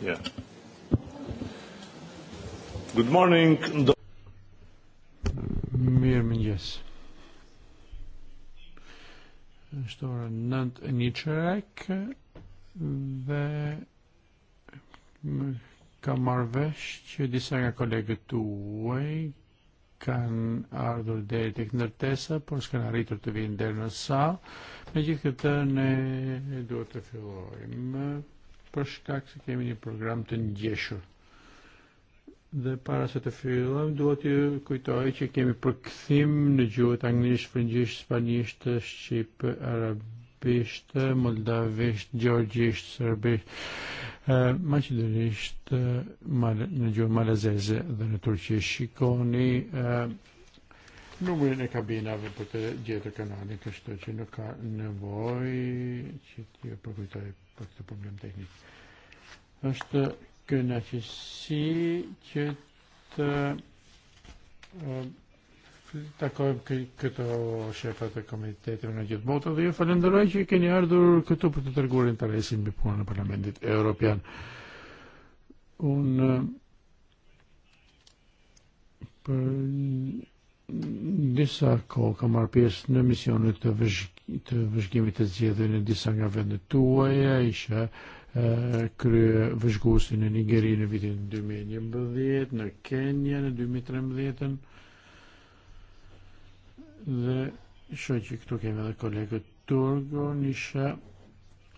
Yeah. Good morning. Mirë mëngjes. Është ora 9 e një qerek dhe ka marrë vesh që disa nga kolegët tuaj kanë ardhur deri tek ndërtesa, por s'kan arritur të vinë deri në sallë. Megjithatë ne duhet të fillojmë për shkak se kemi një program të ndjeshur. Dhe para se të fillojmë, dua t'ju kujtoj që kemi përkthim në gjuhët anglisht, frëngjisht, spanjisht, shqip, arabisht, moldavisht, gjorgjisht, serbisht, uh, maqedonisht, uh, në gjuhë malazeze dhe në turqisht. Shikoni uh, numrin e kabinave për të gjetur kanalin, kështu që nuk ka nevojë që t'ju përkujtoj për këtë problem teknik. Është kënaqësi që të eh, takojmë këto shefat e komiteteve nga gjithë botën dhe ju falenderoj që keni ardhur këtu për të treguar interesin mbi punën e Parlamentit Evropian. Unë për eh, disa kohë kam marrë pjesë në misionet të, vëzhg, të vëzhgimit të zgjedhjeve në disa nga vendet tuaja, isha e, krye vëzhguesi në Nigeri në vitin 2011, e në Kenya në 2013 e dhe që këtu kemi edhe kolegët Turgon, isha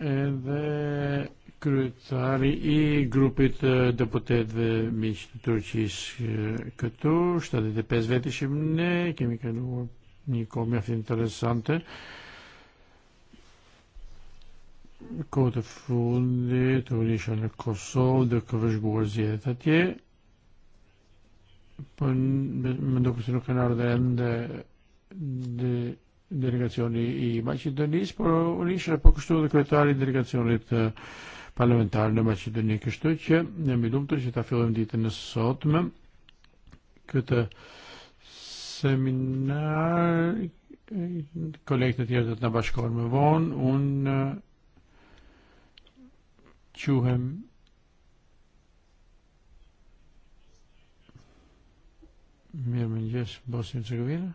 edhe kryetari i grupit të deputetëve miq të Turqisë këtu, 75 vetë ishim ne, kemi kaluar një kohë mjaft interesante. Kohë të fundit u isha në Kosovë dhe ka vëzhguar zgjedhjet atje. Po mendoj se nuk kanë ardhur ende delegacioni i Maqedonisë, por unë isha po kështu edhe kryetari i delegacionit parlamentar në Maqedoni, kështu që jam i lumtur që ta fillojmë ditën e sotme këtë seminar kolegët e tjerë të na bashkohen vonë. Unë quhem Mirë më njësë Bosnjë Cegovina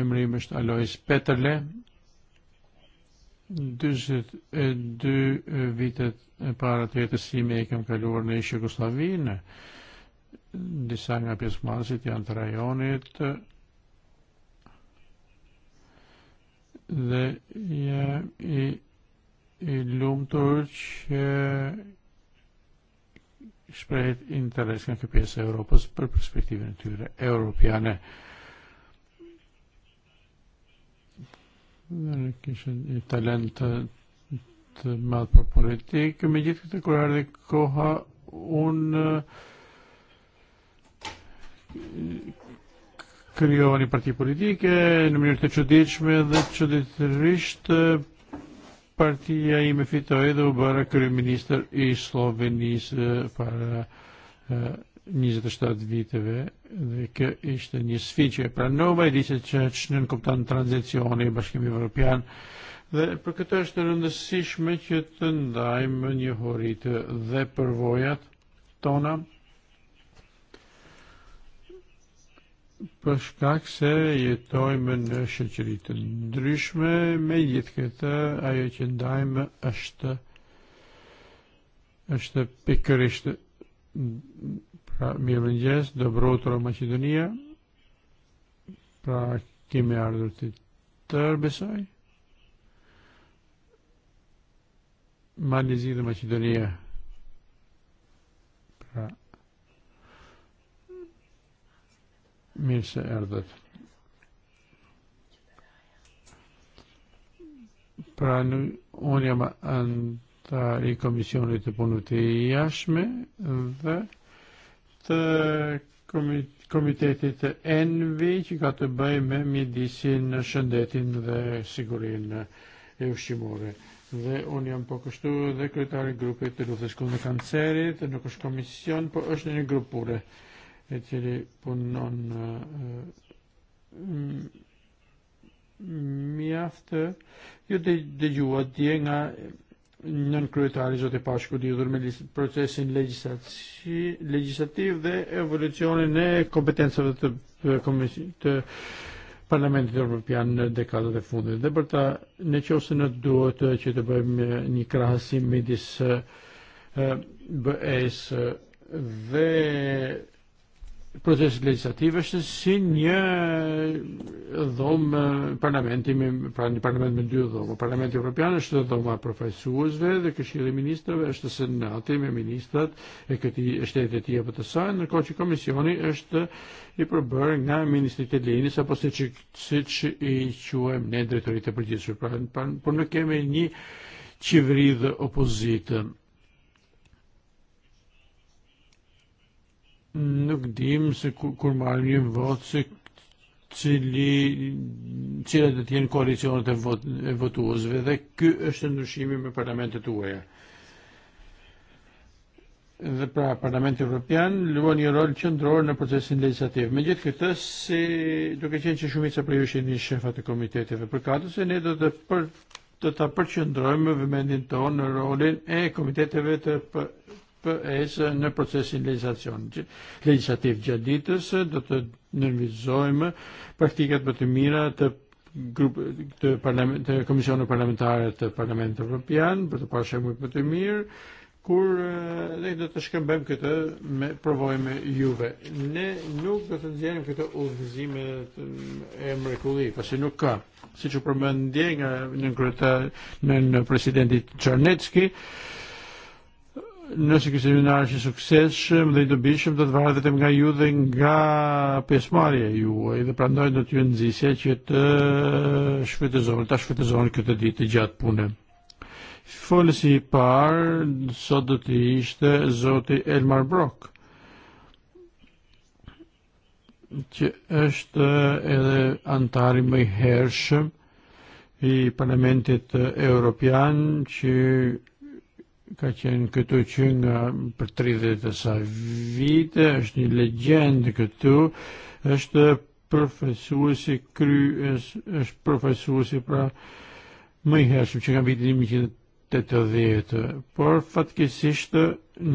emri i mështë Alois Petrle, 22 eh, eh, vitet e para të jetës time e kem kaluar në ishë Jugosllavinë. Disa nga pjesë masit janë të rajonit dhe jam i, i lumëtur që shprejt interes nga këpjesë e Europës për perspektive në tyre europiane. Europiane kishin talent të, të madh për politik, me gjithë këtë kur ardhi koha, unë kryova një parti politike në mënyrë të qëdiqme dhe çuditërisht partia i me fitoj dhe u bëra minister i Slovenisë eh, para eh, 27 viteve kjo ishte një sfiqe e pranova e di se që ç'nën kupton tranzicioni Bashkimi Evropian dhe për këtë është e rëndësishme që të ndajmë një njohuritë dhe përvojat tona përshkak se jetojmë në shoqëri të ndryshme, këtë ajo që ndajmë është është pikërishtë Pra mirë mëngjes, dobro utro Macedonia, Pra kemi ardhur të tërë besoj. Malizi dhe Macedonia, Pra mirë se ardhët. Pra në unë jam antar i Komisionit të Punëve të jashme dhe komitetete ENVI që ka të bëjë me mjedisin, shëndetin dhe sigurinë e ushqimore. Dhe unë jam po kështu dhe kryetari grupit të luftës kundër kancerit, nuk është komision, por është një grup pure e cili punon mjaftë. Ju dëgjua dje nga nën kryetarisht do të pashkodidhur me procesin legjislativ dhe evolucionin e kompetencave të komisionit të Parlamentit Evropian në dekadat e fundit. Dhe për ta në qofse në duhet që të bëjmë një krahasim midis eh, BE-s dhe proces legislativ është si një dhomë parlamenti me pra një parlament me dy dhomë. Parlamenti Evropian është dhoma e përfaqësuesve dhe Këshilli i Ministrave është senati me ministrat e këtij shteti e të tij apo të saj, ndërkohë që komisioni është i përbër nga ministrit e linis, apo siç siç i quajmë ne drejtoritë e përgjithshme. Pra, por ne kemi një qeveri dhe opozitë nuk dim se kur marrim një vot se cili cilat do të jenë koalicionet e, vot, e votuesve dhe ky është ndryshimi me parlamentet tuaja. Dhe pra Parlamenti Evropian luan një rol qendror në procesin legjislativ. Megjithë këtë, si duke qenë që shumica prej jush jeni shefa të e komiteteve përkatëse, ne do të për, do ta përqendrojmë vëmendjen tonë në rolin e komiteteve të ESA në procesin legislacion. legislativ gjatë ditës, do të nënvizojmë praktikat më të mira të grup të parlament të komisionit parlamentare të Parlamentit Evropian për të pasur eh, shembuj më të mirë kur ne do të shkëmbëm këtë me provojmë juve. Ne nuk do të nxjerrim këtë udhëzime e mrekulli, pasi nuk ka. Siç u përmend eh, ndje nga nën kryetar nën presidenti Çarnecki, në nëse kështë një nërë sukseshëm dhe i dobishëm do të varet vetëm nga ju e dhe nga pjesëmarrja juaj e dhe prandaj do t'ju nxjisja që të shfrytëzoni, ta shfrytëzoni këtë ditë gjatë punës. Folësi i parë sot do të ishte zoti Elmar Brok që është edhe antari më i hershëm i e Parlamentit Evropian që ka qenë këtu që nga për 30 e sa vite, është një legjendë këtu, është profesuesi kry, është profesuesi pra më i hershëm që nga viti 1980, por fatkesisht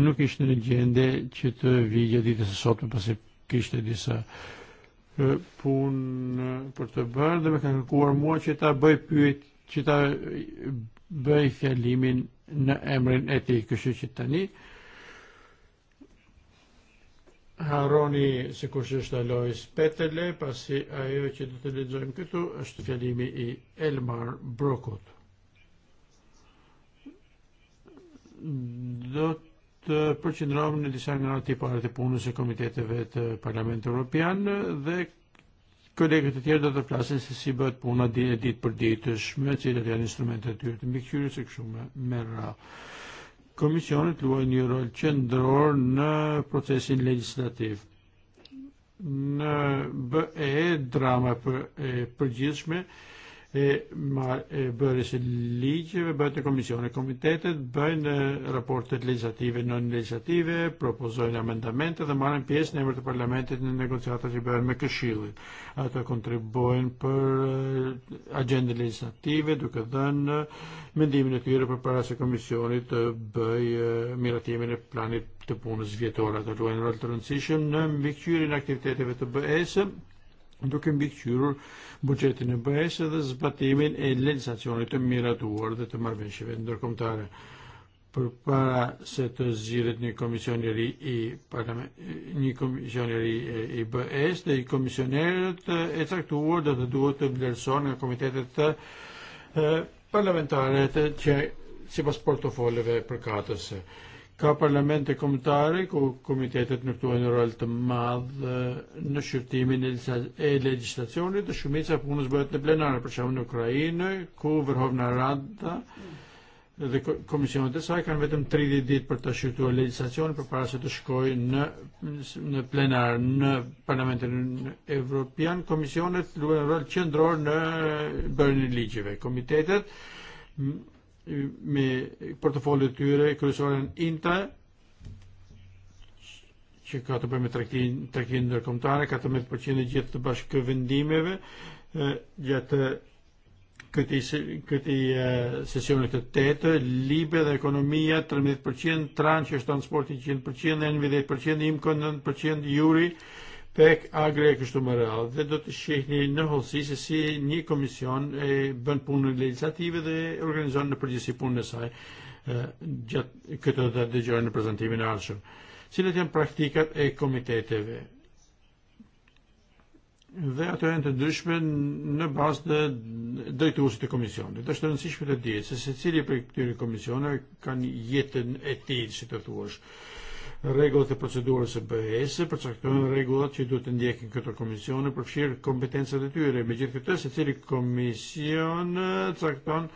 nuk ishte në gjende që të vijë ditës së sotme pasi kishte disa e, punë për të bërë dhe me ka kërkuar mua që ta bëj pyet që ta bëj fjalimin në emrin e tij. Kështu që tani Haroni sikur është Alois Petele, pasi ajo që do të lexojmë këtu është fjalimi i Elmar Brokut. Do të përqendrohem në disa nga tiparet e punës së komiteteve eh, të Parlamentit Evropian dhe Kolegët e tjerë do të flasin se si bëhet puna ditë për ditëshme, cilat janë instrumentet e tyre të mbikëqyrjes e kështu me radhë. Komisionet luajnë një rol qendror në no procesin legjislativ. Në no, BE eh, drama për e eh, E, ma e, se ligje ve bëhet në komisione. Komitetet bëjnë e, raportet legislative, non legislative, propozojnë amendamente dhe marrin pjesë në emër të parlamentit në negociata që bëhen me këshillin. Ata kontribuojnë për agjende legislative duke dhënë mendimin e tyre përpara se komisionit të bëjë miratimin e planit të punës vjetore. Ata luajnë rol të rëndësishëm në mbikëqyrjen e aktiviteteve të BE-së duke mbikëqyrur buxhetin e be edhe zbatimin e legjislacionit të miratuar dhe të marveshjeve marrëveshjeve Për para se të zgjiret një komisioneri i ri një komisioneri e, i ri dhe i komisionerët e caktuar dhe të duhet të blerëson nga komitetet të e, parlamentare të që si pas portofoleve për katëse. Ka parlamente komtare ku komitetet në këtu e në rol të madhë në shqyrtimin e legislacionit dhe shumica e punës bëhet në plenarë, për shumë në Ukrajinë, ku vërhov në Rada dhe komisionet e saj kanë vetëm 30 ditë për të e legislacionit për para se të shkoj në në plenar në Parlamentin Evropian. Komisionet luajnë rol qëndror në bërjen e ligjive. Komitetet me portofollet tyre kryesoren INTA që ka të bëjmë me tregtin tregtin ndërkombëtare 14% e gjithë të bashkë vendimeve gjatë eh, këtij këtij eh, sesionit të tetë libe dhe ekonomia 13% trançi është transporti 100% envi 10% imkon 9% juri pek agre e kështu më rrallë, dhe do të shihni në hollësi se si një komision e bën punë në legislative dhe organizon në përgjësi punë në saj gjatë këtë dhe dhe dëgjojnë në prezentimin e ardhshëm. Cilët janë praktikat e komiteteve? Dhe ato janë të ndryshme në bazë të drejtuesit të komisionit. Është e rëndësishme të dihet se secili prej këtyre komisioneve kanë jetën e tij, si të thuash. Regullat e procedurës së BE-s përcaktojnë rregullat që duhet të ndjekin këto komisione përfshirë kompetencat e tyre. Megjithë këtë, secili komision cakton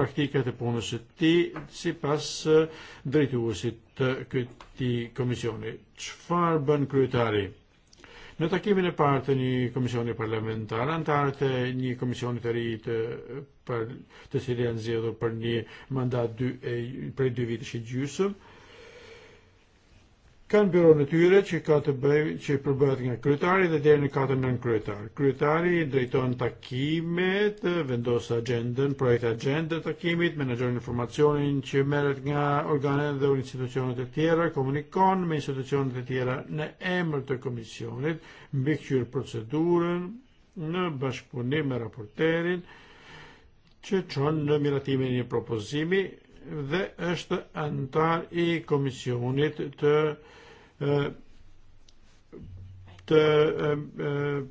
praktikat e punës së tij sipas drejtuesit të këtij komisioni. Çfarë bën kryetari? Në takimin e parë të një komisioni parlamentar, antarët e një komisioni të ri të, për, të cilë janë zgjedhur për një mandat dy, e, eh, prej dy vitesh e gjysmë, kanë byron e tyre që ka të bëjë që përbëhet nga kryetari dhe deri në katër nën kryetar. Kryetari drejton takimet, vendos agjendën, projekt agjendë takimit, menaxhon informacionin që merret nga organet dhe institucionet e tjera, komunikon me institucionet e tjera në emër të komisionit, mbikëqyr procedurën në bashkëpunim me raporterin që çon në miratimin e një propozimi dhe është antar i komisionit të uh, të eh, eh,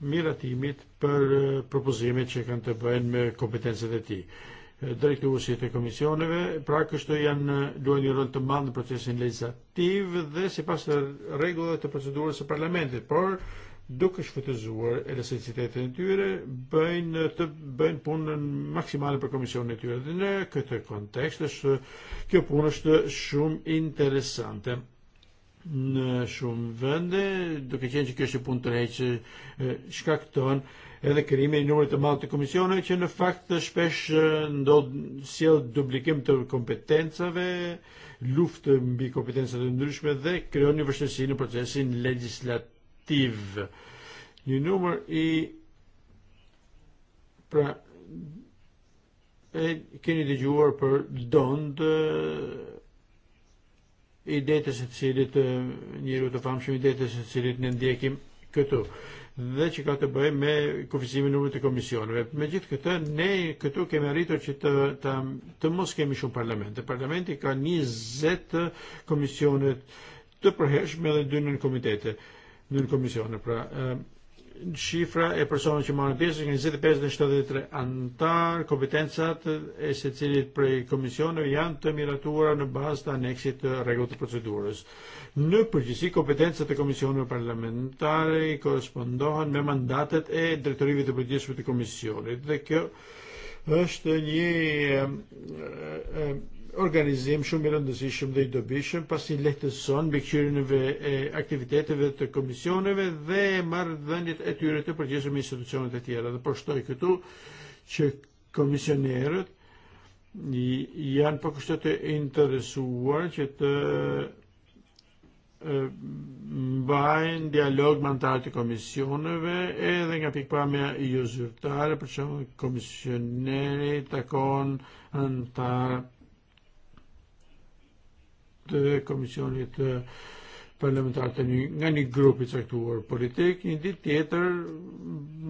miratimit për eh, propozimet që kanë të bëjnë me kompetencet e ti. Drejtuesit e komisioneve, pra kështu janë luajnë një rol të mandë në procesin legislativ dhe si pas të regullet të procedurës së parlamentit, por duke shfrytëzuar elasticitetin e tyre, bëjnë të bëjnë punën maksimale për komisionin e tyre. Dhe në këtë kontekst është kjo punë është shumë interesante në shumë vende, duke qenë që kjo është punë tërheq që e, shkakton edhe krimi i numrit të madh të komisione që në fakt të shpesh e, ndodh sjell duplikim të kompetencave, luftë mbi kompetenca të e ndryshme dhe krijon një vështirësi në procesin legjislativ. Një numër i pra e keni dëgjuar për dond οι datasets ние në ndjekim këtu dhe që ka të kata me kufizimi numru ta' Me gjithë këtë, ne katu kem jarritu ċi të mos kemi shumë parlament. Parlamenti ka nizzet komissjoni t-prħeċ me l-dun il-komitete, dun komitete dun il Shifra e personave që marrin pjesë nga 25 në 73 antar, kompetencat e secilit prej komisioneve janë të miratuara në bazë të aneksit të rregullt të procedurës. Në përgjithësi, kompetencat e komisioneve parlamentare korrespondohen me mandatet e drejtorive të përgjithshme të komisionit dhe kjo është një e, e, organizim shumë i rëndësishëm dhe i dobishëm pasi lehtëson mbikëqyrjenve e aktiviteteve të komisioneve dhe marrë marrëdhëniet e tyre të përgjithshme me institucionet e tjera. Dhe po shtoj këtu që komisionerët janë për kështë të interesuar që të e, mbajnë dialog më antarë të e komisioneve edhe nga pikpamja i jo zyrtare, për që komisioneri takon antarë të Komisionit parlamentar të një, nga një grup i caktuar politik, një ditë tjetër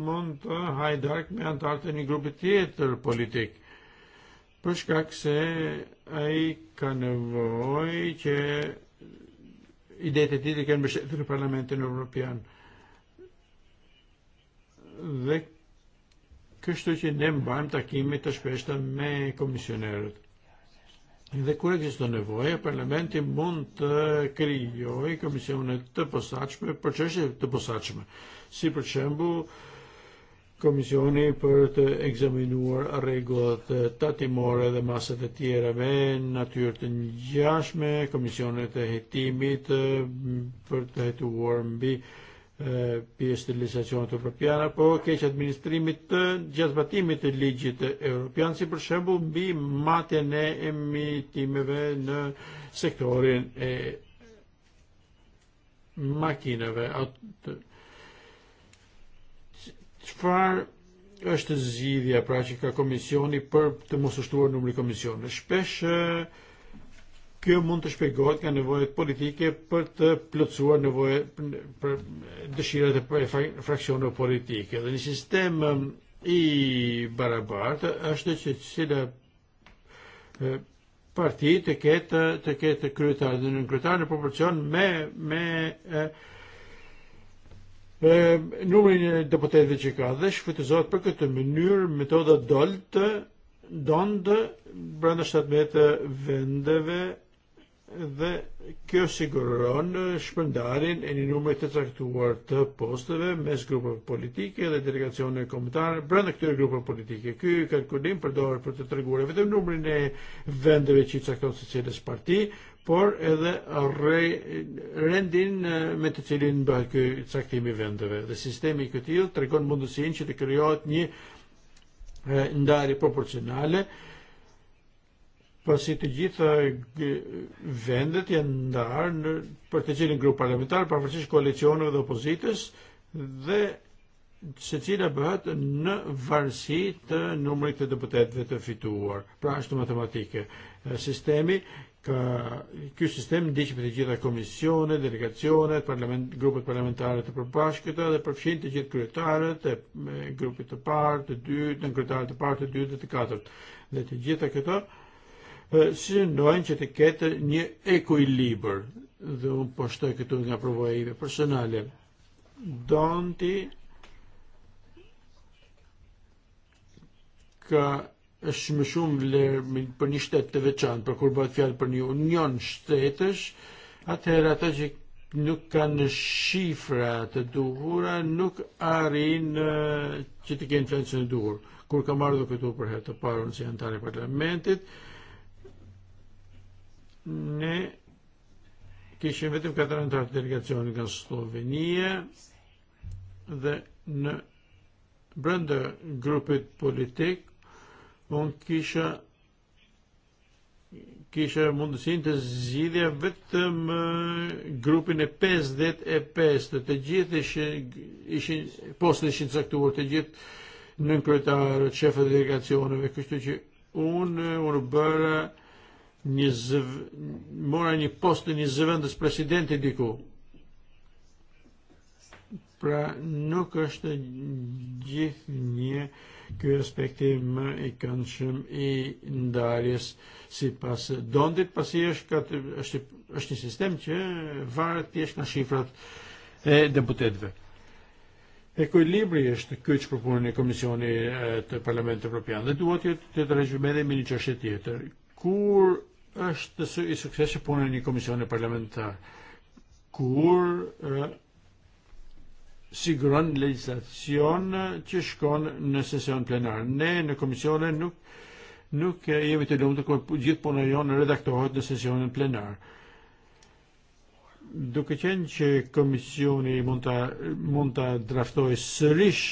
mund të hajdark me antar të një grupi tjetër politik. Për shkak se ai ka nevoj që idetë e ti të kenë bështetë në Parlamentin Europian. Dhe kështu që ne mbajmë takimit të shpeshta me komisionerët. Dhe kur ekziston nevoja, parlamenti mund të krijojë komisione të posaçme për çështje të posaçme, si për shembull komisioni për të ekzaminuar rregullat tatimore dhe masat e tjera me natyrë të ngjashme, komisionet e hetimit për të hetuar mbi pjesë të legislacionit evropian apo keq administrimit të gjatëbatimit të ligjit të evropian si për shembull mbi matjen e emitimeve në sektorin e makinave çfarë është zgjidhja pra që ka komisioni për të mos ushtruar numri komisionëve shpesh e, Kjo mund të shpjegohet nga nevojat politike për të plotësuar nevojat për dëshirat e fraksioneve politike. Dhe një sistem i barabartë është që cila parti të ketë të ketë kryetar dhe nën kryetar në proporcion me me e, e, numrin e deputetëve që ka dhe shfrytëzohet për këtë mënyrë metoda dolt donë brenda 17 vendeve dhe kjo siguron e, shpëndarin e një numër të caktuar të posteve mes grupeve politike dhe delegacione kombëtare brenda këtyre grupeve politike. Ky kalkulim përdoret për të treguar e vetëm numrin e vendeve që i cakton secilës parti, por edhe re, rendin e, me të cilin bëhet ky caktim i vendeve. Dhe sistemi i këtij tregon mundësinë që të krijohet një ndarje proporcionale pasi të gjitha vendet janë ndarë në, për të cilin grup parlamentar, pavarësisht koalicioneve dhe opozitës, dhe se cila bëhet në varësi të numrit të deputetëve të fituar. Pra është matematike. E, sistemi ka ky sistem ndiqet për të gjitha komisionet, delegacionet, parlament, grupet parlamentare të përbashkëta dhe përfshin të gjithë kryetarët e, e grupit të parë, të dytë, në kryetarët të e parë, të dytë dhe të katërt. Dhe të gjitha këto si synojnë që të ketë një ekuilibër dhe unë po shtoj këtu nga provoja ime personale. Donti ka është më shumë vlerë për një shtet të veçantë, për kur bëhet fjalë për një union shtetësh, atëherë ata që nuk kanë shifra të duhura, nuk arrin e, që të kenë influencën e duhur. Kur kam ardhur këtu për herë të parë si antar i e parlamentit, ne kishim vetëm 4 antar të delegacionit nga Slovenia dhe në brenda grupit politik unë kisha kisha mundësin të zgjidhja vetëm äh, grupin e 55 të gjithë ishin, ishin ishin caktuar të gjithë nën kryetarët, shefët delegacioneve, kështu që unë äh, unë bëra një zëv... mora një post në një zëvendës presidenti diku. Pra nuk është gjithë një ky aspekti më i këndshëm i ndarjes si pas dondit, pasi është, katë, është, është një sistem që varet thjesht nga shifrat e deputetëve. Ekuilibri është ky që propon Komisioni e, të Parlamentit Evropian dhe duhet të të rregjëmendej me një çështje tjetër. Kur është i sukses që punën një komisioni parlamentar, kur e, siguron legislacion që shkon në sesion plenar. Ne në komisione nuk, nuk jemi të lumë të kur gjithë puna jonë redaktohet në sesionin plenar. Duke qenë që komisioni mund të, mund të draftoj sërish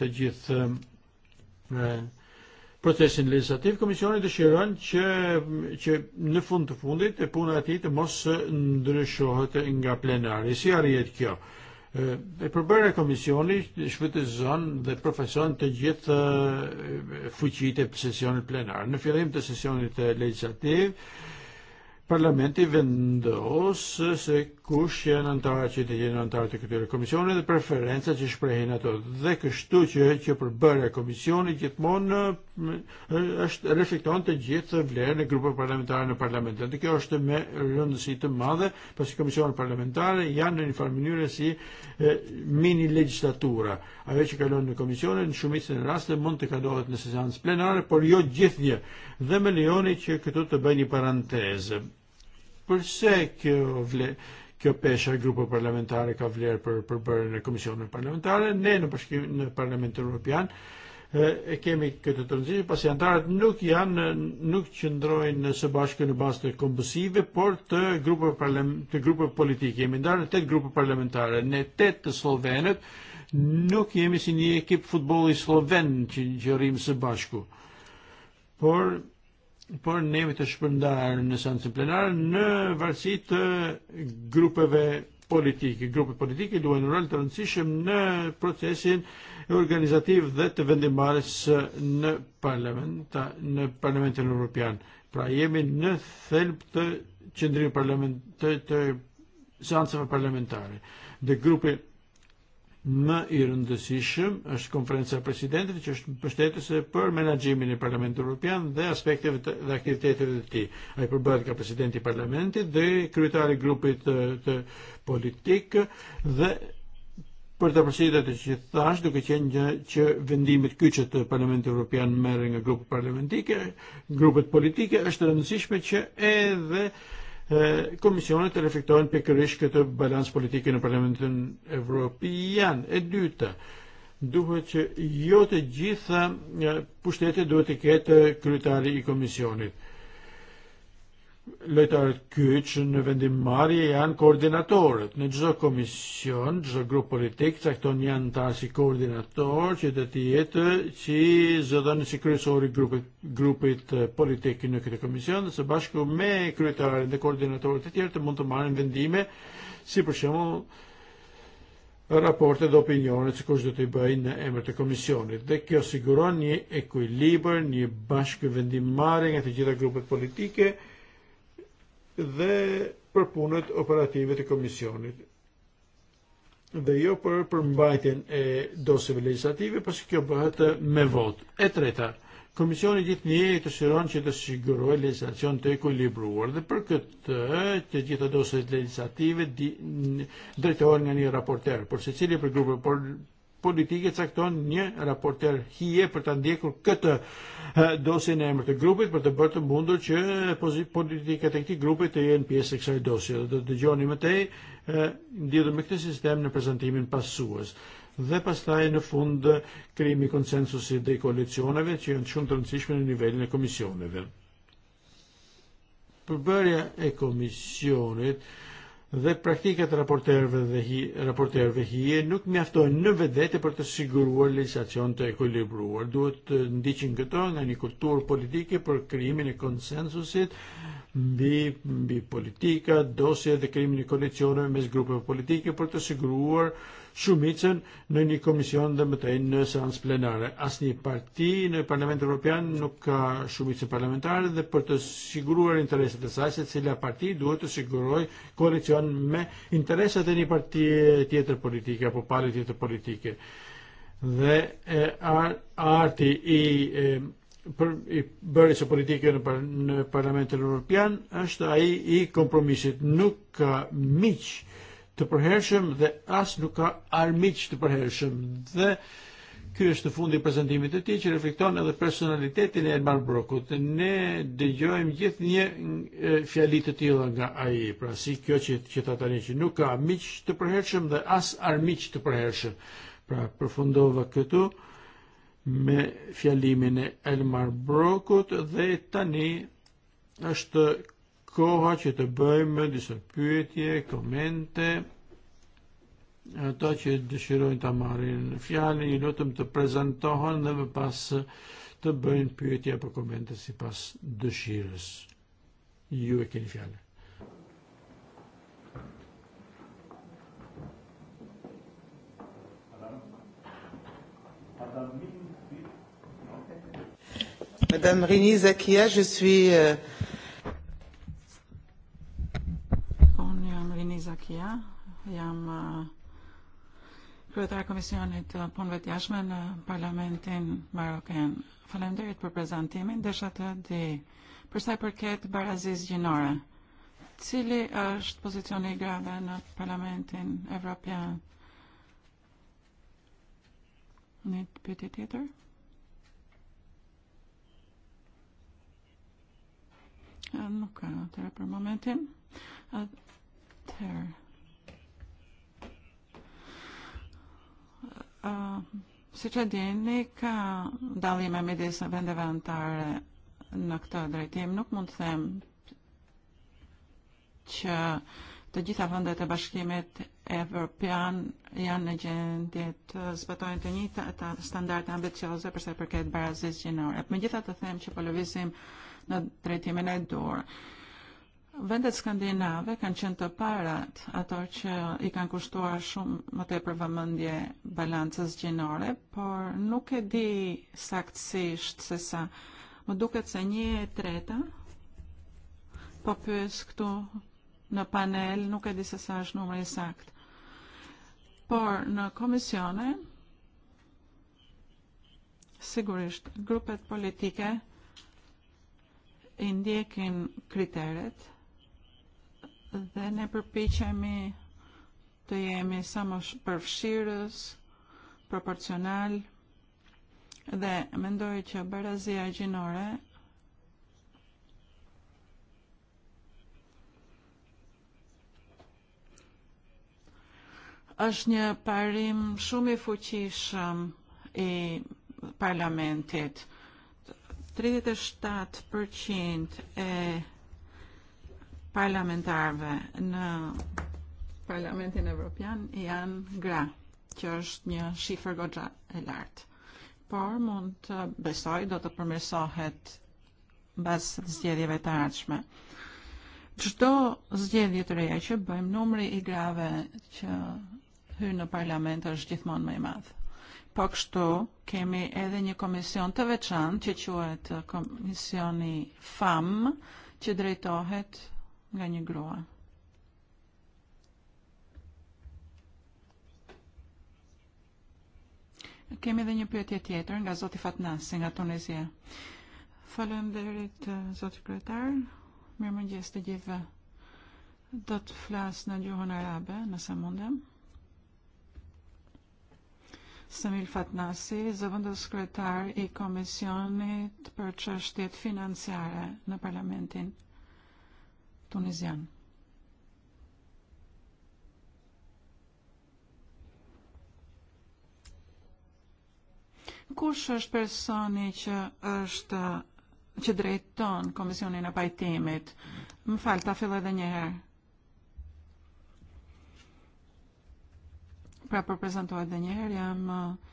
të gjithë e, procesin legislativ, Komisioni dëshiron që, që në fund të fundit e puna e tij të mos ndryshohet nga plenari. Si arrihet kjo? E, e përbërë e komisioni shvëtëzon dhe profesion të gjithë e, fuqit e sesionit plenar. Në fillim të sesionit legislativ, parlamenti vendos se kush janë antarët që të jenë antarët të këtyre komisione dhe preferenca që shprehen ato. Dhe kështu që që përbërë e komisioni gjithmonë është reflekton të gjithë vlerën e grupeve parlamentare në parlament. Dhe kjo është me rëndësi të madhe, pasi komisionet parlamentare janë në një farë mënyrë si e, mini legjislatura. Ajo që kalon në komisione në shumicën e rasteve mund të kalohet në sesionin plenar, por jo gjithnjë. Dhe më lejoni që këtu të bëj një parantezë. Përse kjo vlerë kjo pesha grupeve parlamentare ka vlerë për për përbërën e komisioneve parlamentare, ne në bashkim në Parlamentin Evropian e eh, kemi këtë tranzicion, pasi antarët nuk janë, eh, nuk qëndrojnë eh, së bashku në bazë të kombësive, por të grupe, parlament, të grupe politike. Jemi ndarë në 8 grupe parlamentare, në 8 të slovenët, nuk jemi si një ekip futbolli sloven që gjërim së bashku. Por, por ne jemi të shpërndarë në sancën plenare në varësi të grupeve politik, grupet politike duan rol të rëndësishëm në procesin organizativ dhe të vendimarës në parlament, në parlamentin Europian. Pra jemi në thelb të qëndrimi parlament, të, të seancëve parlamentare. Dhe grupet më i rëndësishëm është konferenca e presidentëve që është mbështetëse për menaxhimin e Parlamentit Evropian dhe aspekteve të, dhe aktiviteteve të tij. Ai përbëhet ka presidenti i Parlamentit dhe kryetari i grupit të, të politik dhe për të përsëritur të që thash, duke qenë një, që vendimet kyçe të Parlamentit Evropian merren nga grupi parlamentik, grupet politike është e rëndësishme që edhe Kommissjoni eh, tirrifjekton pikkurix këtë balans politik në Parlamentin Evropian e dyta duhet që jo të gjitha eh, pushtete duhet të ketë kryetari i komisionit në vendim vendimari janë koordinatorët. Në gjdo komision, gjdo grup politik, të këton janë ta si eh, no, koordinator që të tjetë që zëdhën si kryesori grupit, grupit politik në këtë komision, dhe së bashku me kryetarën dhe koordinatorët e tjerë të mund të marrin vendime, si për raporte dhe opinione që kush të i bëjë në emër të komisionit. Dhe kjo siguron një ekuilibër, një bashkë vendimare nga të gjitha grupet politike, dhe për punët operative të komisionit dhe jo për përmbajtjen e dosjeve legjislative, pasi kjo bëhet me votë. E treta, Komisioni gjithnjë të shiron që të siguroj legislacion të ekuilibruar dhe për këtë të gjitha dosjet legislative drejtohen nga një raporter, por secili për grupe politike cakton një raporter hije për ta ndjekur eh, këtë dosje në emër eh, të grupit për të bërë të mundur që politikat e këtij grupi të jenë pjesë e kësaj dosje. Do të eh, dëgjoni më tej ndjedhur me këtë sistem në prezantimin pasues. Dhe pastaj në fund krimi konsensusi dhe i koalicioneve që janë shumë të rëndësishme në nivelin e komisioneve. Përbërja e komisionit Dhe praktikat raporterve dhe hi, raporterve hije nuk mjaftojnë në vedete për të siguruar legislacion të ekuilibruar. Duhet të ndiqin këto nga një kulturë politike për krijimin e konsensusit mbi mbi politika, dosje dhe krijimin e koalicioneve mes grupeve politike për të siguruar uh, shumicën në një komision dhe më mëtej në seancë plenare. Asnjë parti në Parlamentin Evropian nuk ka shumicë parlamentare dhe për të siguruar interesat e saj secila parti duhet të sigurojë koalicion me interesat e një partie tjetër politike apo palë tjetër politike. Dhe e, ar, arti i e, për i bërë së politike në, par, në Parlamentin Evropian është ai i kompromisit. Nuk ka miq të përhershëm dhe as nuk ka armiq të përhershëm dhe ky është fundi i prezantimit të tij që reflekton edhe personalitetin e Elmar Brokut. Ne dëgjojmë gjithnjë e, fjali të tilla nga ai, pra si kjo që që ta tani që nuk ka miq të përhershëm dhe as armiq të përhershëm. Pra përfundova këtu me fjalimin e Elmar Brokut dhe tani është koha që të bëjmë disa pyetje, komente, ata që dëshirojnë ta marrin fjalën, no ju lutëm të prezantohen no dhe më pas të bëjnë pyetje apo komente sipas dëshirës. Ju e keni fjalën. Madame Rini Zakia, je suis euh, Turkia. I-am kryetare eh, komisionit eh, punëve të jashtme në eh, parlamentin marokan. Faleminderit për prezantimin, desha të di për sa i përket barazis gjinore. Cili është pozicioni i grave në parlamentin evropian? Një pyetje tjetër? Nuk ka atëra për momentin her. Siċedinnik dali me midis vendevantar nokta drejtim nuk mund them që të gjitha vendet e bashkimit Evropian janë në gjendje të zbatojnë të njëjta standarde ambicioze për sa i përket barazisë gjinore. Megjithatë them që po në drejtimin e dur. Vendet skandinave kanë qenë të parat ato që i kanë kushtuar shumë më tepër vëmendje balancës gjinore, por nuk e di saktësisht se sa. Më duket se një e treta, po pyes këtu në panel, nuk e di se sa është numri sakt. Por në komisione, sigurisht, grupet politike i ndjekin kriteret, Dhe ne përpichemi të jemi sa më përfshirës, proporcional dhe mendoj që barazia gjinore është një parim shumë i fuqishëm i parlamentit. 37% e parlamentarve në Parlamentin Evropian janë gra, që është një shifër goxha e lartë. Por mund të besoj do të përmirësohet mbas zgjedhjeve të ardhshme. Çdo zgjedhje të reja që bëjmë, numri i grave që hyn në parlament është gjithmonë më i madh. Po kështu kemi edhe një komision të veçantë që quhet Komisioni FAM, që drejtohet Groa. Kemi dhe një pyetje tjetër nga Zoti Fatnasi nga Tunezia. Faleminderit uh, Zoti Kryetar. Mirëmëngjes të gjithëve. Do të flas në gjuhën arabe, nëse mundem. Samil Fatnasi, zëvendës kryetar i Komisionit për çështjet financiare në Parlamentin tunizian. Kush është personi që është që drejton Komisionin e Pajtimit? Më fal, ta fillo edhe një herë. Pra për prezentohet edhe një herë, jam uh,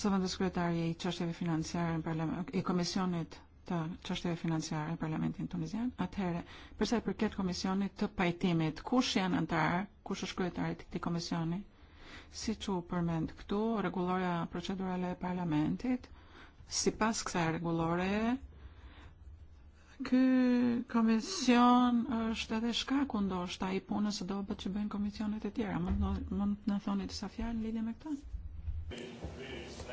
zëvendës kryetari i çështjeve financiare në parlament i Komisionit ta' ċaċtija e financiare e parlament tunizian. atëherë, përsa i përket komisionit të pajtimit, kush janë antarë, kush është kryetari kryetarit këti komisioni? Si që përmend këtu, regulloja procedurale e Parlamentit, si pas kësa regullore, ky komision është edhe shkaku ndoshta i punës së dobët që bëjnë komisionet e tjera. Mund mund të na thoni disa fjalë në lidhje me këtë?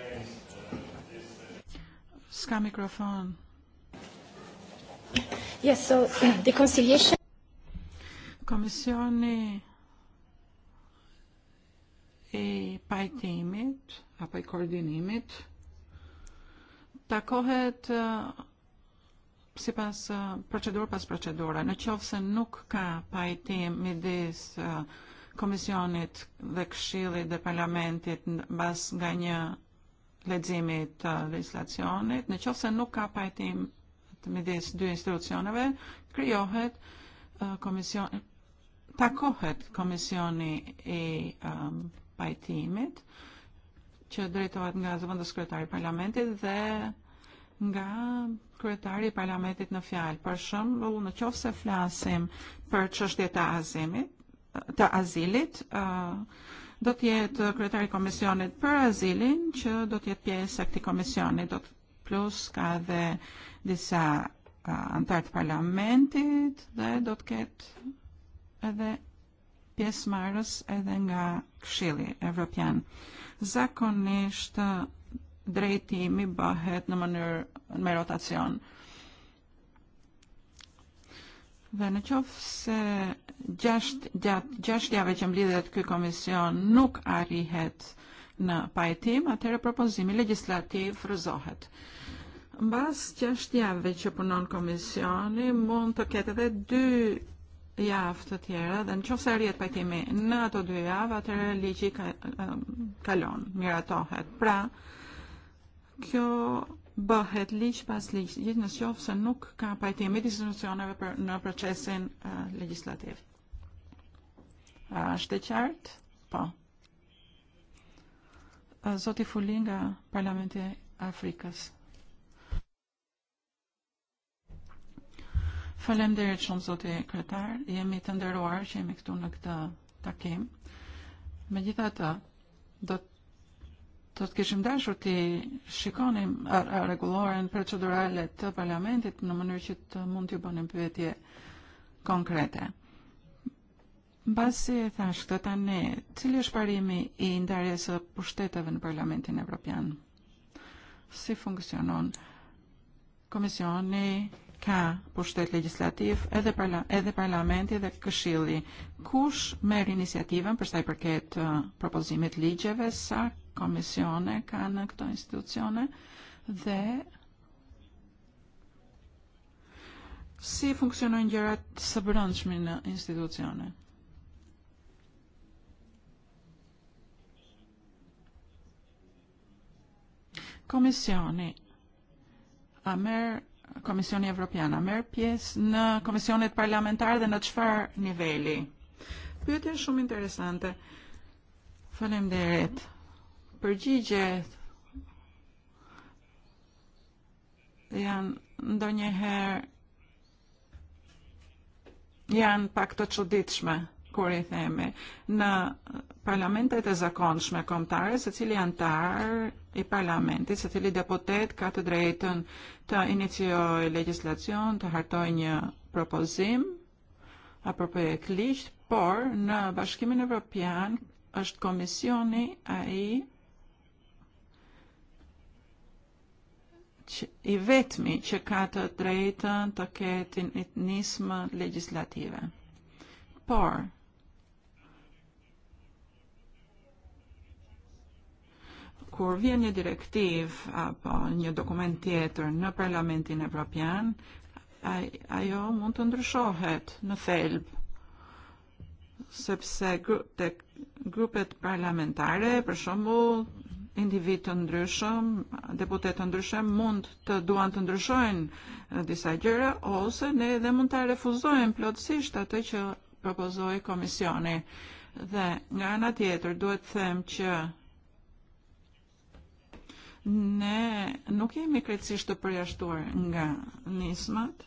Ska mikrofon. Yes, e the conciliation... Komissjoni i pajtimit apo i koordinimit takohet e, si pas e, procedur pas procedura. Në qovë se nuk ka pajtim midis e, komisionit dhe këshillit dhe parlamentit bas nga një ledzimit legislacionit, në qovë se nuk ka pajtim mid du istituzzjoneve kri joħed komissjoni ta' koħed komissjoni i pajtimit um, ċe drejtoħat nga zvandu skretari parlamentit dhe nga kryetari parlamentit në fjalë. Për no shembull, në qoftë se flasim për çështje të azimit, të azilit, do të jetë kryetari i komisionit për azilin që do të jetë pjesë e këtij komisioni, do të plus ka dhe uh, disa uh, të parlamentit dhe do të ketë edhe pjesëmarrës edhe nga Këshilli Evropian. Zakonisht drejtimi bëhet në mënyrë me rotacion. Dhe në qofë se gjasht, gjatë gjasht jave që mblidhet ky komision nuk arrihet në pajtim, atëherë propozimi legjislativ rëzohet. Uh, Mbagħad x'tjaveċ u punon kommissjoni mund të ketë edhe dy javë të tjera dhe në qofë se rjetë pajtimi në ato dy javë, atëre ligji ka, kalon, miratohet. Pra, kjo bëhet ligj pas ligj, gjithë në qofë se nuk ka pajtimi institucioneve për, në procesin uh, legislativ. A është e qartë? Po. Zoti Fuli nga Parlamenti Afrikës. Faleminderit shumë zoti kryetar, jemi të nderuar që jemi këtu në këtë takim. Megjithatë, do do të kishim dashur të shikonim rregulloren procedurale të parlamentit në mënyrë që të mund t'ju bënim pyetje konkrete. Mbasi e thash këtë tani, cili është parimi i ndarjes së pushteteve në Parlamentin Evropian? Si funksionon? Komisioni ka pushtet legislativ edhe parla, edhe parlamenti dhe këshilli. Kush merë iniciativën për sa i përket uh, propozimit ligjeve sa komisione ka në këto institucione dhe si funksionojnë gjërat së brëndshmi në institucione. Komisioni a merë Komissjoni Ewropjana merë pjesë në komisionet parlamentare dhe në çfarë niveli. Pyetje shumë interesante. Faleminderit. Përgjigjet janë ndonjëherë janë pak të çuditshme kur i themi, në parlamentet e zakonshme komtare, se cili janë antar i parlamentit, se cili deputet ka të drejtën të inicioj legislacion, të hartoj një propozim, apo projekt liqt, por në bashkimin Evropian është komisioni a i i vetmi që ka të drejtën të ketë nismë legislative. Por, kur vjen një direktiv apo një dokument tjetër në Parlamentin Evropian, ajo mund të ndryshohet në thelb, sepse gru, grupet parlamentare, për shembull, individ të ndryshëm, deputet të ndryshëm mund të duan të ndryshojnë e, disa gjëra ose ne edhe mund ta refuzojmë plotësisht atë që propozoi komisioni. Dhe nga ana tjetër duhet të them që Ne nuk jemi krejtësisht të përjashtuar nga nismat,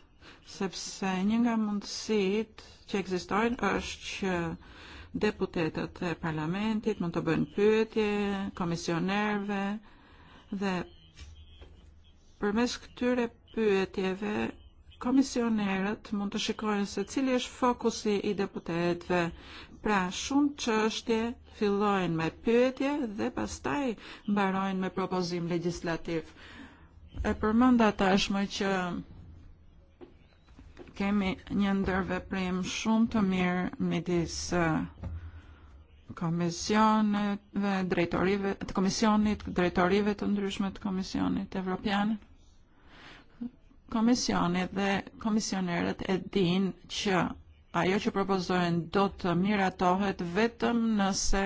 sepse një nga mundësit që egzistojnë është që deputetet e parlamentit mund të bëjnë pyetje, komisionerve dhe përmes këtyre pyetjeve Komisionerët mund të shikojnë se cili është fokusi i deputetëve. Pra shumë çështje fillojnë me pyetje dhe pastaj mbarojnë me propozim legjislativ. E përmenda tashmë që kemi një ndërveprim shumë të mirë midis uh, komisioneve, drejtorive të komisionit, drejtorive të ndryshme të komisionit evropian komisioni dhe komisjonerët e din që ajo që propozojnë do të miratohet vetëm nëse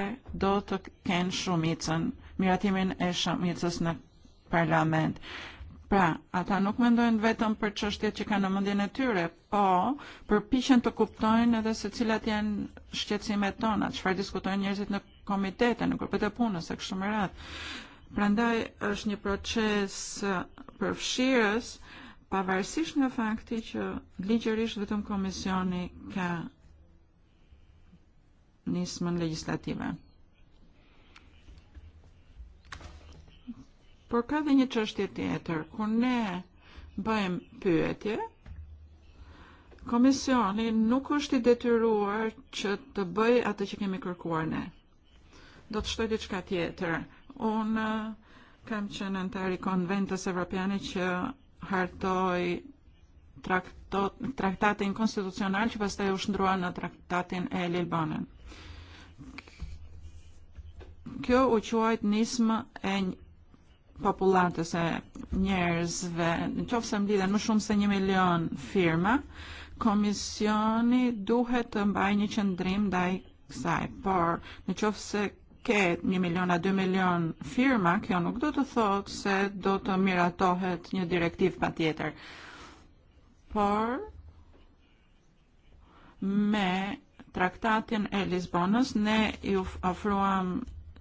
do të kenë shumicën, miratimin e shumicës në parlament. Pra, ata nuk mendojnë vetëm për qështje që ka në mendjen e tyre, po për pishen të kuptojnë edhe se cilat janë shqecime tona, që farë diskutojnë njerëzit në komitete, në grupet e punës e kështë më ratë. Prandaj është një proces përfshirës pavarësisht nga fakti që ligjërisht vetëm komisioni ka nismën legislative. Por ka dhe një qështje tjetër, kur ne bëjmë pyetje, komisioni nuk është i detyruar që të bëj atë që kemi kërkuar ne. Do të shtoj diçka tjetër. Unë kam qenë antar i konventës evropiane që hartoj traktot, traktatin konstitucional që pastaj u shndrua në traktatin e Lilbanën. Kjo u quajt nismë e popullatës e njerëzve, në qofë se mblidhen më shumë se një milion firma, komisioni duhet të mbaj një qëndrim ndaj kësaj, por në qofë se και një milion a 2 milion firma, kjo nuk do të thotë se do të miratohet një direktiv pa tjetër. Por, me traktatin e Lisbonës, ne ju ofruam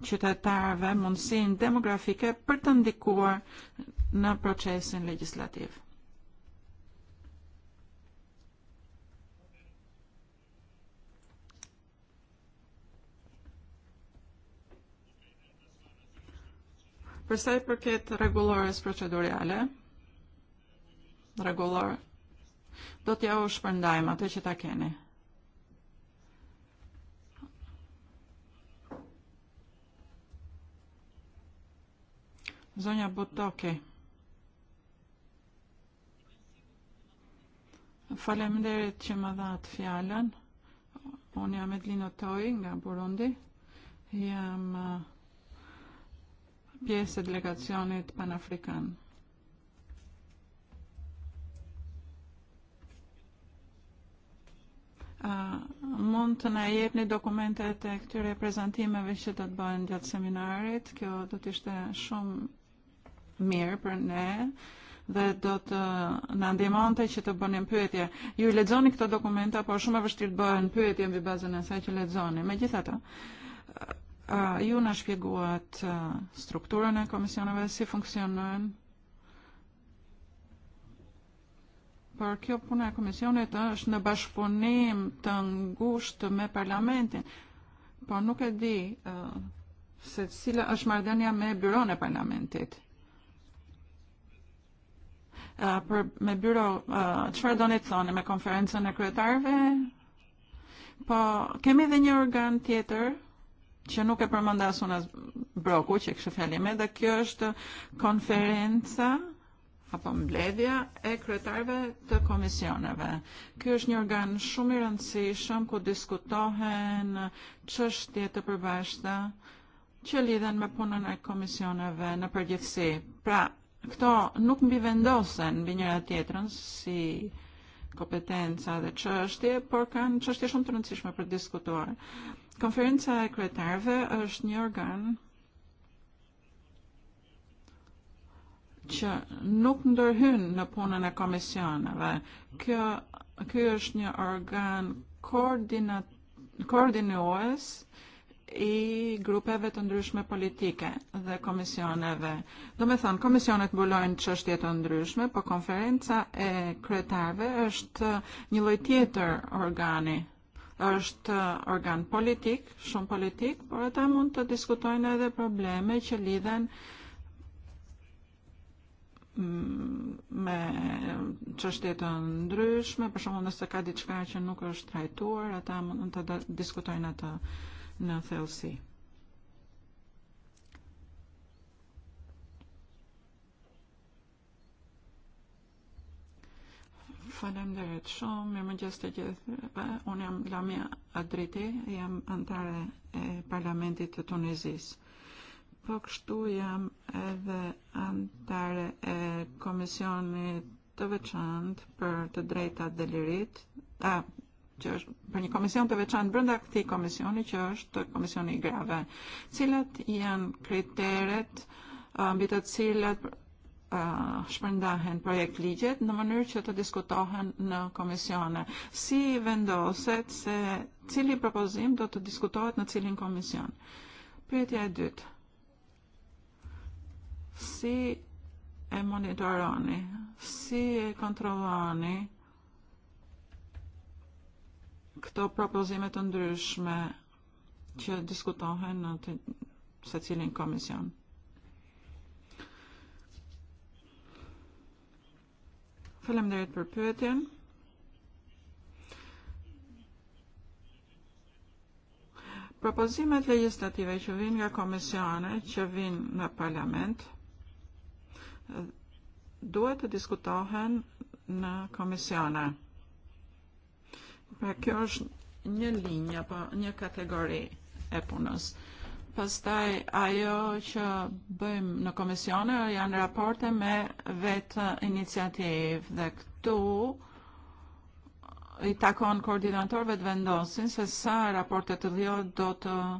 qytetarve mundësin demografike për të ndikuar në procesin legislativë. Për sa i përket regulores procedurale, rregullor do t'ja u e shpërndajmë atë që ta keni. Zonja Falem derit që më dhatë fjallën. Unë jam Edlino Toj nga Burundi. Jam uh, pjesë delegacionit panafrikan. Uh, mund të na jepni dokumentet e këtyre prezentimeve që do të bëhen gjatë seminarit. Kjo do të ishte shumë mirë për ne dhe do të na ndihmonte që të bënim pyetje. Ju lexoni këto dokumenta, por shumë e vështirë të bëhen pyetje mbi bazën e asaj që lexoni. Megjithatë, ju našpjeguat strukturene komisioneve si funksionojen. Por kjo puna e komisionit është në bashkëpunim të ngushtë me parlamentin, por nuk e di uh, se cila është marrëdhënia me byron e parlamentit. Uh, për me byro, çfarë uh, doni të thoni me konferencën e kryetarëve? Po kemi edhe një organ tjetër E që nuk e përmënda Sunas Broku, që kështë fjalime, dhe kjo është konferenca apo mbledhja e kretarve të komisioneve. Ky është një organ shumë i rëndësishëm ku diskutohen çështje të përbashta që lidhen me punën e komisioneve në përgjithsi. Pra, këto nuk mbi vendosen mbi njëra tjetërën si kompetenca dhe qështje, por kanë qështje shumë të rëndësishme për diskutohen. Konferenca e kretarve është një që nuk ndërhyn në punën e komisioneve. Kjo, kjo është një organ koordinues i grupeve të ndryshme politike dhe komisioneve. Do me thonë, komisionet bulojnë qështje të ndryshme, po konferenca e kretarve është një loj tjetër organi është organ politik, shumë politik, por ata mund të diskutojnë edhe probleme që lidhen me çështje të ndryshme, për shembull nëse ka diçka që nuk është trajtuar, ata mund të diskutojnë atë në thellësi. Faleminderit. Som Mirmagestiet unë jam eh, Lamia Adriti, jam antare e eh, Parlamentit të Tunizisë. Po kështu jam edhe antare e Komisionit të veçantë për të drejtat dhe lirit, a, që është për një komision të veçantë brenda këtij komisioni që është komisioni i grave. Cilat janë kriteret eh, mbi të cilat shpërndahen projekt ligjet në mënyrë që të diskutohen në komisione. Si vendoset se cili propozim do të diskutohet në cilin komision? Pyetja e dytë. Si e monitoroni? Si e kontrolloni këto propozime të ndryshme që diskutohen në të, se cilin komision? Faleminderit për pyetjen. Propozimet legislative që vin nga komisione, që vin në parlament, duhet të diskutohen në komisione. Pra kjo është një linja, po një kategori e punës pastaj ajo që bëjmë në komisione janë raporte me vetë iniciativë dhe këtu i takon koordinatorëve të vendosin se sa raporte të dhjo do të uh,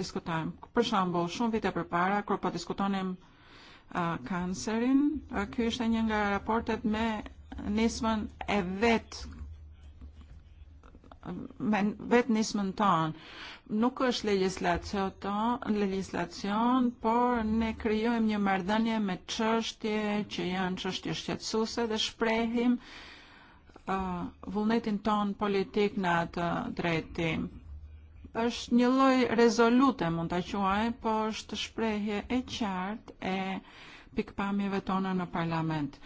diskutojmë. Për shembull, shumë vite përpara kur po diskutonim uh, kancerin, ky ishte një nga raportet me nismën e vetë vetnis më tonë. Nuk është legislacion, ton, legislacion, por ne kryojmë një mardhënje me qështje që janë qështje shqetsuse dhe shprehim uh, vullnetin ton politik në atë uh, drejtim. është një loj rezolute, mund të quaj, po është shprehje e qartë e pikpamjeve tona në parlament.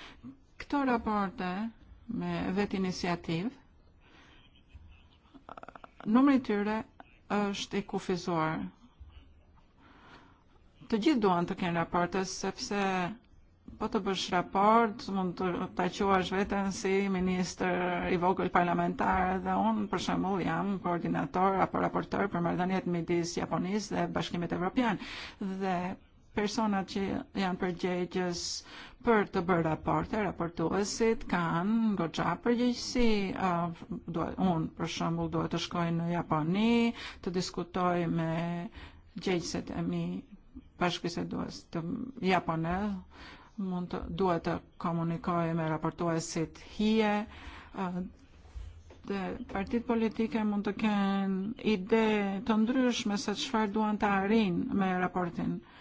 Këto raporte me vet iniciativë, numri i tyre është i kufizuar. Të gjithë duan të kenë raporte, sepse po të bësh raport, mund të ta quash veten si ministër i vogël parlamentar dhe unë për shembull jam koordinator apo raportor për marrëdhëniet midis Japonisë dhe Bashkimit Evropian. Dhe persona që janë përgjegjës për të bërë raporte, raportuesit kanë goxha përgjegjësi. Uh, unë, për shëmbull duhet të shkoj në Japoni, të diskutoj me gjegjësit uh, e mi duhet të japone, mund të, duhet të komunikoj me raportuesit hije, uh, dhe partit politike mund të kenë ide të ndryshme se qëfar duan të arrin me raportin. Uh,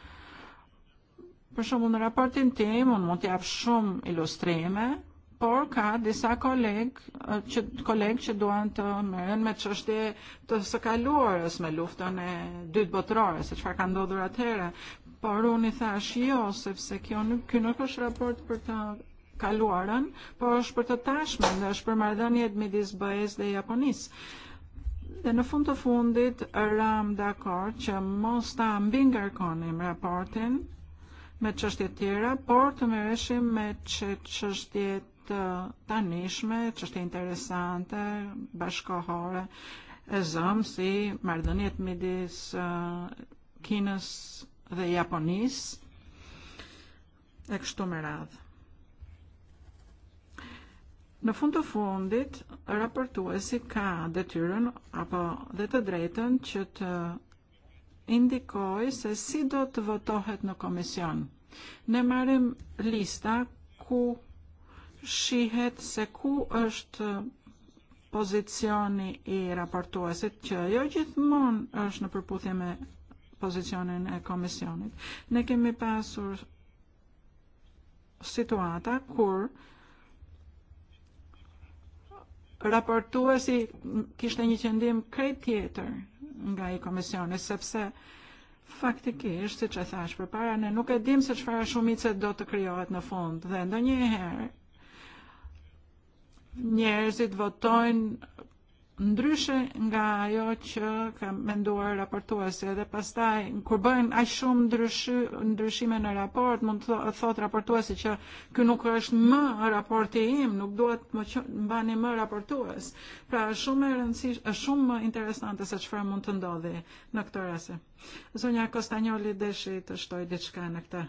Për shumë në raportin tim, unë mund t'jap shumë ilustrime, por ka disa kolegë e, që, koleg që duan të mërën me qështje të së kaluarës me luftën e dytë botërore, se çfarë ka ndodhur atëherë. Por unë i thash jo, sepse kjo nuk kjo nuk është raport për të kaluarën, por është për të tashme, dhe është për marrëdhëniet midis BE-s dhe Japonisë. Dhe në fund të fundit ram akord që mos ta mbingarkonim raportin me çështjet tjera, por të merreshim me çështjet të e, tanishme, çështje interesante, bashkohore, e zëmë si marrëdhëniet midis uh, Kinës dhe Japonisë e kështu më radhë. Në fund të fundit, raportuesi ka detyrën apo dhe të drejtën që të indicoi se si do të votohet në komision. Ne marim lista ku shihet se ku është pozicioni i raportuesit që jo gjithmon është në përputhje me pozicionin e komisionit. Ne kemi pasur situata kur raportuesi kishte një qëndim krejt tjetër nga i komisioni, sepse faktikisht, si që e thash për para, ne nuk e dim se qëfar shumicet do të kryohet në fund, dhe ndonjëherë njerëzit votojnë ndryshe nga ajo që ka menduar raportuesi dhe pastaj kur bëhen aq shumë ndryshy, ndryshime në raport mund të thot raportuesi që ky nuk është më raporti im, nuk duhet më mbani më raportues. Pra është shumë e rëndësishme, është shumë më interesante se çfarë mund të ndodhi në këtë rast. Zonja Kostanjoli deshi të shtoj diçka në këtë.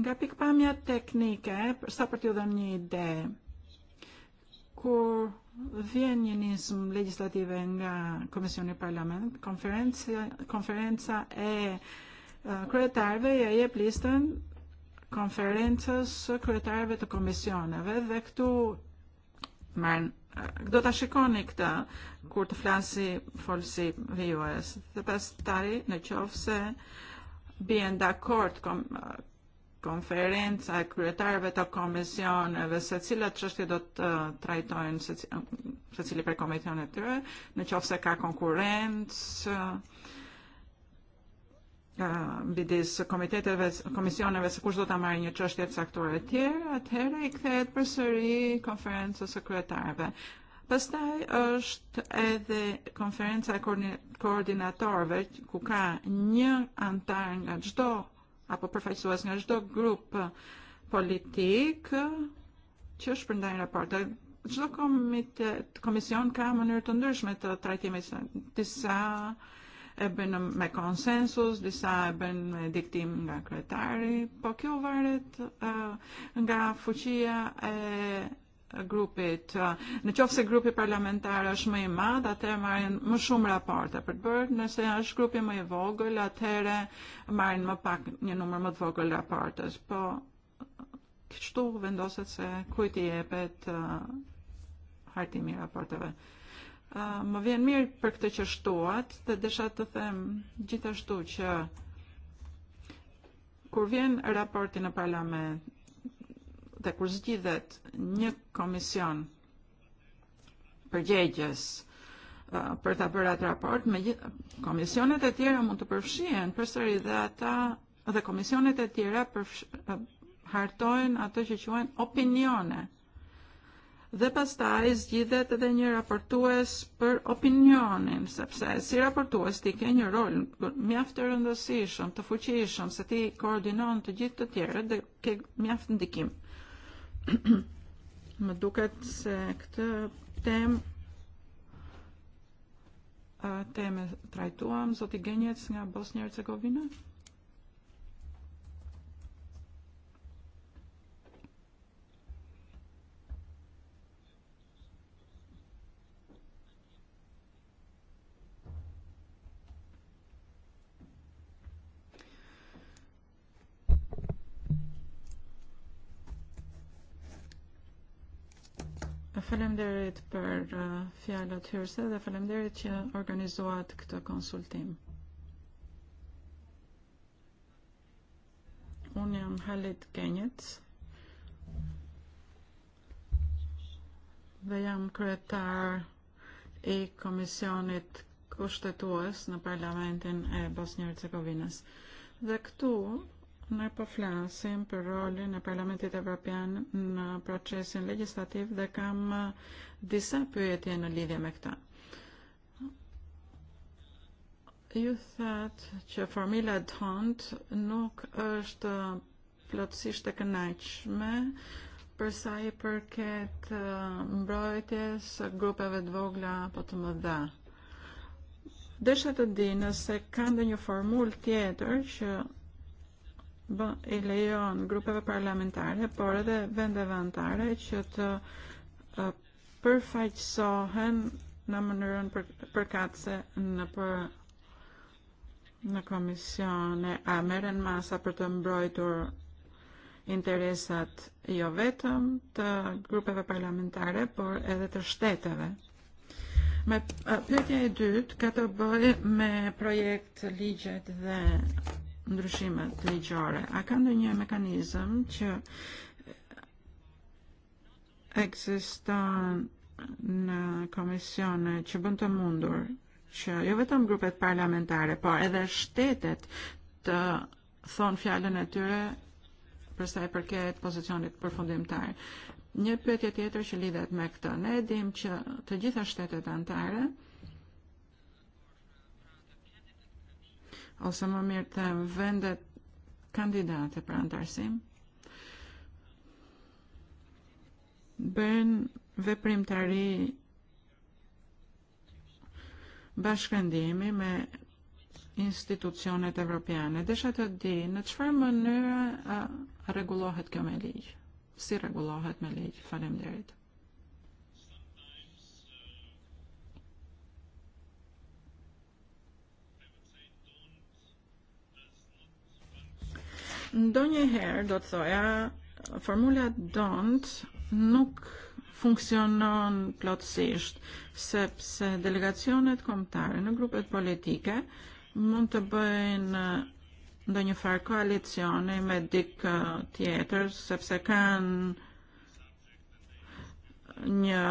Nga pikpamja teknike, sa për t'ju dhënë një ide, kur Vienienism legislative nga Komisioni Parlament, konferenca, konferenca e, e kryetarve ja jep listën konferencës së kryetarëve të komisioneve dhe këtu marrën do ta shikoni këtë kur të flasi folsi vijues. Dhe pastaj në qoftë se bien dakord kom, konferenca uh, uh, uh, e kryetarëve të komisioneve se cilat çështje do të trajtojnë se secili prej komisioneve të tyre, në qoftë se ka konkurrencë bidis komiteteve, komisioneve se kush do ta marrë një çështje të caktuar e tjerë, atëherë i kthehet përsëri konferencës së kryetarëve. Pastaj është edhe konferenca e koordinatorëve ku ka një antar nga çdo apo përfaqësues nga çdo grup politik që shpërndajnë raporte. Çdo komitet, komision ka mënyrë të ndryshme të trajtimit disa e bën me konsensus, disa e bën me diktim nga kryetari, po kjo varet uh, nga fuqia e grupit. Në uh, qofë se grupi parlamentar është më i e madh, atëherë marrin më shumë raporte për të bërë, nëse është grupi më i e vogël, atëherë marrin më pak një e numër më të vogël raportesh. Po kështu vendoset se kujt i jepet uh, hartimi i raporteve. Uh, më vjen mirë për këtë që shtuat dhe desha të them gjithashtu që kur vjen raporti në parlament, tak už zgjidhet një komisión përgjegjës uh, për ta bërë atë raport, me gjithë, komisionet e tjera mund të përfshihen përsëri dhe ata dhe komisionet e tjera uh, hartojnë ato që quhen opinione. Dhe pas ta pastaj zgjidhet edhe një raportues për opinionin, sepse si raportues ti ke një rol mjaft të e rëndësishëm, të fuqishëm, se ti koordinon të gjithë të tjerët dhe ke mjaft ndikim. Mă dukeți këtë tem teme trajtuam zoti Genjec nga Bosnia Hercegovina? Thyrse dhe falemderit që organizuat këtë konsultim. Unë jam Halit Kenjec dhe jam kryetar i Komisionit kushtetues në Parlamentin e eh, Bosnjërë hercegovinës Dhe këtu Në përflasim për rolin e Parlamentit Evropian në procesin legislativ dhe kam disa pyetje në lidhje me këta. Ju thatë që formila dhënd nuk është plotësisht e kënaqshme për sa i përket uh, mbrojtjes grupeve të vogla apo të mëdha. Desha të di nëse ka ndonjë formulë tjetër që i lejon grupeve parlamentare, por edhe vendeve antare që të uh, përfaqësohen në mënyrën për, përkatëse në për në komisione a meren masa për të mbrojtur interesat jo vetëm të grupeve parlamentare, por edhe të shteteve. Me pyetja e dytë ka të bëjë me projekt ligjet dhe ndryshimet ligjore. A ka ndonjë mekanizëm që ekziston në komisione që bën të mundur që jo vetëm grupet parlamentare, por edhe shtetet të thonë fjallën e tyre përsa i përket pozicionit përfundimtar. Një pyetje tjetër që lidhet me këtë, ne dim që të gjitha shtetet antare ose më mirë të vendet kandidate për antarësim, bën veprimtari bashkëndimi me institucionet evropiane. Desha të di, në qëfar mënyrë regulohet kjo me ligjë? Si regulohet me ligjë? Falem derit. Ndonjëherë do të thoja formula don't nuk funksionon plotësisht, sepse delegacionet kombëtare në grupet politike mund të bëjnë ndonjë farë koalicioni me dikë tjetër, sepse kanë një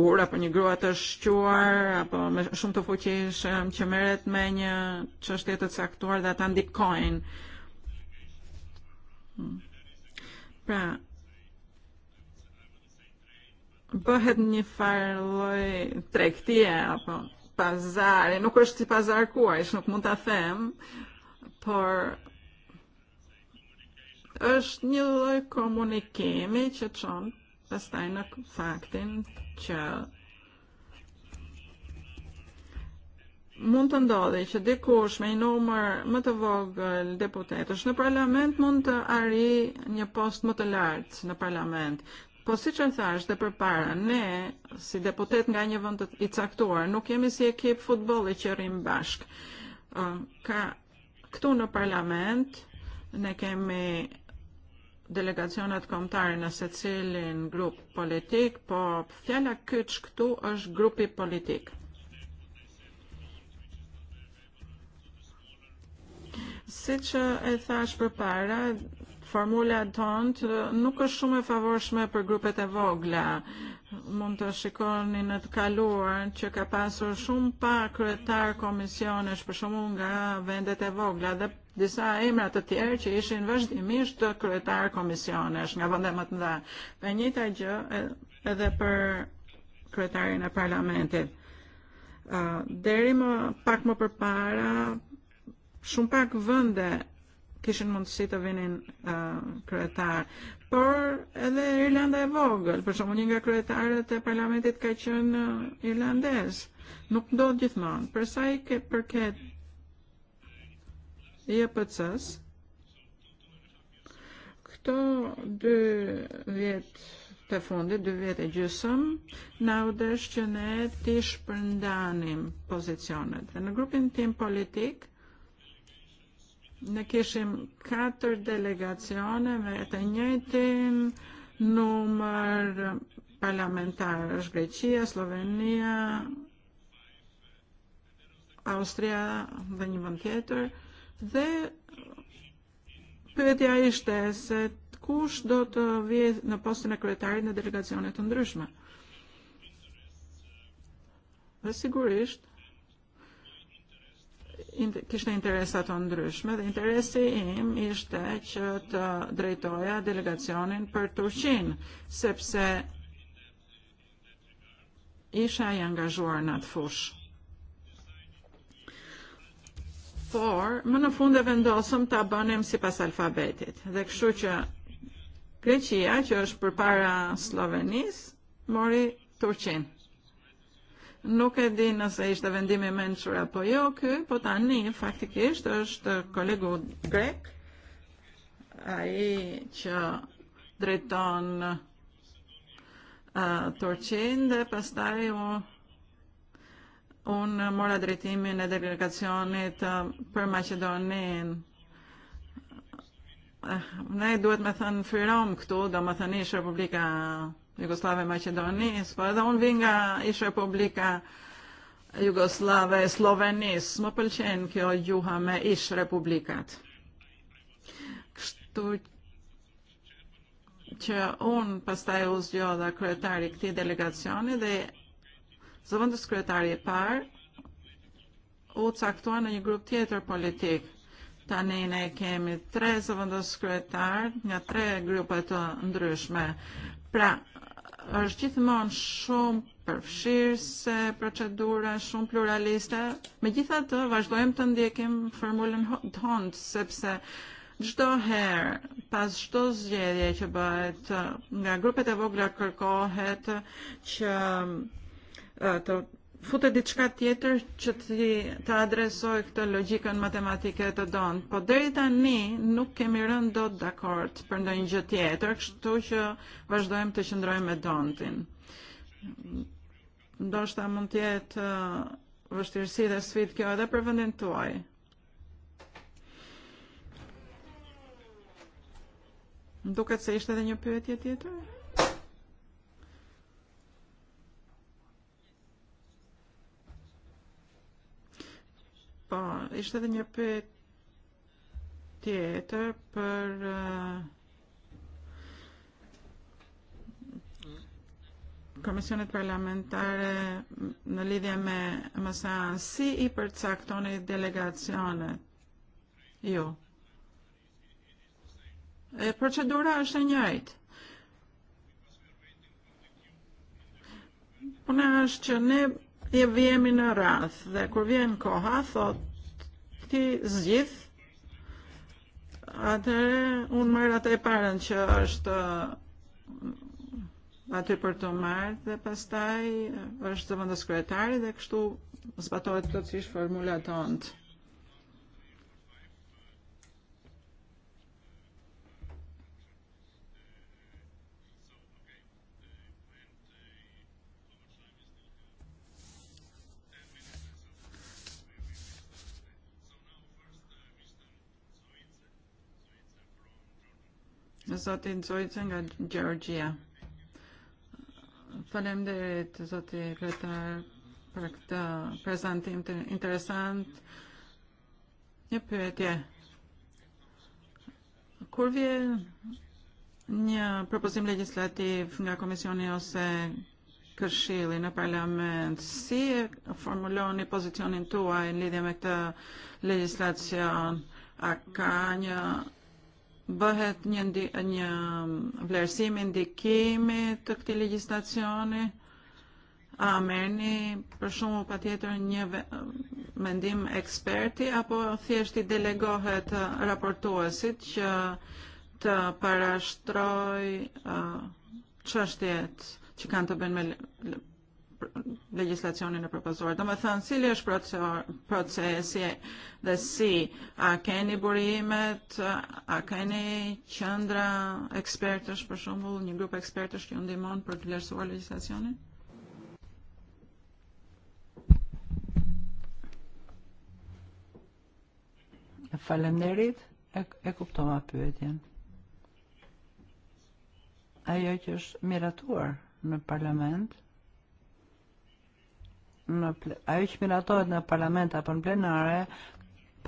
bur apo një grua të shquar apo me shumë të fuqishëm që merret me një çështje të caktuar dhe ata ndikojnë Pra, bëhet një farë lloj apo pazari, nuk është si pazar kua, kuajsh, nuk mund të them, por është një loj komunikimi që çon pastaj në faktin që mund të ndodhi që dikush me një numër më të vogël deputetësh në parlament mund të arri një post më të lartë në parlament. Po si që thash dhe për para, ne si deputet nga një vënd i caktuar, nuk jemi si ekip futboli që rrim bashk. Ka këtu në parlament, ne kemi delegacionat komtare në se cilin grup politik, po fjalla kyç këtu është grupi politik. Si që e, e thash për para, formula tonë e, nuk është shumë e favorshme për grupet e vogla. Mund të shikoni në të kaluar që ka pasur shumë pa kryetar komisionesh për shumë nga vendet e vogla dhe disa emra të tjerë që ishin vazhdimisht të kryetar komisionesh nga vende më të mëdha. Për njëta gjë e, edhe për kryetarin e parlamentit. Uh, deri më pak më përpara shumë pak vënde kishin mundësi të vinin uh, kryetar. Por edhe Irlanda e vogël, për shumë një nga kryetarët e parlamentit ka qënë uh, irlandez. Nuk ndodh gjithmonë. përsa i ke përket i e s këto dy vjetë të fundit, dy vjetë e gjysëm, na u desh që ne ti shpërndanim pozicionet. Dhe në grupin tim politik, Ne kishim delegacione dhe të njëjtin numër është Greqia, Slovenia, Austria dhe një vënd tjetër dhe pyetja ishte se kush do të vje në postën e kryetarit në delegacionet të ndryshme. Dhe sigurisht kishte interesat të ndryshme dhe interesi im ishte që e, të drejtoja delegacionin për Turqin, sepse isha i angazhuar në atë fush. Por, më në fund e vendosëm të abonim si pas alfabetit. Dhe këshu që Greqia, që është për para Slovenis, mori Turqin. Nuk e di nëse ishte vendimi i mençur apo jo ky, po tani faktikisht është kolegu grek ai që drejton uh, Turqinë dhe pastaj u un mora drejtimin e delegacionit për Macedonin. Eh, ne duhet me thënë fyrom këtu, do me thënë ishë Republika Jugoslave Makedonije, spada vinga iš Republika Jugoslave Slovenis, pelčen, ki odjuhame iš Republikat. ish če on që unë pastaj u zgjodha kryetari këtij delegacioni dhe zëvendës kryetari i parë u caktua në një grup tjetër politik. Ta ne kemi tre zavondo s kryetar nja tre grupa to ndryshme. Pra, është gjithmonë shumë përfshirëse, procedura shumë pluraliste, me gjitha të vazhdojmë të ndjekim formulën të hondë, sepse gjdo herë, pas gjdo zgjedhje që bëhet, uh, nga grupet e vogla kërkohet që uh, të fută diçka kind of tjetër që ti ta adresoj këtë logjikën matematike të don. Po deri tani nuk kemi rënë dot dakord për ndonjë gjë tjetër, kështu që vazhdojmë të qëndrojmë me dontin. Ndoshta mund të eh, vështirësi dhe sfidë kjo edhe për vendin tuaj. Duket se ishte edhe një pyetje tjetër? Λοιπόν, ishte edhe një pyetje tjetër për komisionet parlamentare në lidhje me MSA-n, si i përcaktoni delegacionet? Jo. E procedura është e njëjtë. Puna është që ne Jeb jemi në rath dhe kur vjen koha, thot ti zgjith, atëre unë mërë atë e parën që është aty për të marrë dhe pastaj është zëvendës kryetari dhe kështu zbatohet plotësisht formula tonë. Zoti Zoicen Georgia. Falem derit, Zoti Kretar, për këtë prezentim të interesant. Një pyetje. Kur vjen një propozim legislativ nga komisioni ose këshilli në parlament, si e formuloni pozicionin tuaj në lidhje me këtë legjislacion? A ka një bëhet një, një vlerësim i ndikimit të këtij legjislacioni? A merrni për shkakun patjetër një mendim eksperti apo thjesht i delegohet raportuesit që të parashtroj çështjet uh, që kanë të bëjnë me leġislazzjoni nippropożwar. Da mathan si li procesi da si a keni burimet, a keni ċandra ekspertësh, për shumbull, një grup ekspertësh që ju ndihmon për të vlerësuar leġislazzjonin? Falemderit, e, e kuptoma pyetjen. Ajo që është miratuar në parlament, në ajo që miratohet në parlament apo në plenare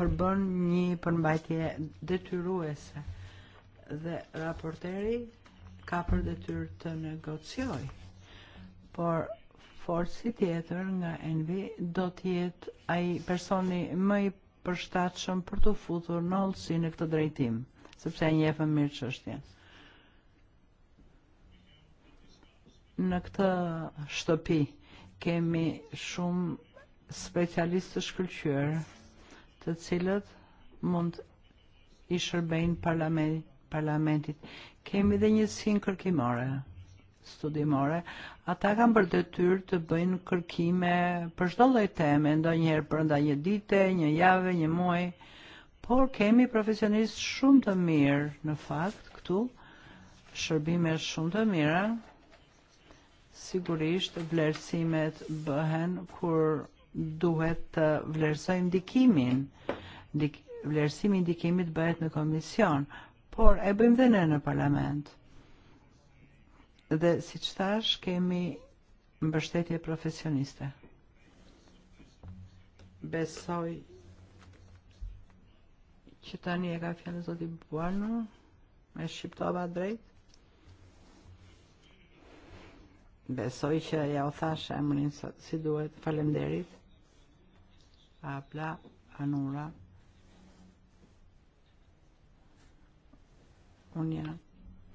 përbën një përmbajtje detyruese dhe raporteri ka për detyrë të negocioj. Por forci tjetër nga Envi do të jetë ai personi më i përshtatshëm për të futur në olësi në këtë drejtim, sepse e njefën mirë çështjen. Në këtë shtëpi kemi shumë specialistë të shkëlqyer, të cilët mund i shërbejnë parlament, parlamentit. Kemi dhe një njësinë kërkimore, studimore. Ata kam për të tyrë të bëjnë kërkime për çdo lloj teme, ndonjëherë brenda një dite, një jave, një muaj, por kemi profesionistë shumë të mirë në fakt këtu, shërbime shumë të mira Sigurisht vlerësimet bëhen kur duhet të vlerësojmë ndikimin. Ndik, vlerësimi i ndikimit bëhet në komision, por e bëjmë dhe ne në parlament. Dhe si që thash, kemi mbështetje profesioniste. Besoj që tani e ka fjallë zoti Buano, me shqiptova drejt. Besoj që ja u thash emrin si duhet. Faleminderit. Apla Anura. Unë jam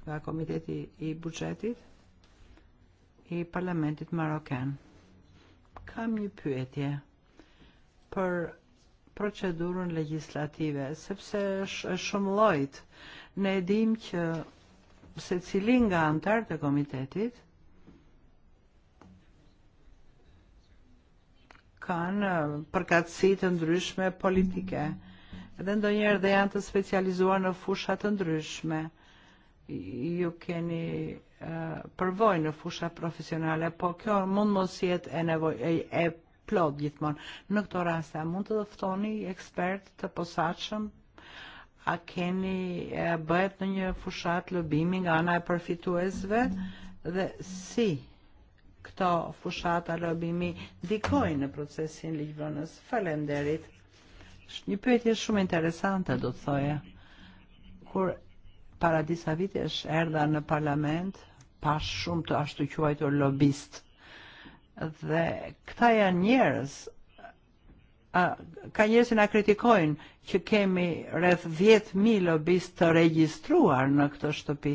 nga Komiteti i Buxhetit i Parlamentit Marokan. Kam një pyetje për procedurën legislative sepse është e shumë lojt Ne e dim që se cili nga antarët e komitetit kanë eh, përgatësi të ndryshme politike dhe ndonjëherë dhe janë të specializuar në fusha të ndryshme. Ju keni uh, përvojë në fusha profesionale, po kjo mund mos jetë e nevojë e, e plot gjithmonë. Në këto raste a mund të dëftoni ekspert të posaçëm? A keni e, bëhet në një fushat lëbimi nga ana e përfituesve dhe si këto fushata robi mi dikojnë në procesin Libanës. Falemderit. Një pyetje shumë interesante, do të thoje. Kur para disa vitesh erdha në parlament, pas shumë të ashtu quajtur lobist. Dhe këta janë njerëz ka njerëz që na kritikojnë që kemi rreth 10.000 lobist të regjistruar në këtë shtëpi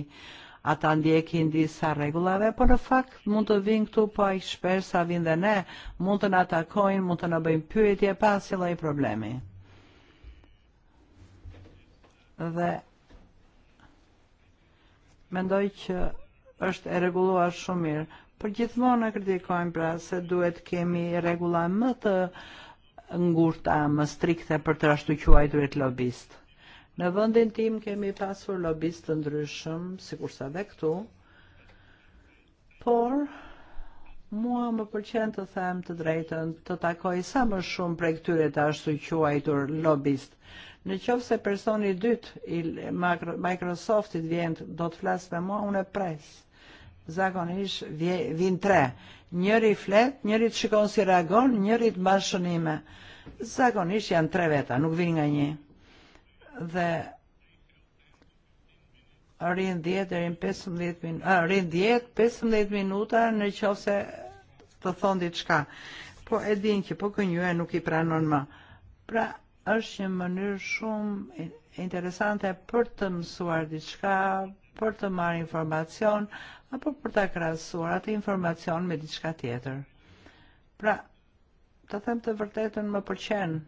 ata ndjekin disa rregullave, por në fakt mund të vinë këtu po aq shpesh sa vinë dhe ne, mund të na atakojnë, mund të na bëjnë pyetje pa asnjë lloj e problemi. Dhe mendoj që është e rregulluar shumë mirë, por gjithmonë e kritikojmë pra se duhet kemi rregulla më të ngurta, më strikte për të ashtu quajturit lobistë Në vëndin tim kemi pasur lobist të ndryshëm, si sikurse dhe këtu, por mua më përqen të them të drejtën të takoj sa më shumë prej këtyre të ashtu quajtur lobist. Në qovë se personi dytë i Microsoftit vjen do të flasë me mua, unë e presë zakonisht vin tre. Njëri flet, njëri të shikon si reagon, njëri të mban shënime. Zakonisht janë tre veta, nuk vin nga një the rrin 10 deri në 15 minuta, uh, rrin 10 15 minuta në qofse të thon diçka. Po e din që po kënjyja nuk i pranon më. Pra është një mënyrë shumë interesante për të mësuar diçka, për të marrë informacion apo për ta krahasuar atë informacion me diçka tjetër. Pra, të them të vërtetën më pëlqen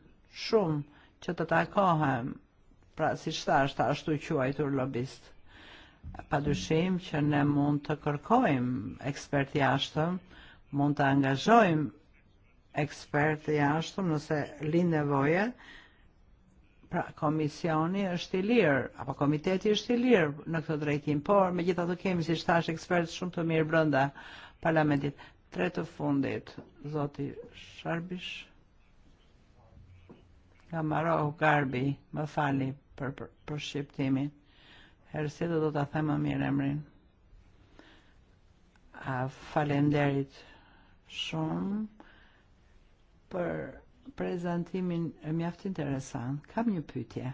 shumë që të takohem No pra si shtash është ashtu quajtur lobist. Pa dushim që ne mund të kërkojmë ekspert jashtëm, mund të angazhojmë ekspert jashtëm nëse linë nevoje, pra komisioni është i lirë, apo komiteti është no i lirë në këtë drejtim, por me gjitha të kemi si shtash ekspert shumë të mirë brënda parlamentit. Tre të fundit, zoti Sharbish, Gamaro Garbi, më falim për, për, për shqiptimin. Herësi do të them më mirë emrin. A falenderit shumë për prezentimin e mjaft interesant. Kam një pytje.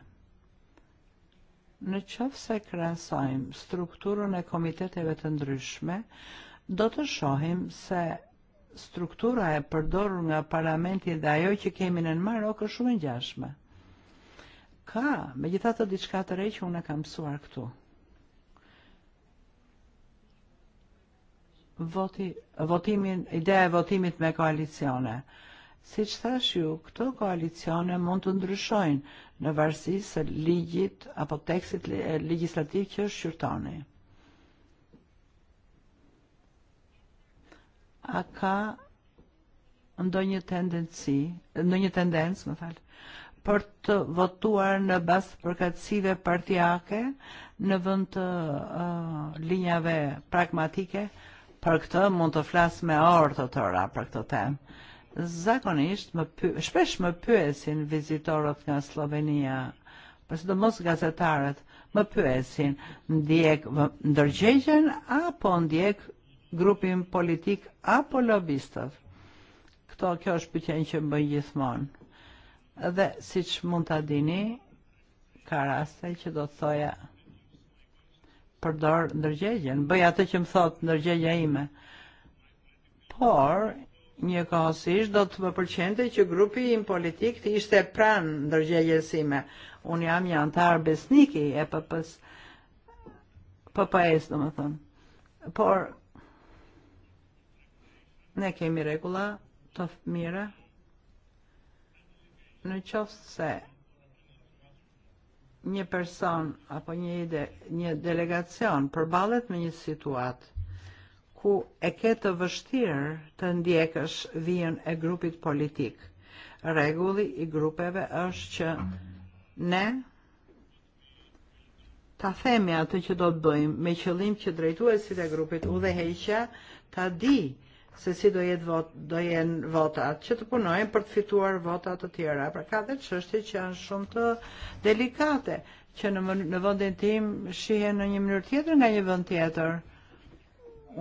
Në qëfë se krasojmë strukturën e komiteteve të ndryshme, do të shohim se struktura e përdorur nga parlamenti dhe ajo që kemi në Marok është shumë e në gjashme. Ka, me gjitha të diçka të rej që unë e kam suar këtu. Voti, votimin, ideja e votimit me koalicione. Si që thash ju, këto koalicione mund të ndryshojnë në varsi se ligjit apo tekstit eh, legislativ që është qyrtoni. A ka ndonjë tendenci, ndonjë tendencë, më falë, për të votuar në bas përkatsive partijake në vënd të uh, uh, linjave pragmatike, për këtë mund të flasë me orë të tëra për këtë temë. Zakonisht, më py, shpesh më pyesin vizitorët nga Slovenia, përse të mos gazetarët, më pyesin, ndjek ndërgjegjen apo ndjek grupin politik apo lobistët. Këto, kjo është pyetjen që më gjithmonë Dhe si që mund të adini, ka raste që do të thoja përdor ndërgjegjen, bëj atë që më thot ndërgjegja ime. Por, një kohësisht do të më përqente që grupi im politik të ishte pran ndërgjegjes ime. Unë jam një antar besniki e pëpës, pëpës, do më thënë. Por, ne kemi regula të mira, në qoftë se një person apo një ide, një delegacion përballet me një situat ku e ke të vështirë të ndjekësh vijën e grupit politik. Regulli i grupeve është që ne ta themi atë që do të bëjmë me qëllim që drejtuesit e grupit u dhe heqja ta di se si do jetë vot, do jenë votat, që të punojnë për të fituar votat të tjera. Pra ka dhe qështi që janë shumë të delikate, që në, në vëndin tim shihe në një mënyrë tjetër nga një vënd tjetër.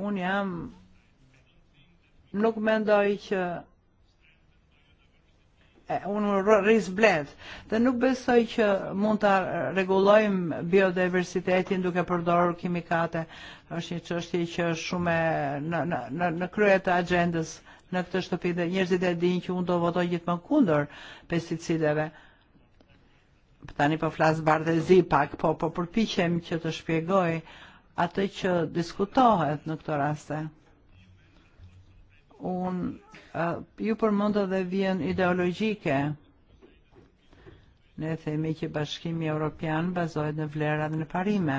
Unë jam nuk mendoj që unë rris bledh. Dhe nuk besoj që mund të regulojmë biodiversitetin duke përdorur kimikate. është një qështje që shumë e, në, në, në krye të agendës në këtë shtëpi dhe njerëzit e dinë që unë do votoj gjithmonë kundër pesticideve. Tani po flas bardhezi pak, po po përpiqem që të shpjegoj atë që diskutohet në këto raste un uh, ju përmënda dhe vjen ideologjike. Ne themi që bashkimi evropian bazohet në vlerat në parime,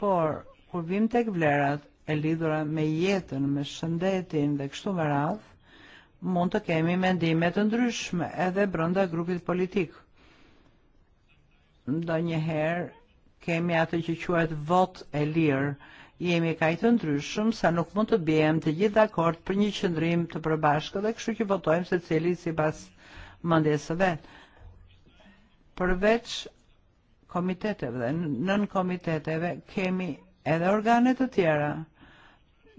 por kur vim tek vlerat e lidhura me jetën, me shëndetin dhe kështu me radh, mund të kemi mendime të ndryshme edhe brenda grupit politik. Ndonjëherë kemi atë që quhet vot e lirë, jemi kaq të ndryshëm sa nuk mund të bijem të gjithë dakord për një qëndrim të përbashkët dhe kështu që votojmë secili sipas mendjes së vet. Përveç komiteteve dhe nën komiteteve kemi edhe organe të tjera.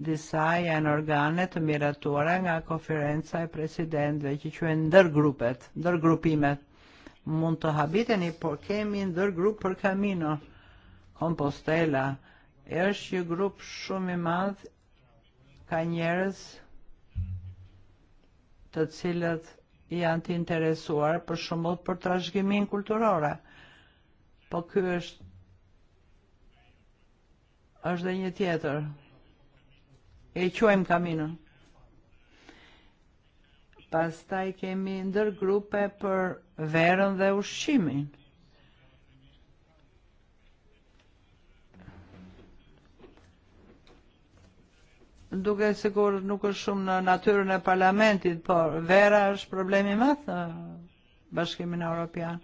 Disa janë organe të miratuara nga konferenca e presidentëve që quhen ndërgrupet, ndërgrupimet. Mund të habiteni, por kemi ndërgrup për Camino, Compostela, Compostela, është një grup shumë i madh ka njerëz të cilët janë të interesuar për shembull për trashëgiminë kulturore. Po ky është është dhe një tjetër. E quajmë kaminën. Pastaj kemi ndër grupe për verën dhe ushqimin. duke se kur nuk është shumë në natyrën e parlamentit, por vera është problemi më në bashkimin e Europian.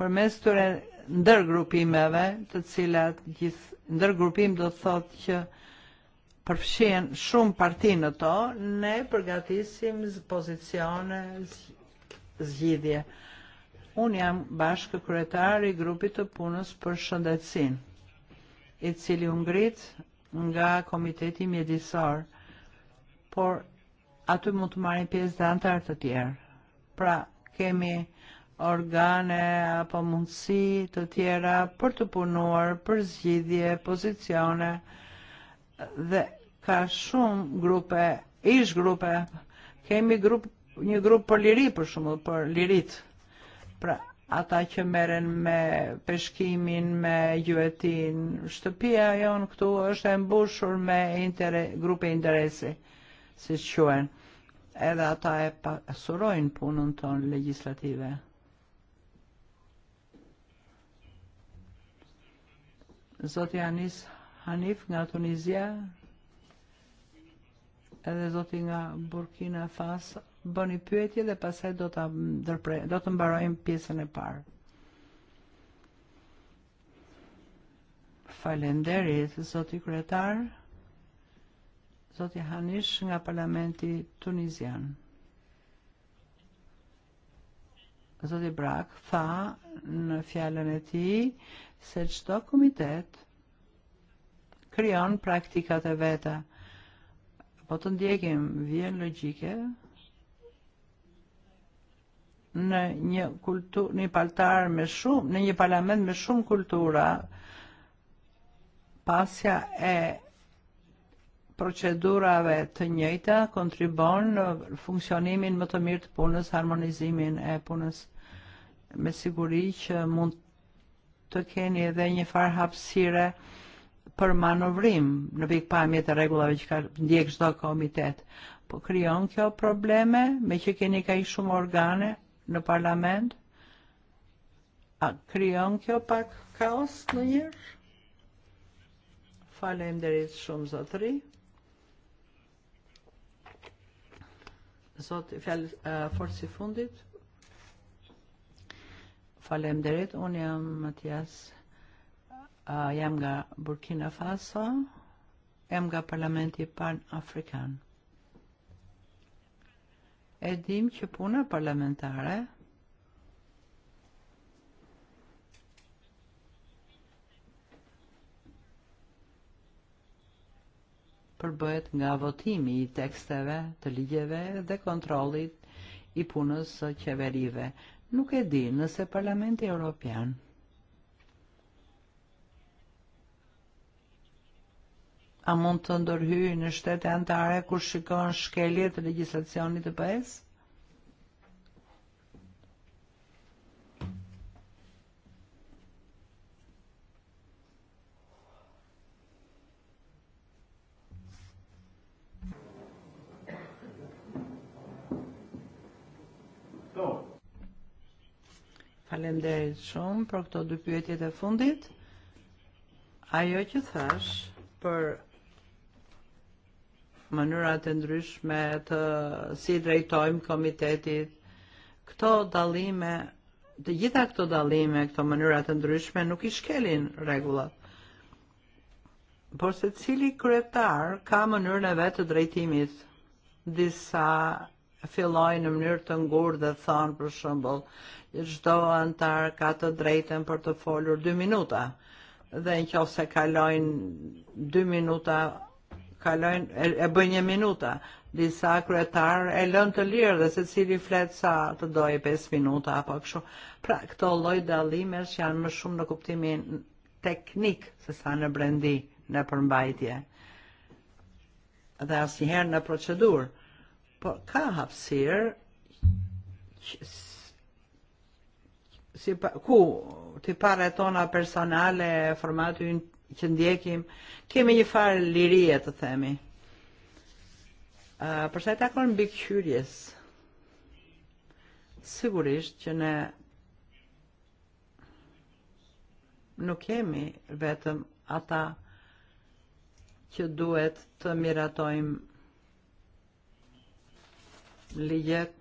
Për mes tëre ndërgrupimeve, të cilat gjithë ndërgrupim do të thotë që përfshien shumë parti në to, ne përgatisim pozicione zgjidhje. Unë jam bashkë kryetari grupit të punës për shëndetsin, i cili u ngrit nga Komiteti Mjedisor, por aty mund të marrin pjesë dhe antarë të tjerë. Pra, kemi organe apo mundësi të tjera për të punuar, për zgjidhje, pozicione dhe ka shumë grupe, ish grupe, kemi grup, një grup për liri për shumë, për lirit. Pra, ata që meren me peshkimin, me gjuetin. Shtëpia jonë këtu është e mbushur me inter grupe interesi, si që quen. Edhe ata e pasurojnë punën tonë legislative. Zoti Anis Hanif nga Tunizia, edhe zoti nga Burkina Faso, bëni pyetje dhe pasaj do ta dërpre, do të mbarojmë pjesën e parë. Falenderit, zoti kryetar, zoti Hanish nga parlamenti tunizian. Zoti Brak tha në fjallën e ti se çdo komitet kryon praktikat e veta. Po të ndjekim vjen logike, në një kulturë, një paltar me shumë, në një parlament me shumë kultura, pasja e procedurave të njëjta kontribon në funksionimin më të mirë të punës, harmonizimin e punës me siguri që mund të keni edhe një farë hapësire për manovrim në pikpamje të e rregullave që ka ndjek çdo komitet. Po krijon kjo probleme me që keni kaq shumë organe No parlament, a kryon kjo pak kaos në njërë? Falem derit shumë zotëri. Zot, fjallë uh, e, i fundit. Falem derit, unë jam Matias uh, jam nga Burkina Faso, jam nga Parlamenti Pan Afrikanë. E dim që puna parlamentare përbëhet nga votimi i teksteve të ligjeve dhe kontrollit i punës së qeverive. Nuk e di nëse Parlamenti Europian A mund të ndërhyjë në shtete antare kur shikon shkelje të legislacionit të PES? Falemderit shumë për këto dy pyetjet e fundit. Ajo që thash për mënyra të ndryshme të eh, si drejtojmë komitetit. Këto dalime, të gjitha këto dalime, këto mënyra të ndryshme nuk i shkelin regullat. Por se cili kryetar ka mënyrën e vetë të drejtimit. Disa filloj në mënyrë të ngurë dhe thonë për shëmbull, çdo antar ka të drejten për të folur 2 minuta. Dhe në kjo se kalojnë 2 minuta kalojnë, e, e bëjnë një minuta. Disa kryetar e lënë të lirë dhe se cili fletë sa të dojë 5 minuta apo kështu. Pra, këto loj dalimesh janë më shumë në kuptimin teknik se sa në brendi, në përmbajtje. Dhe asnjëherë në procedurë. Po, ka hapsirë si, ku ti pare tona personale, formati që ndjekim, kemi një farë lirie të themi. Uh, ah, përsa e takon bikqyrjes, sigurisht që ne nuk kemi vetëm ata që duhet të miratojmë ligjet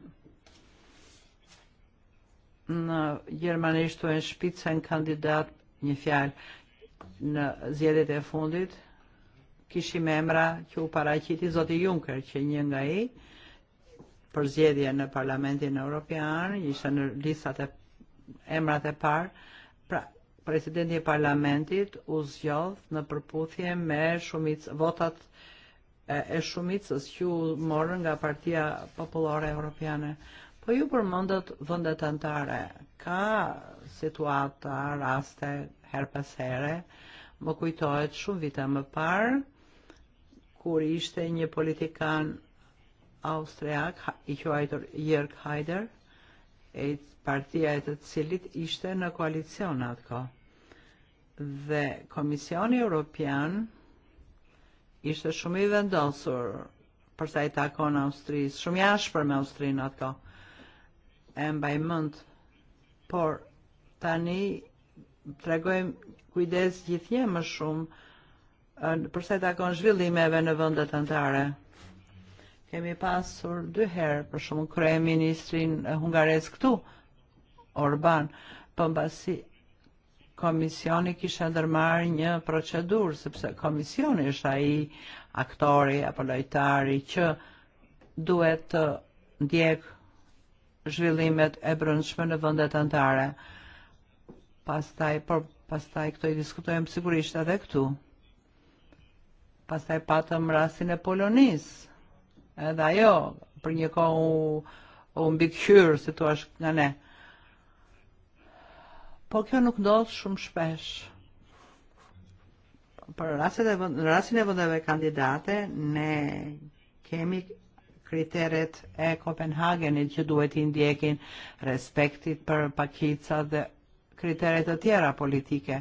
në gjermanisht të e në kandidat një fjalë në zgjedhjet e fundit kishi me emra që u paraqiti zoti Juncker që një nga ai për zgjedhje në Parlamentin Evropian, ishte në listat e emrat e parë. Pra, presidenti i parlamentit u zgjodh në përputhje me shumicë votat e shumicës e që u morën nga Partia Popullore Evropiane. Po ju përmendët vendet anëtare. Ka situata, raste her pas here Më kujtohet shumë vite më parë, kur ishte një politikan austriak, i quajtur Jörg Haider, e partia e të cilit ishte në koalicion atko. Dhe Komisioni Europian ishte shumë i vendosur përsa i takon Austrisë, shumë jashpër me Austrinë atko. E mbaj mënd, por tani tregojmë kujdes gjithje më shumë përsa i takon zhvillimeve në vëndet antare. Kemi pasur dy herë, për shumë krye ministrin eh, hungares këtu, Orban, pëmbasi komisioni kisha ndërmarrë një procedurë, sepse komisioni është ai aktori apo lojtari që duhet të ndjek zhvillimet e brëndshme në vëndet antare. Uh, pastaj por pastaj këto i diskutojmë sigurisht edhe këtu. Pastaj patëm rastin e Polonisë. Edhe ajo për një kohë u, u mbi kthyer si thua nga ne. Po kjo nuk ndodh shumë shpesh. Për rastet e rastin e vendeve kandidate ne kemi kriteret e Kopenhagenit që duhet i ndjekin respektit për pakica dhe kriteret të tjera politike.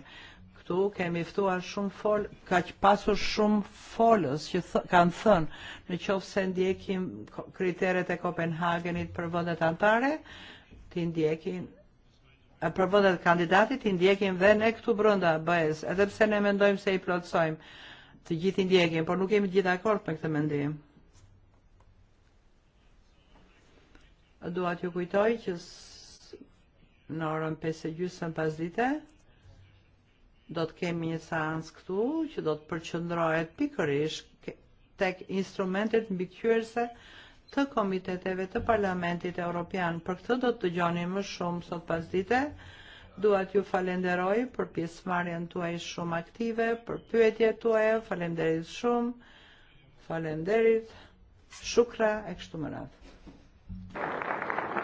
Këtu kemi ftuar shumë fol, ka që pasur shumë folës që th kanë thënë në qofë se ndjekim kriteret e Kopenhagenit për vëndet antare, ti ndjekin e, për vëndet kandidatit, ti ndjekim dhe ne këtu brënda bëhes, edhe pse ne mendojmë se i plotsojmë të gjithë ndjekim, por nuk jemi gjithë akord me këtë mendim. Dua t'ju kujtoj që në orën 5 e gjysën dite, do të kemi një seans këtu që do të përqendrohet pikërisht tek instrumentet mbikëqyrëse të komiteteve të Parlamentit Evropian. Për këtë do të dëgjoni më shumë sot pasdite. Dua t'ju falenderoj për pjesëmarrjen tuaj shumë aktive, për pyetjet tuaja, falenderit shumë. Falenderit. Shukra e kështu me radhë.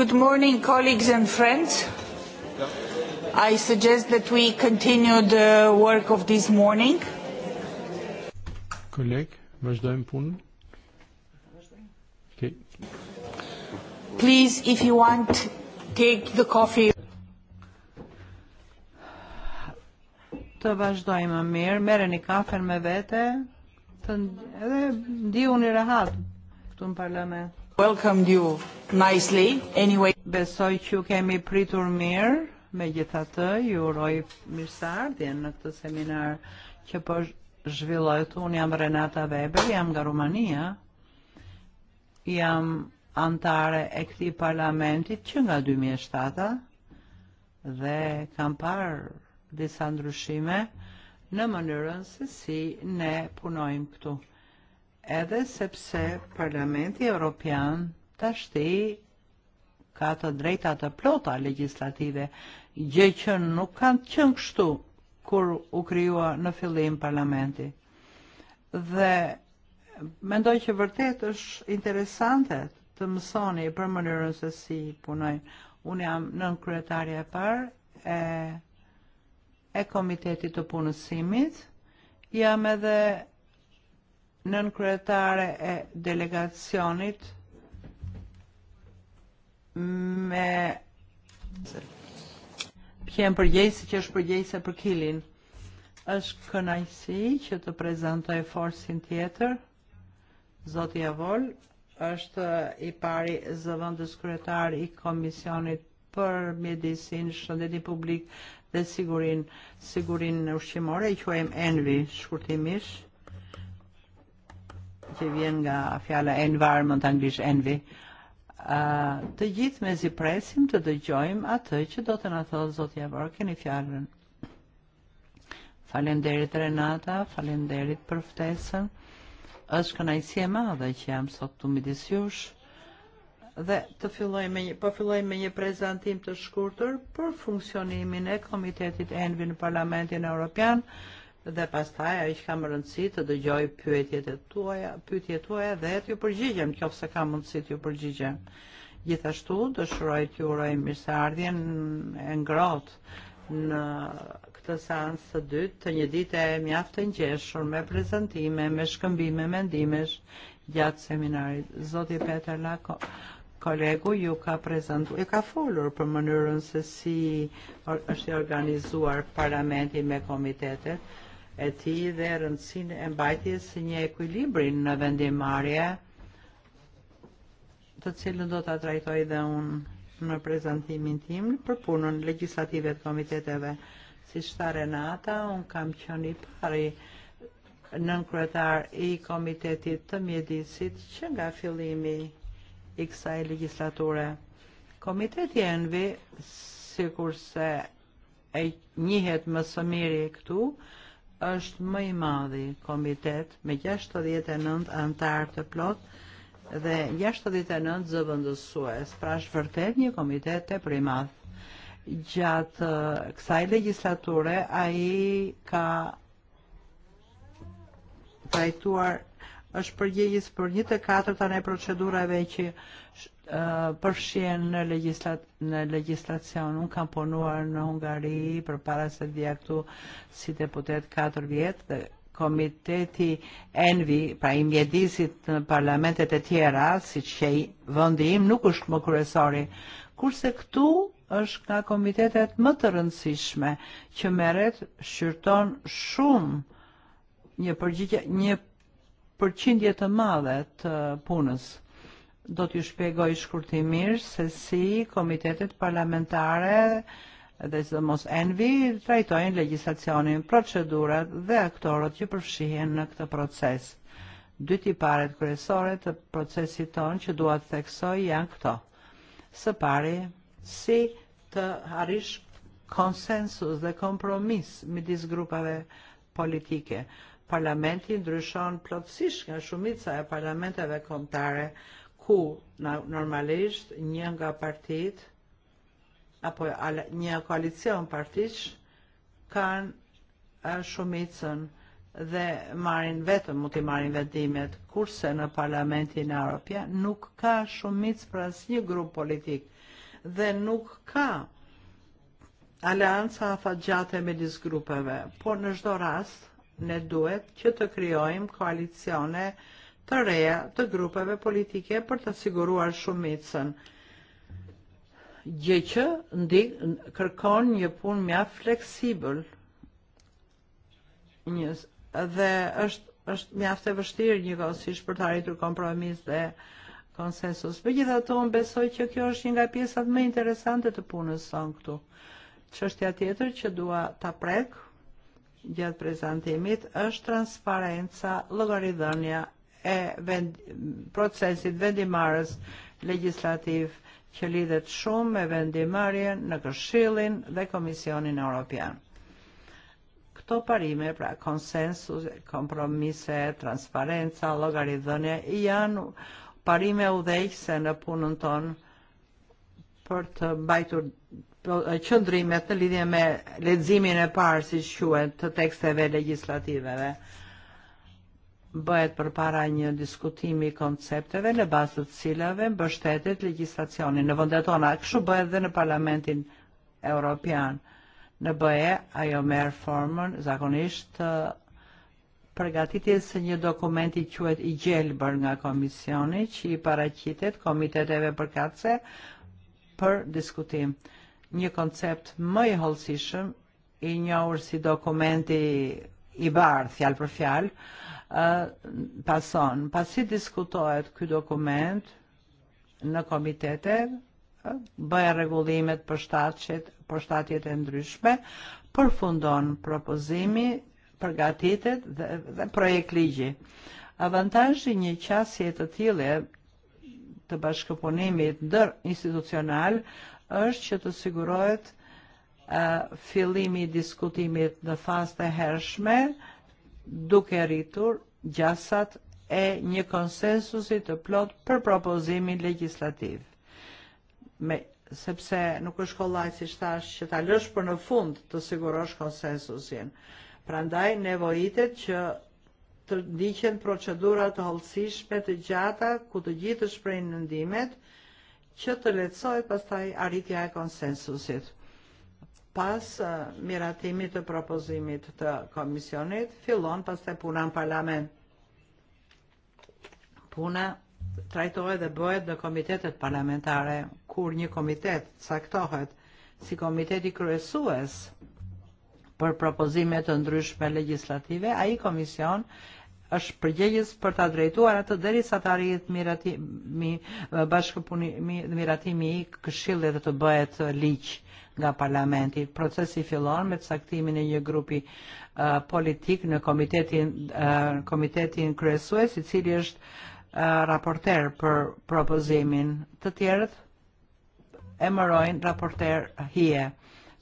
Good morning, colleagues and friends. I suggest that we continue the work of this morning. Colleague, vazhdojmë punën. Okay. Please, if you want, take the coffee. Të vazhdojmë mirë, merreni kafen me vete, të, edhe ndihuni rehat këtu në parlament welcomed you nicely anyway. Besoj që ju kemi pritur mirë, me gjitha të, ju uroj mirësardhjen në këtë seminar që po zhvillojt. Unë jam Renata Weber, jam nga Rumania, jam antare e këti parlamentit që nga 2007 dhe kam parë disa ndryshime në mënyrën se si ne punojmë këtu edhe sepse Parlamenti Europian të tashti ka të drejta të plota legislative, gjë që nuk kanë qënë kështu kur u kryua në fillim parlamenti. Dhe mendoj që vërtet është interesante të mësoni për mënyrën se si punoj. Unë jam në kryetarja e parë e e komitetit të punësimit, jam edhe nën kryetare e delegacionit me pjenë përgjegjëse që është përgjegjëse për Kilin. Është kënajsi që të prezantoj forsin tjetër. Zoti Javol është i pari zëvëndës kryetar i komisionit për mjedisin, shëndetin publik dhe sigurin, sigurin ushqimore, i quajmë Envi shkurtimish që vjen nga fjala environment anglisht envy. Uh, të gjithë me zipresim të dëgjojmë atë që do të na thotë zotja Vor, keni fjalën. Falenderit Renata, falenderit për ftesën. Është kënaqësi e madhe që jam sot këtu midis jush dhe të filloj me një, po filloj me një prezantim të shkurtër për funksionimin e Komitetit Envi në Parlamentin Evropian. Uh, dhe pastaj ai që ka më rëndësi të dëgjoj pyetjet e tuaja, pyetjet e tuaja dhe t'ju përgjigjem nëse kam mundësi t'ju përgjigjem. Gjithashtu dëshiroj t'ju uroj mirëseardhjen e ngrohtë në këtë seancë të dytë të një dite e mjaft të ngjeshur me prezantime, me shkëmbime mendimesh gjatë seminarit. Zoti Peter Lako kolegu ju ka prezentuar, ju ka folur për mënyrën se si është i organizuar parlamenti me komitetet e ti dhe rëndësin e mbajtjes së një ekuilibri në vendimarje të cilën do të trajtoj dhe unë në prezentimin tim për punën legjislative të komiteteve. Si shta Renata, unë kam qënë i pari nën kryetar i komitetit të mjedisit që nga fillimi i kësaj legislature. Komiteti e nëvi, si kurse e njihet më së miri këtu, është më i madhi komitet me 69 e antar të plot dhe 69 e zëvendësues, pra është vërtet një komitet të e primadh. Gjatë uh, kësaj legislature a i ka trajtuar është përgjegjës për një të katërta në procedurave që përfshien në, legislat në legislacion. Unë kam punuar në Hungari për para se dhja këtu si deputet 4 vjetë dhe komiteti Envi, pra i mjedisit në parlamentet e tjera, si që i vëndim, nuk është më kërësori. Kurse këtu është nga komitetet më të rëndësishme, që meret shqyrton shumë një, përgjitja, një përqindje të madhe të punës do t'ju shpjegoj shkurtimir se si komitetet parlamentare dhe dhe mos Envi trajtojnë legislacionin, procedurat dhe aktorët që përfshihen në këtë proces. Dyti paret kryesore të procesit tonë që duat theksoj janë këto. Së pari, si të arrish konsensus dhe kompromis midis grupave politike. Parlamenti ndryshon plotësish nga shumica e parlamenteve kombëtare ku normalisht një nga partit apo një koalicion partish kanë shumicën dhe marrin vetëm, mund t'i marrin vendimet, kurse në parlamentin e Europian nuk ka shumicë për asnjë grup politik dhe nuk ka alianca fa afatgjate me disë grupeve, por në çdo rast ne duhet që të kryojmë koalicione uh, të reja të grupeve politike për të siguruar shumicën. Gjë që ndi kërkon një pun mja fleksibël. njës, dhe është është mja e vështirë një njëkohësisht për të arritur kompromis dhe konsensus. Për gjitha të unë besoj që kjo është një nga pjesat më interesante të punës son këtu. Që është Çështja tjetër që dua të prekë gjatë prezentimit është transparenca, llogaridhënia e vend, procesit vendimarës legislativ që lidhet shumë me vendimarjen në Këshillin dhe Komisionin Europian. Këto parime, pra konsensus, kompromise, transparenca, logaridhënje, janë parime udhejqëse në punën tonë për të mbajtur e, qëndrimet në lidhje me leximin e parë si quhet të teksteve legjislativeve bëhet uh, për para një diskutimi koncepteve në bazë të cilave mbështetet legjislacioni në vëndet tona. Kështu bëhet dhe në Parlamentin Evropian. Në BE ajo merr formën zakonisht përgatitjes së një dokumenti quhet i gjelbër nga komisioni që i paraqitet komiteteve përkatëse për diskutim. Një koncept më i hollësishëm i njohur si dokumenti i bardh fjalë për fjalë, ë pason. Pasi diskutohet ky dokument në komitete, uh, bëhe rregullimet për shtatjet, për shtatjet e ndryshme, përfundon propozimi, përgatitet dhe, dhe projekt ligji. Avantazhi një qasje të tillë të bashkëpunimit ndër institucional është që të sigurohet Eh, fillimi e, i diskutimit në fazë të hershme duke rritur gjasat e një konsensusi të plot për propozimin legislativ. Me sepse nuk është kollaj si shtash që ta lësh për në fund të sigurosh konsensusin. Prandaj nevojitet që të ndiqen procedura të holësishme të gjata ku të gjithë të shprejnë nëndimet që të lehtësohet pastaj arritja e konsensusit pas eh, miratimit të propozimit të komisionit, fillon pas të puna në parlament. Puna trajtohet dhe bëhet në komitetet parlamentare, kur një komitet saktohet si komiteti kryesues për propozimet të ndryshme legislative, a i komision është përgjegjës për të drejtuar atë dheri sa të arrit miratimi miratimi i këshillit të bëhet ligj nga parlamenti. Procesi fillon me caktimin e një grupi uh, politik në komitetin, uh, komitetin kryesues, i cili është uh, raporter për propozimin. Të tjerët emërojnë raporter hije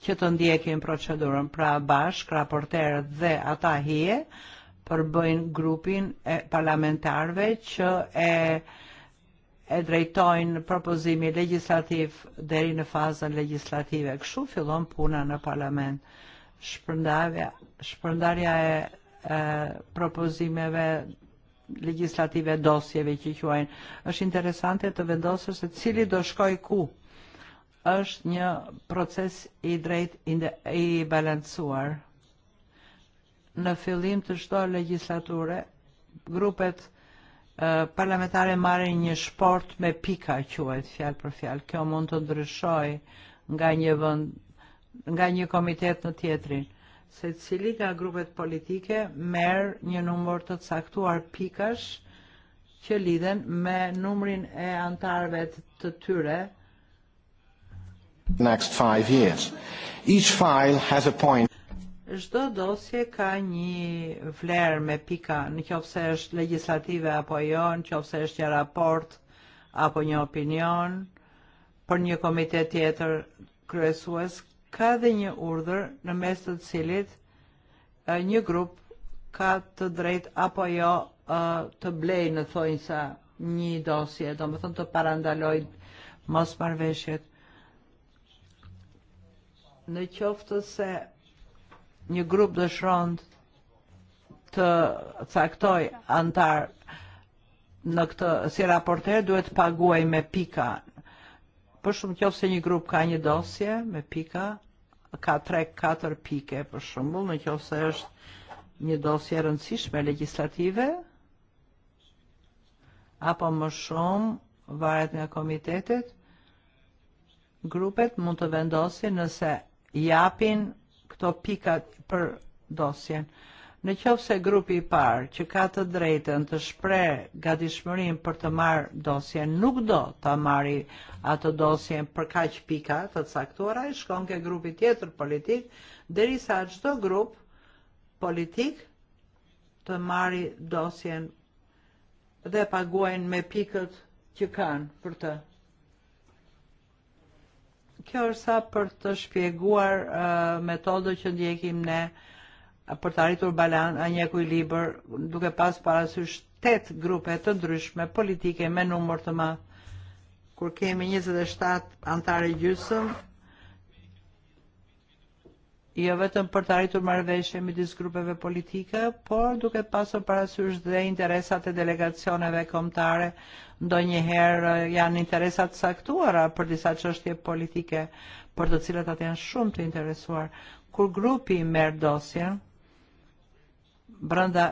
që të ndjekin procedurën pra bashk, raporterët dhe ata hije përbëjnë grupin e parlamentarve që e uh, e drejtojnë propozimi legislativ deri në fazën legislative. Kështu fillon puna në parlament. Shpërndarja, shpërndarja e, e propozimeve legislative dosjeve që quajnë është interesante të vendosësh se cili do shkoj ku është një proces i drejt i balancuar. Në fillim të çdo legislature, grupet parlamentare marrin një shport me pika quhet fjalë për fjalë. Kjo mund të ndryshoj nga një vend nga një komitet në tjetrin. Se cili nga grupet politike merë një numër të caktuar pikash që lidhen me numrin e antarëve të tyre. Next five years. Each file has a point. Çdo dosje ka një vlerë me pika, në qofse është legislative apo jo, në qofse është një raport apo një opinion për një komitet tjetër kryesues, ka dhe një urdhër në mes të cilit një grup ka të drejt apo jo të blej në thojnë sa një dosje, do më thëmë të parandaloj mos marveshjet. Në qoftë se një grup dëshrond të caktoj antar në këtë si raporter duhet të paguaj me pika. Për shumë qoftë se një grup ka një dosje me pika, ka 3-4 pike për shumë, në qoftë se është një dosje e rëndësishme legislative, apo më shumë varet nga komitetit, grupet mund të vendosin nëse japin këto pikat për dosjen. Në qovë se grupi i parë që ka të drejten të shpre ga dishmërim për të marë dosjen, nuk do të marri atë dosjen për kaq pika të caktuara, i e shkon ke grupi tjetër politik, derisa qdo grup politik të marri dosjen dhe paguajnë me pikët që kanë për të. Kjo është sa për të shpjeguar uh, metodën që ndjekim ne uh, për të arritur balan a një ekuilibër duke pas parasysh 8 grupe të ndryshme politike me numër të madh. Kur kemi 27 e antare gjysëm, jo vetëm për të arritur marrëveshje midis grupeve politike, por duke pasur parasysh dhe interesat e delegacioneve kombëtare, ndonjëherë eh, janë interesat caktuara për disa çështje politike për të cilat ata janë shumë të interesuar. Kur grupi merr dosjen brenda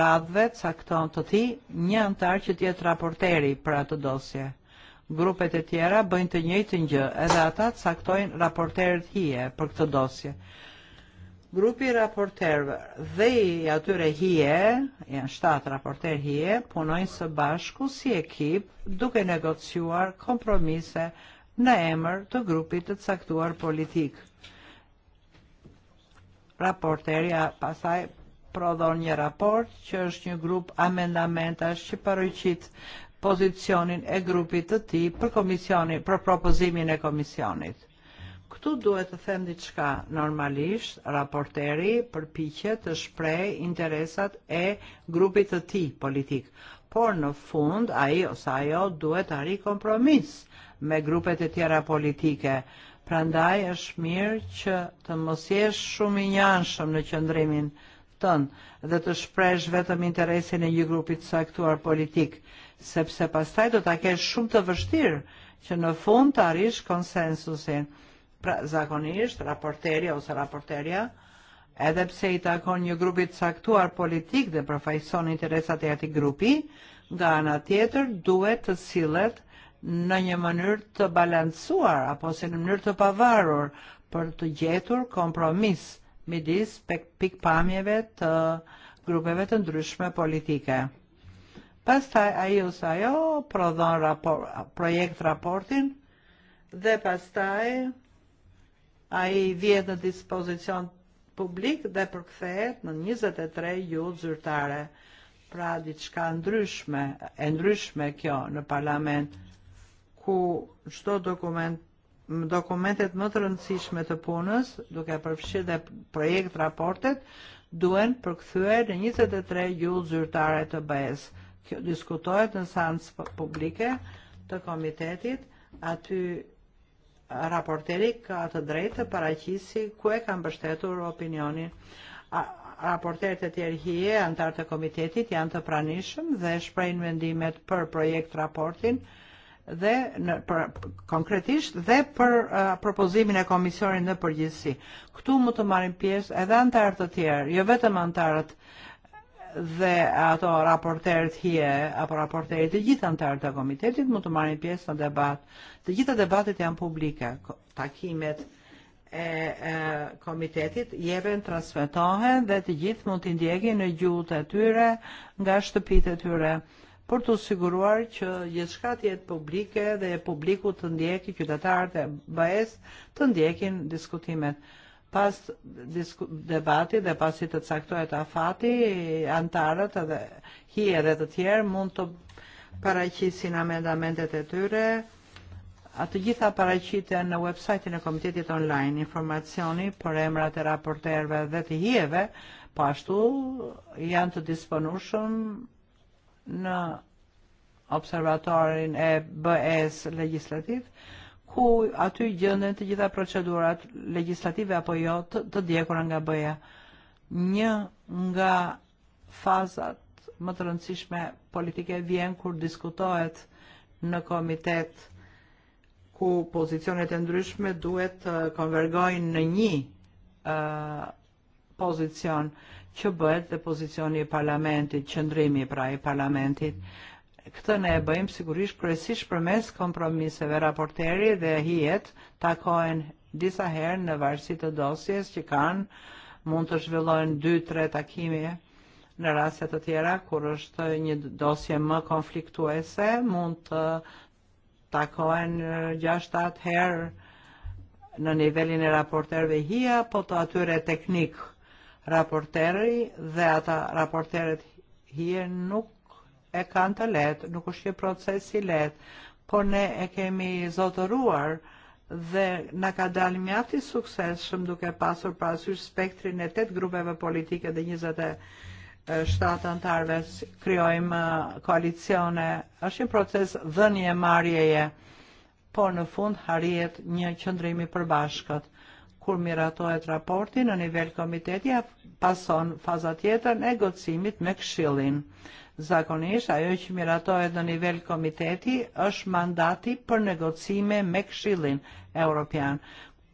radhëve cakton të ti një antar që të jetë raporteri për atë dosje grupet e tjera bëjnë të njëjtin gjë, edhe ata caktojnë raporterët hije për këtë dosje. Grupi raporterëve dhe i atyre hije, janë shtatë raporterë hije, punojnë së bashku si ekip duke negociuar kompromise në emër të grupit të caktuar politik. Raporterja pasaj prodhon një raport që është një grup amendamentash që parëqit pozicionin e grupit të ti për, komisioni, për propozimin e komisionit. Këtu duhet të them diçka normalisht, raporteri për piqe të shprej interesat e grupit të ti politik, por në fund a i ose ajo duhet të ri kompromis me grupet e tjera politike. Prandaj është mirë që të mosjesh shumë i njanshëm në qëndrimin tënë dhe të shpresh vetëm interesin e një grupit saktuar politikë, sepse pastaj do ta kesh shumë të vështirë që në fund të arish konsensusin. Pra, zakonisht, raporteria ose raporteria, edhe pse i takon një grupit saktuar politik dhe përfajson interesat e ati grupi, nga ana tjetër duhet të silet në një mënyrë të balancuar apo si në mënyrë të pavarur për të gjetur kompromis midis pikpamjeve të grupeve të ndryshme politike. Pasta ajus ajo prodhon rapor, projekt raportin dhe pastaj ai vjet në dispozicion publik dhe përkthehet në 23 jull zyrtare. Pra diçka ndryshme, e ndryshme kjo në no parlament ku çdo dokument dokumentet më të rëndësishme të punës, duke përfshirë dhe projekt raportet, duen përkthyer në 23 jull zyrtare të be kjo diskutohet në sans publike të komitetit, aty raporteri ka të drejtë të paraqisi ku e kanë mbështetur opinionin. A, raporterët e tjerë hije, antarë të e komitetit, janë të pranishëm dhe shprejnë vendimet për projekt raportin dhe në, për, konkretisht dhe për uh, propozimin e komisionin në përgjithsi. Këtu mu të marim pjesë edhe antarët të e tjerë, jo vetëm antarët dhe ato raporterët hje apo raporterët të gjithë antarët të komitetit mund të marrin pjesë në debat. Të gjitha debatet janë publike. Takimet e, e komitetit jeben, transmetohen dhe të gjithë mund t'i ndjekin në gjutë e tyre, nga shtëpit e tyre për të siguruar që gjithë shka tjetë publike dhe publiku të ndjeki, qytetarët e bëhes të ndjekin diskutimet pas debati dhe pasi të caktohet afati, antarët edhe hi edhe të tjerë mund të paraqisin amendamentet e tyre. Atë gjitha paraqiten në websajtin e komitetit online. Informacioni për emrat e raporterve dhe të hijeve, po ashtu janë të disponueshëm në observatorin e BE-s legjislativ ku aty gjënë të gjitha procedurat legislative apo jo të, të djekura nga BE-ja. Një nga fazat më të rëndësishme politike vjen kur diskutohet në no komitet ku pozicionet e ndryshme duhet të eh, konvergojnë në një uh, eh, pozicion që bëhet dhe pozicioni i parlamentit, qëndrimi pra i parlamentit. Mm Këtë ne e bëjmë sigurisht kryesisht përmes kompromiseve raporteri dhe hijet takohen disa herë në varësi të dosjes që kanë mund të zhvillojnë 2-3 takime në raste të tjera kur është një dosje më konfliktuese mund të eh, takohen 6-7 eh, herë në nivelin e raporterve hija, po të atyre teknik raporteri dhe ata raporteret hije nuk e kanë të letë, nuk është një proces i letë, por ne e kemi zotëruar dhe na ka dalë mjafti sukses shumë duke pasur parasysh spektrin e 8 grupeve politike dhe 27 e, e, antarëve krijojmë uh, koalicione. Është një proces dhënie marjeje, por në fund harjet një qëndrimi përbashkët kur miratohet raporti në nivel komiteti, pason faza tjetër e negocimit me këshillin. Zakonisht ajo që miratohet në nivel komiteti është mandati për negocime me Këshillin Evropian,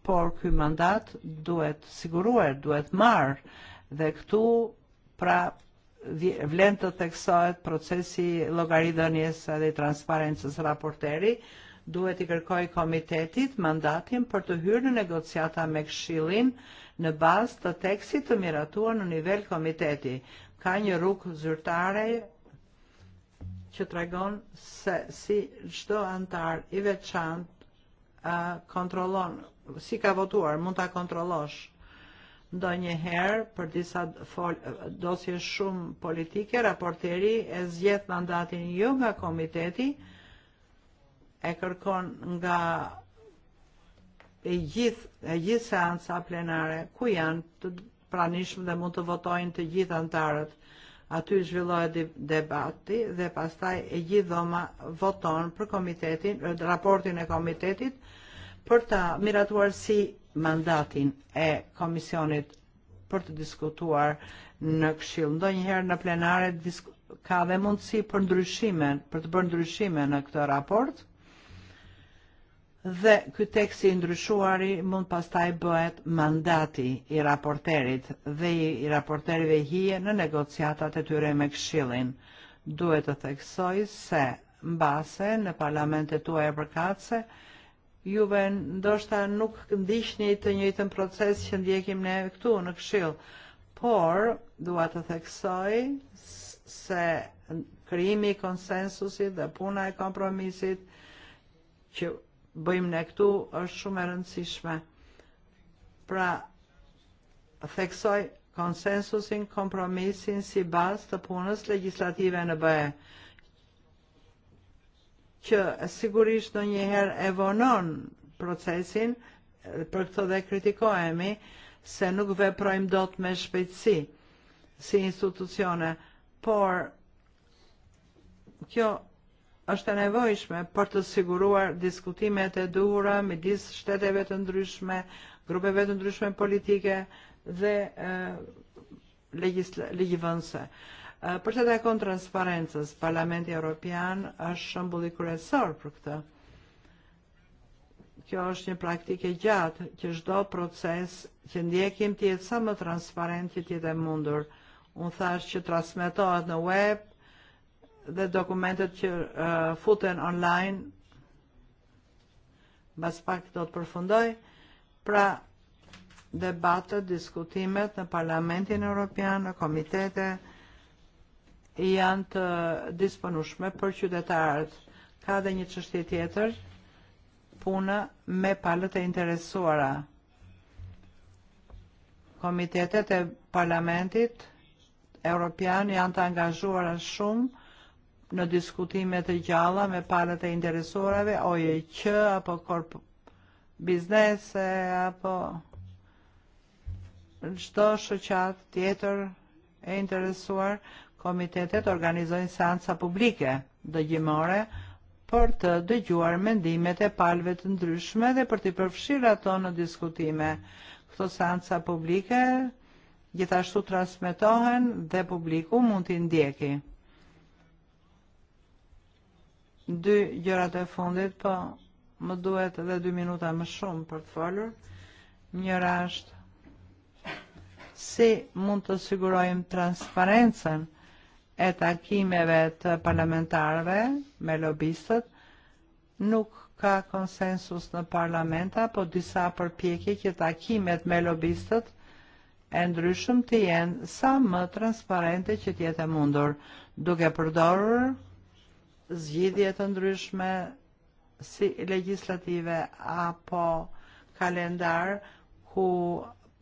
por ky mandat duhet siguruar, duhet marr dhe këtu pra vlen të theksohet procesi llogaridhënies dhe transparencës raporteri duhet i kërkoj komitetit mandatin për të hyrë në negociata me këshilin në bazë të teksit të miratuar në nivel komiteti ka një rrugë zyrtare që tregon se si çdo antar i veçantë kontrollon si ka votuar, mund ta kontrollosh ndonjëherë për disa dosje shumë politike, raporteri e zgjedh mandatin jo nga komiteti, e kërkon nga e gjithë e gjithë seanca plenare ku janë të pranishëm dhe mund të votojnë të gjithë antarët. Aty zhvillohet debati dhe pastaj e gjithë dhoma voton për komitetin, e, raportin e komitetit për të miratuar si mandatin e komisionit për të diskutuar në këshill. Ndonjëherë në plenare ka dhe mundësi për ndryshime, për të bërë ndryshime në këtë raport Dhe ky tekst i ndryshuari mund pastaj bëhet mandati i raporterit dhe i raporterive hije në negociatat e tyre me Këshillin. Duhet të theksoj se mbase në parlamentet tuaja e përkatëse juve ndoshta nuk ndiqni të njëjtën proces që ndjekim ne këtu në Këshill, por dua të theksoj se krijimi i konsensusit dhe puna e kompromisit që bëjmë ne këtu është shumë e rëndësishme. Pra, theksoj konsensusin, kompromisin si bazë të punës legislative në BE, që sigurisht në njëherë evonon procesin, për këto dhe kritikohemi, se nuk veprojmë do të me shpejtësi si institucione, por kjo është e nevojshme për të siguruar diskutimet e duhura midis shteteve të ndryshme, grupeve të ndryshme politike dhe legjivënëse. Për të takon transparentës, Parlamenti Europian është shëmbulli kërësor për këtë. Kjo është një praktike gjatë që shdo proces që ndjekim tjetë sa më transparent që tjetë e mundur. Unë thash që transmitohet në web, the dokumentet uh, footer online, bas pak do të përfundoj, pra debate, diskutimet në Parlamentin Europian, në komitete, janë të disponushme për qytetarët. Ka dhe një qështje tjetër, puna me palët e interesuara. Komitetet e Parlamentit Europian janë të angazhuara shumë në diskutime të gjalla me palët e interesorave, oje që, apo korpë biznese, apo qdo shëqat tjetër e interesuar, komitetet organizojnë seansa publike dëgjimore për të dëgjuar mendimet e palëve të ndryshme dhe për të përfshirë ato në diskutime. Këto seansa publike gjithashtu transmitohen dhe publiku mund t'i ndjeki dy gjërat e fundit, po më duhet edhe dy minuta më shumë për të folur. Njëra është si mund të sigurojmë transparencën e takimeve të parlamentarëve me lobistët, nuk ka konsensus në parlamenta, po disa përpjekje që takimet me lobistët e ndryshëm të jenë sa më transparente që tjetë e mundur, duke përdorur zgjidhje të ndryshme si legislative apo kalendar ku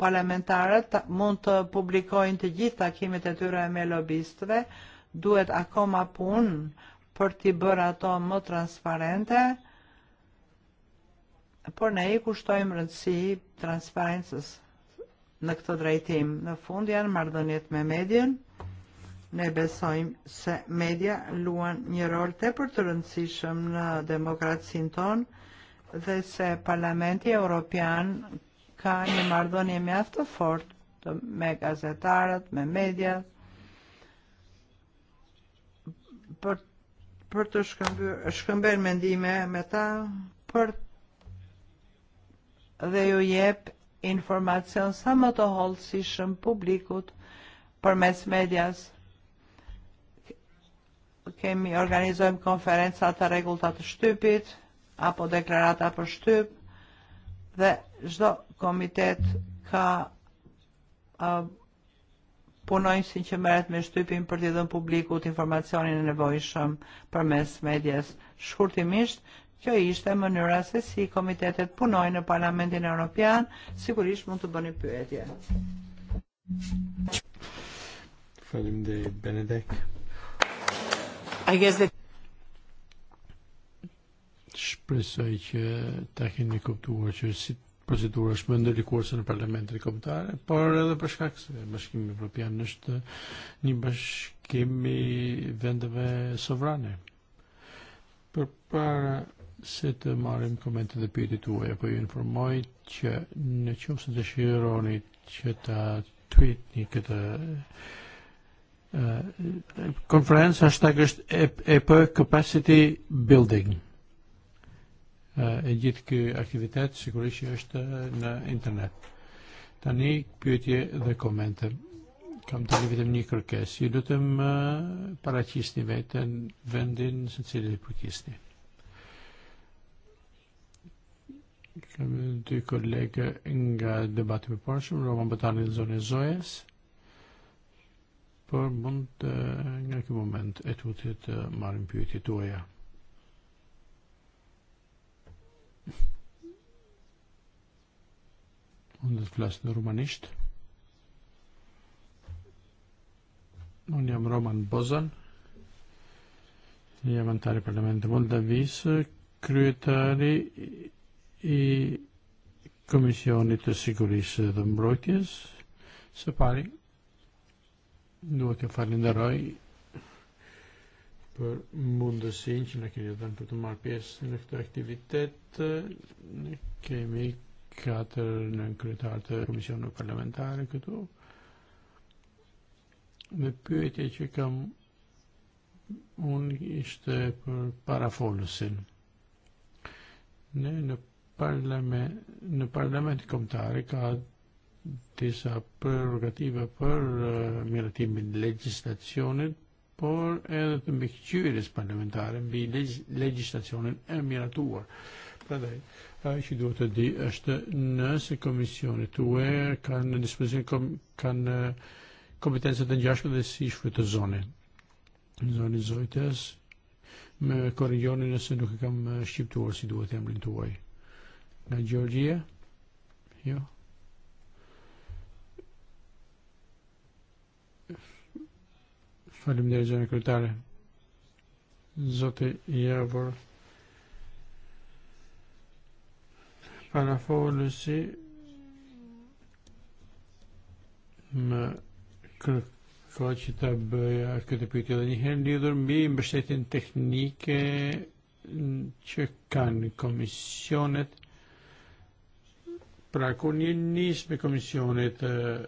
parlamentarët mund të publikojnë të gjithë takimet e tyre me lobistëve, duhet akoma punë për t'i bërë ato më transparente, por ne i kushtojmë rëndësi transparentës në këtë drejtim. Në fund janë mardhënjet me medjen, Ne besojmë se media luan një rol të për të rëndësishëm në demokracinë tonë dhe se Parlamenti Europian ka një mardhonje mjaft të fort me gazetarët, me media, për, për të shkëmber mendime me ta, për dhe ju jep informacion sa më të holësishëm publikut për mes medjasë, kemi organizojmë konferenca e regullta të shtypit, apo deklarata për shtyp, dhe gjdo komitet ka uh, punojnë si që mërët me shtypin për t'i dhënë publikut informacionin e nevojshëm për mes medjes. Shkurtimisht, kjo ishte mënyra se si komitetet punojnë në no Parlamentin Europian, sigurisht mund të bëni pyetje. Falim dhe Benedek. I guess that shpresoj që ta keni kuptuar që si procedura është më ndërlikuar se në parlamentin kombëtar, por edhe për shkak se Bashkimi Evropian është një bashkim i vendeve sovrane. Përpara se të marrim komente dhe pyetjet tuaja, po ju informoj që në qoftë se dëshironi që ta tweetni këtë Uh, conference hashtag është EP Capacity Building. E gjithë ky aktivitet sigurisht që është në internet. Tani pyetje dhe komente. Kam tani vetëm një kërkesë. Ju uh, lutem paraqisni veten vendin se cili i përkisni. Kam dy kolegë nga debati më parshëm, Roman Botani në dhe e Zojes. Por mund nga ky moment e tutit të marrim pyetjet tuaja. Unë do të flasë në rumanisht. Unë jam Roman Bozan, jam antari parlament të Moldavis, kryetari i Komisionit të Sigurisë dhe Mbrojtjes, së pari Dua të falenderoj për mundësin që në keni dhënë për të marrë pjesë në këtë aktivitet. Ne kemi katër në kryetar të Komisionit Parlamentare këtu. Dhe pyetje që kam unë ishte për parafolusin. Ne në parlament, në parlament komtare ka dessa prerogativa per eh, mirativ med legislationen por edhe të mbikëqyrjes parlamentare mbi legislationen legjislacionin e miratuar. Prandaj, ajo që duhet të di është eh, nëse komisioni tuaj kanë në dispozicion kom, kanë kompetenca eh, të ngjashme dhe si shfrytëzonin. Zoni Zojtes me korrigjoni nëse nuk e kam shqiptuar si duhet emrin tuaj. Nga Gjorgjia? Jo. Faleminderit gjënë kryetare. Zoti Javor parafolusi më kërkoj që të bëja këtë pyetje edhe një herë lidhur mbi mbështetjen teknike që kanë komisionet pra kur një nis me komisionet uh,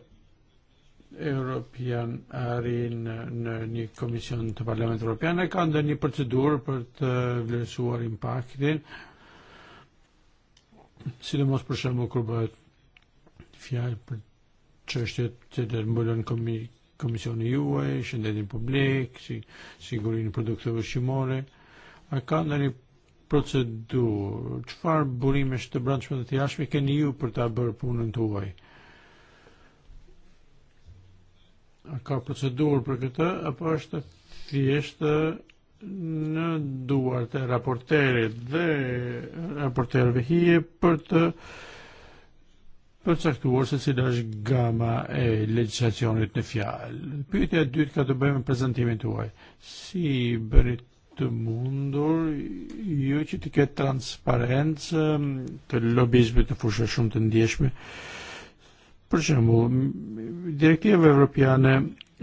Europian ari në një komision të Parlamentit Europian e ka ndër një procedurë për të vlerësuar impaktin, sidomos për shembull kur bëhet fjalë për çështjet që të mbulon komi, komisioni juaj, shëndetin publik, si, sigurinë produkteve ushqimore, a ka ndonjë procedurë, çfarë burimesh të brendshme të jashtme keni ju për ta bërë punën tuaj? ka procedurë për këtë, apo është thjesht në duart e raporterit dhe raporterve hije për të përcaktuar se cila është gama e legislacionit në fjalë. Pyetja e dytë ka të bëjë me prezantimin tuaj. Si bëni të mundur ju që të ketë transparencë të lobizmit të fushë shumë të ndjeshme? Uh, Për shembull, direktiva evropiane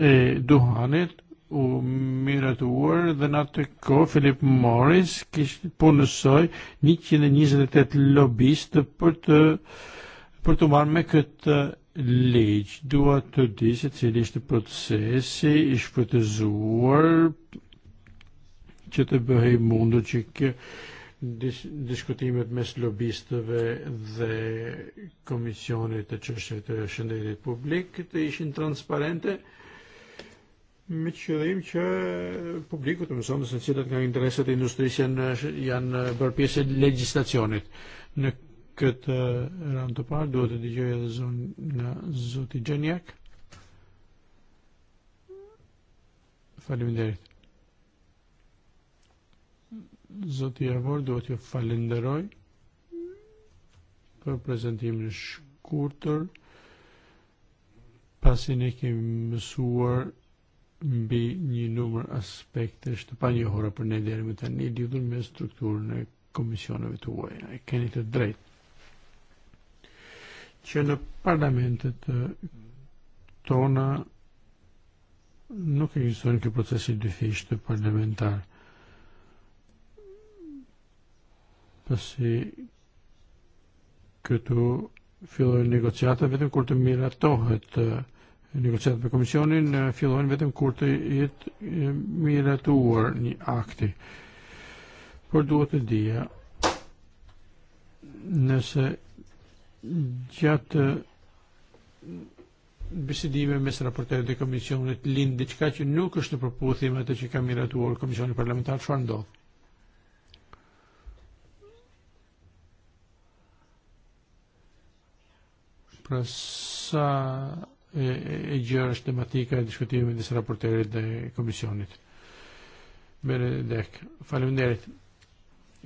e duhanit u miratuar dhe në atë kohë Philip Morris kishte punësoj 128 lobistë për të për të marrë me këtë eh, ligj. Dua të di se cili ishte procesi i shfrytëzuar që të bëhej mundur që kjo dis diskutimet mes lobistëve dhe Komisionit të çështjeve të shëndetit publik të ishin transparente me qëllim që publiku të mëson se cilat nga interesat e industrisë janë janë bërë pjesë e legjislacionit. Në këtë rand të parë duhet të dëgjoj edhe zonë nga zoti Gjeniak. Faleminderit. Zoti Javor, duhet ju falenderoj për prezentimin shkurtër, pasi ne kemi mësuar mbi një numër aspektesh të panjohura për ne deri më tani lidhur me strukturën e komisioneve tuaja. E keni të drejtë që në parlamentet e, tona nuk ekziston ky proces i dyfishtë parlamentar. si këtu fillojnë negociata vetëm kur të miratohet negociata me komisionin fillojnë vetëm kur të jetë miratuar një akti. Por duhet të dija nëse gjatë bisedime mes raporterit dhe komisionit lind diçka që nuk është në përputhje me atë që ka miratuar komisioni parlamentar çfarë ndodh? Pra sa e, e gjërë e, është tematika e diskutimit disa raporterit dhe komisionit. Bere dek, faleminderit.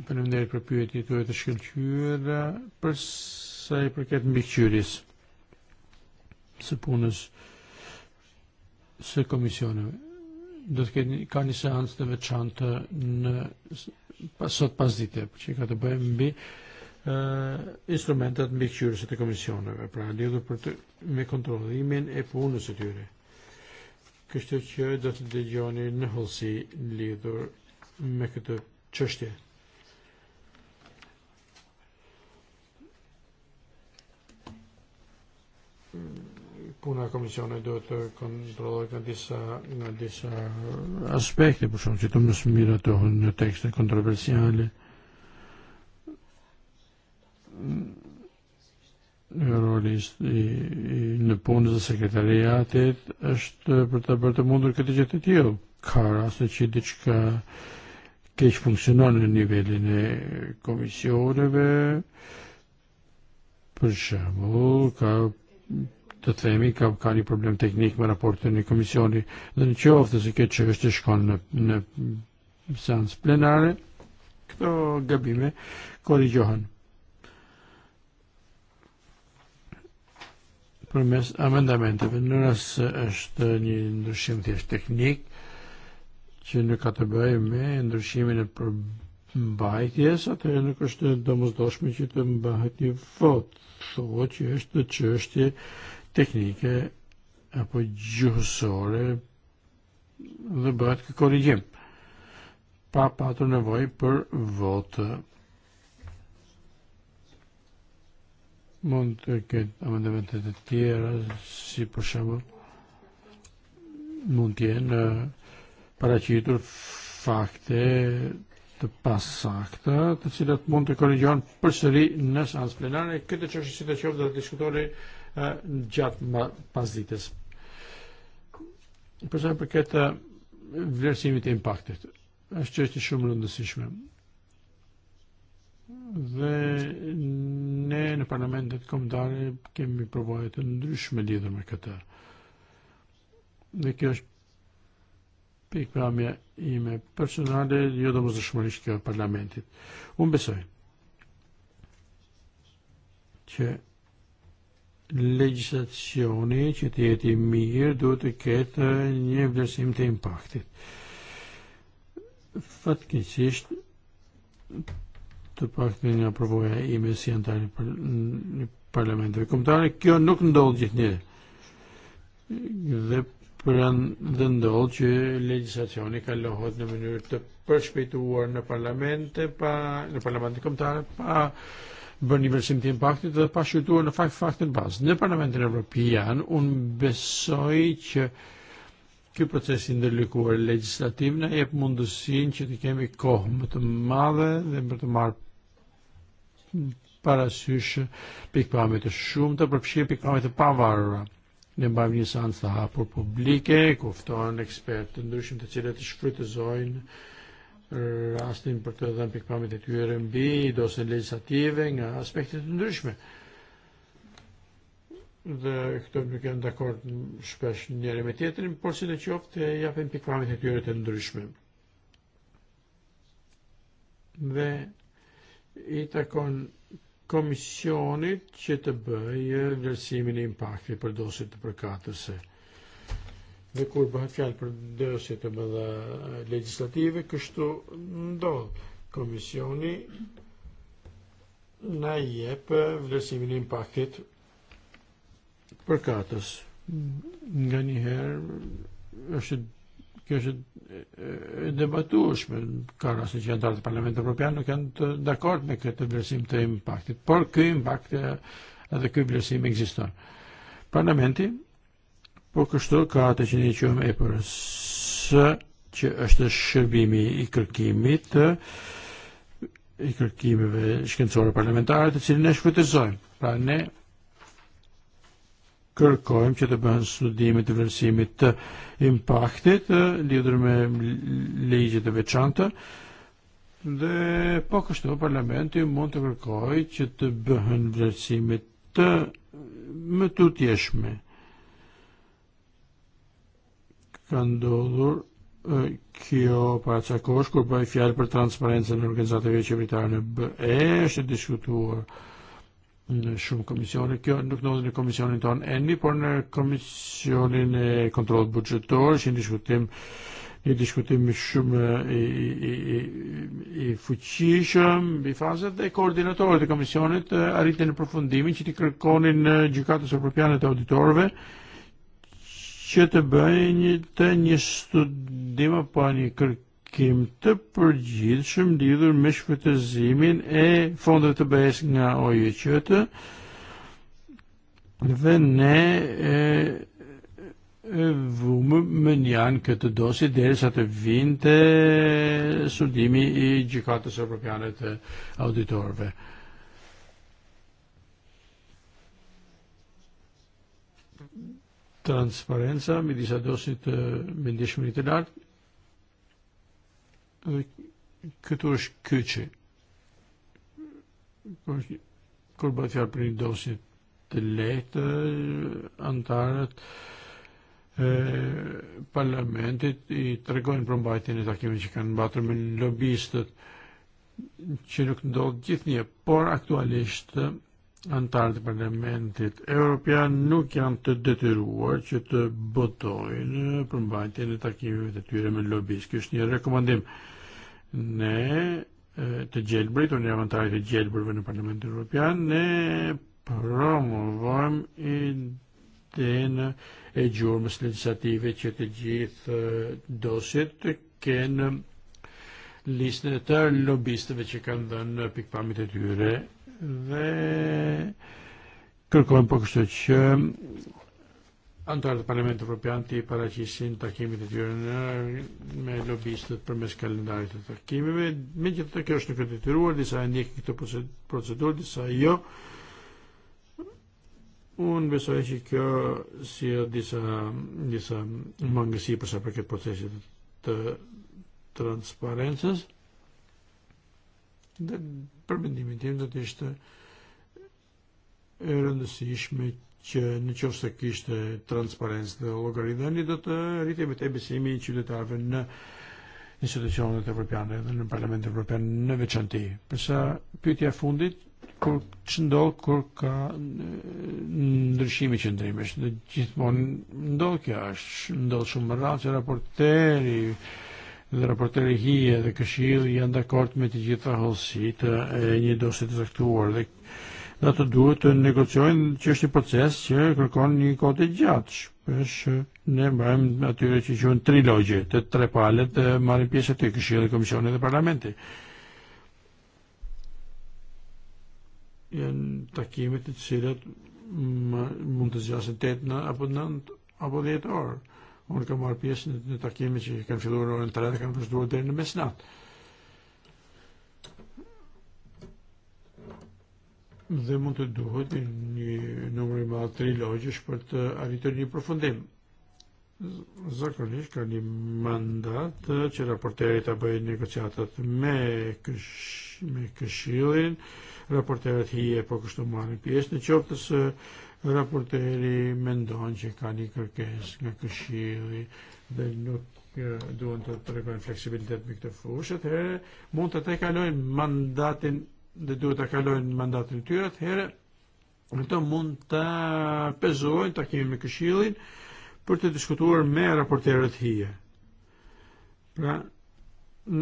Faleminderit për pyetjet tuaja të shkëlqyera për sa i përket mbikëqyrjes së punës së komisioneve. Do të keni ka një seancë të veçantë në pas, sot pas dite, që ka të bëjë mbi Eh, instrumentet mbi e të komisioneve, pra lidhur për të, me kontrolimin e punës e tyre. Kështu që do të dëgjoni në hollësi lidhur me këtë qështje. Puna e komisionit do të kontrollohet nga disa nga disa aspekte, për shumë që të mos ato në tekste kontroversiale rolisht i, i në punës dhe sekretariatit është për të bërë të mundur këtë gjëtë të tjilë. Ka raste që diçka keq funksionon në nivelin e komisioneve, për shembull, ka të themi ka ka një problem teknik me raportin e komisioni no dhe në qoftë se kjo çështje shkon në në seancë plenare, këto gabime korrigjohen. përmes amendamentet. Nëras është një ndryshim thjesht teknik që nuk ka të bëjë me ndryshimin e përmbajtjes, atëherë nuk është domosdoshme që të mbahet një vot. Thuhet që është çështje teknike apo gjuhësore dhe bëhet kë korrigjim pa patur nevojë për votë. monte que ketë amendamente të tjera, si për shembull mund të jenë paraqitur de të pasakta, të cilat mund të korrigjohen përsëri në seancë no, plenare. de çështje si të qoftë do të diskutoni gjatë eh, pasdites. Për eh, sa i përket vlerësimit të impaktit, është çështje shumë e rëndësishme dhe ne në parlamentet komtare kemi provoje të ndryshme lidhur me këtë. Dhe kjo është pikpamja ime personale, jo do mos dëshmërisht kjo e parlamentit. Unë besoj që legislacioni që të jetë i mirë duhet të ketë një vlerësim të impaktit. Fatkeqësisht të pak të nga përvoja i ime si antari në parlamenteve komtare, kjo nuk ndodhë gjithë një. Dhe pran dhe ndodhë që legislacioni ka lohot në mënyrë të përshpejtuar në parlamente, pa, në parlamente komtare, pa bërë një versim të impaktit dhe pa shqytuar në fakt faktin bazë. Në parlamentin evropian, unë besoj që Ky proces i ndërlikuar legjislativ na jep mundësinë që të kemi kohë më të madhe dhe për të marrë parasysh pikpame të shumta për fshirë pikpame të pavarura. në mbajmë një sanë të hapur publike, ku ftohen ekspertë të ndryshëm të cilët të shfrytëzojnë rastin për të dhënë pikpamjet e tyre mbi dosën legislative nga aspekte të ndryshme. Dhe këto nuk janë dakord shpesh njëri me tjetrin, por si në qoftë japin pikpamjet e tyre të ndryshme. Dhe i takon komisionit që të bëjë vlerësimin e impaktit për dosjet të përkatëse. Dhe kur bëhet fjalë për dosje të mëdha legjislative, kështu ndodh. Komisioni na jep vlerësimin e impaktit përkatës. Nga një herë është kjo është e, e debatueshme ka raste që ndarë të Parlamentit Evropian nuk janë të dakord me këtë vlerësim të impaktit, por ky impakt edhe ky vlerësim ekziston. Parlamenti po kështu ka atë që ne quajmë EPRS që është shërbimi i kërkimit të i kërkimeve shkencore parlamentare të cilin ne shfrytëzojmë. Pra ne kërkojmë që të bëhen studime të vlerësimit të impaktit e, lidhur me ligjet e veçanta dhe po kështu parlamenti mund të kërkojë që të bëhen vlerësime të më të tjeshme Ka ndodhur e, kjo para çka kosh kur bëj fjallë për transparencën e organizatave qeveritare në BE është e diskutuar në shumë komisione. Kjo nuk ndodh në komisionin ton ENI, por në komisionin e kontrollit buxhetor, që në diskutim një diskutim shumë eh, i, i, i, i fuqishëm i fazat dhe koordinatorët e komisionit eh, arritën në përfundimin që t'i kërkonin në gjykatës evropiane të auditorëve që të bëjnë të një studima pa një kërkim kim të përgjithshëm lidhur me shfrytëzimin e fondeve të BE-s nga OECD dhe ne e, e vumë më njanë këtë dosi dhe sa të vinë të sundimi i gjykatës evropiane të auditorve. Transparenca mi disa dosit adosit mendjeshmëri të lartë këtu është kyçi. Kur bëhet fjalë për një dosje të lehtë, antarët e, parlamentit i tregojnë për mbajtjen e takimeve që kanë mbatur me lobistët që nuk ndodh gjithnjë, por aktualisht antarët e parlamentit europian nuk janë të detyruar që të botojnë për mbajtjen e takimeve të tyre me lobistë. Ky është një rekomandim. E, ne të gjelbrit, unë jam antarë të gjelbrëve në Parlamentin Europian, ne promovojmë idenë e gjurmës legislative që të gjithë dosjet të kenë listën e të lobistëve që kanë dhënë pikpamit e tyre dhe kërkojmë që Antar l-Parlament Ewropean ti para ċissin ta' kimi ta' ġurnar me lobistët për mes kalendarit të takimeve. me kjo është kjoċ ni kredit ruol di sa' njek ta' procedur di sa' jo un beso eċi kjo sia di sa' di sa' manga si per të, che processi ta' transparenzas tim per të ishte e rëndësishme që në qofë se kishtë transparentës dhe logaridhëni, do të rritje të ebesimi i qytetarve në institucionet evropiane dhe në Parlament Evropian në veçanti. Përsa pytja fundit, kur që ndodh kur ka ndryshimi mm, që ndrymesh, dhe gjithmonë ndodh kja është, ndodh shumë më rrallë që raporteri dhe raporteri hije dhe këshilë janë dakord me të gjitha hëllësit e një dosit të zaktuar dhe Dhe të duhet të eh, negociojnë që është një proces që kërkon një kohë të gjatë. Shpesh eh, ne mbajmë atyre që quhen trilogje, të tre palët eh, marrin pjesë të Këshillit, Komisionit dhe Parlamenti. Janë takime të cilat mund të zgjasin 8 në, apo 9 apo 10 orë. Unë kam marrë pjesë në takime që kanë filluar në orën 3 dhe kanë vazhduar deri në mesnatë dhe mund të duhet një numër i madh të logjësh për të arritur një përfundim. Zakonisht ka një mandat që raporterit ta bëjë negociatat me, kësh, me këshillin, raporteret hije po kështu marrin pjesë në qoftë se raporteri mendon që ka një kërkesë nga këshilli dhe nuk duan të tregojnë fleksibilitet me këtë fushë, atëherë mund të tejkalojnë mandatin dhe duhet të kalojnë në mandatin të tyre, atëherë ato mund të pezojnë takimin me Këshillin për të diskutuar me raporterët hije. Pra,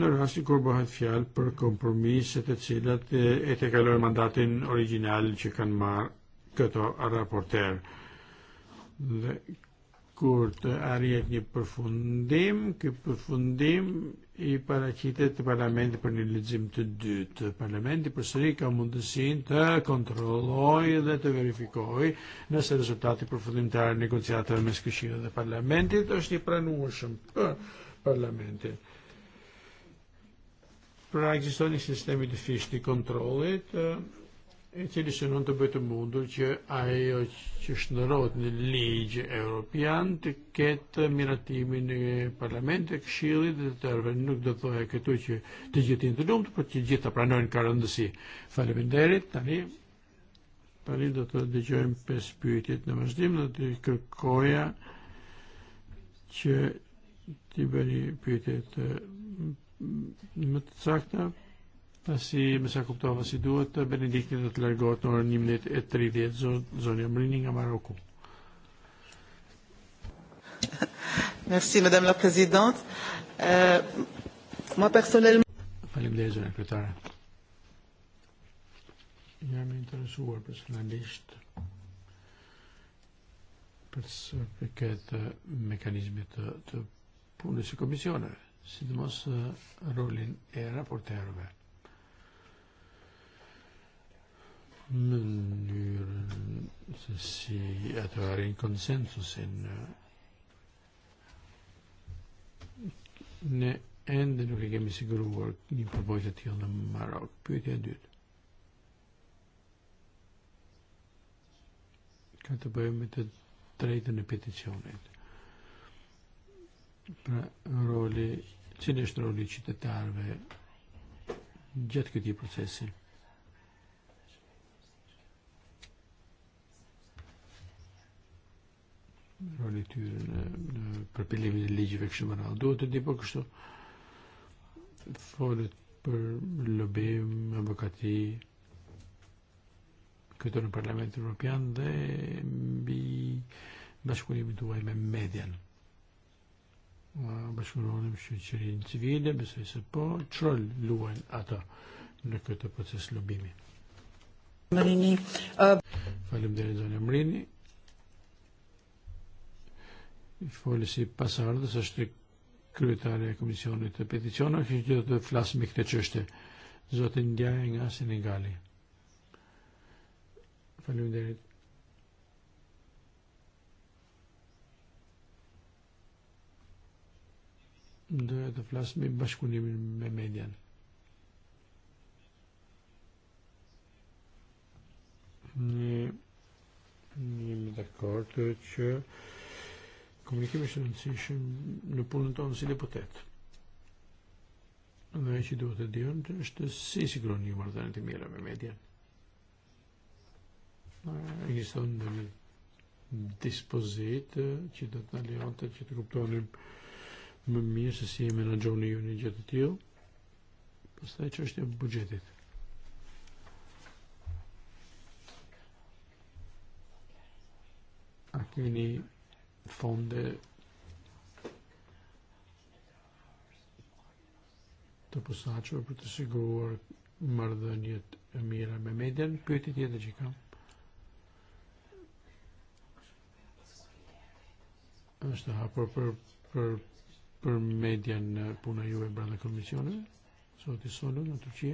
në rastin kur bëhet fjalë për kompromise të cilat e të eh, kalojnë mandatin origjinal që kanë marrë këto raporter. Dhe kur të eh, arjet një përfundim, ky përfundim i paraqitet të parlamentit për një lexim të dytë. Parlamenti përsëri ka mundësinë të kontrollojë dhe të verifikojë nëse rezultati përfundimtar i negociatave mes Këshillit dhe Parlamentit është i pranueshëm për Parlamentin. Pra ekziston një sistemi të fishtë i kontrollit, Tili synon të bëjtë mundur që ajo që shëndërot në ligjë europian të ketë miratimin e parlament e këshillit dhe të tërve. Nuk do të thoja këtu që të gjithë të lumët, por që gjithë të pranojnë ka rëndësi. Faleminderit, tani, tani do të dëgjojmë pes pyetjet në vazhdim dhe të kërkoja që t'i bëni pyetjet më të sakta si Mesakuptova si duhet të Benediktit do të largohet no, në orën 11.30 zonja Mrini nga Maroku. Merci, Madame la Présidente. Euh, moi, personnellement... Faleminderit, zonja kryetare. Jam interesuar personalisht për së përket eh, mekanizmit të, të punës i komisioneve, si të mos eh, rolin e raporterëve mënyrën se si ato arrin konsensusin ne ende nuk e kemi siguruar një përbojt e tjilë në Marok. Pyetja dytë. Ka të bëjë me të drejtën e peticionit. Pra, roli, cilë është roli qytetarve gjatë këti procesin rolli tyre në përpilimin e ligjeve kështu më radhë. Duhet të di po kështu folet për lobim, avokati, këtu në Parlamentin Europian dhe mbi bashkëpunimin tuaj me median. Ma Bashkëpunonim shoqërinë civile, besoj se po qërë luajn ata në këtë proces lobimi. Marini, uh... Falem dhe rezonja Mrini. Η φόληση Πασάρδος është kryetare e Komisionit të Peticioneve, kështu që do të flas mbi këtë çështje. Zoti Ndjaja nga Senegali. Faleminderit. Doja të flas mbi bashkëpunimin me median. Një, një dakord që Communication Session në punën tonë si deputet. Dhe që duhet të dion është si siguron një marrëdhënie të mira me median. Ekziston një dispozit që do të na lejonte që të kuptonim më mirë se si e menaxhoni ju një gjë të tillë. Pastaj çështja e buxhetit. A keni fondy të posaçur për të siguruar marrëdhëniet e mira me median, pyetje eh, tjetër që kam. Është hapur për për për median puna juaj brenda komisioneve, sot no i solo në Turqi.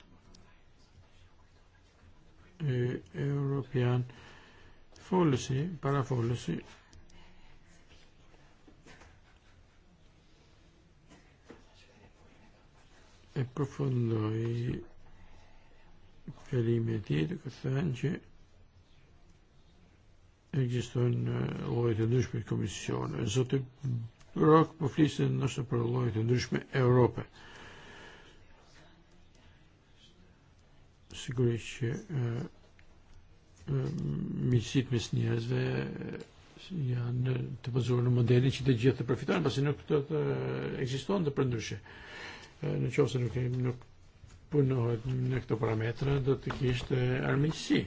European policy, parapolicy. Approfundoj perime tjetër këtë thënë që ekzistojnë uh, lloje të ndryshme të komisioneve. Zoti Brok po flisin ndoshta il nostro të ndryshme Europe. Europe sigurisht që miqësit mes njerëzve janë të bazuar në modele që të gjithë të përfitojnë, pasi nuk do të ekzistojnë no, të përndryshe. Në qoftë se nuk nuk punohet në këto parametra, teda, do të kishte armiqësi.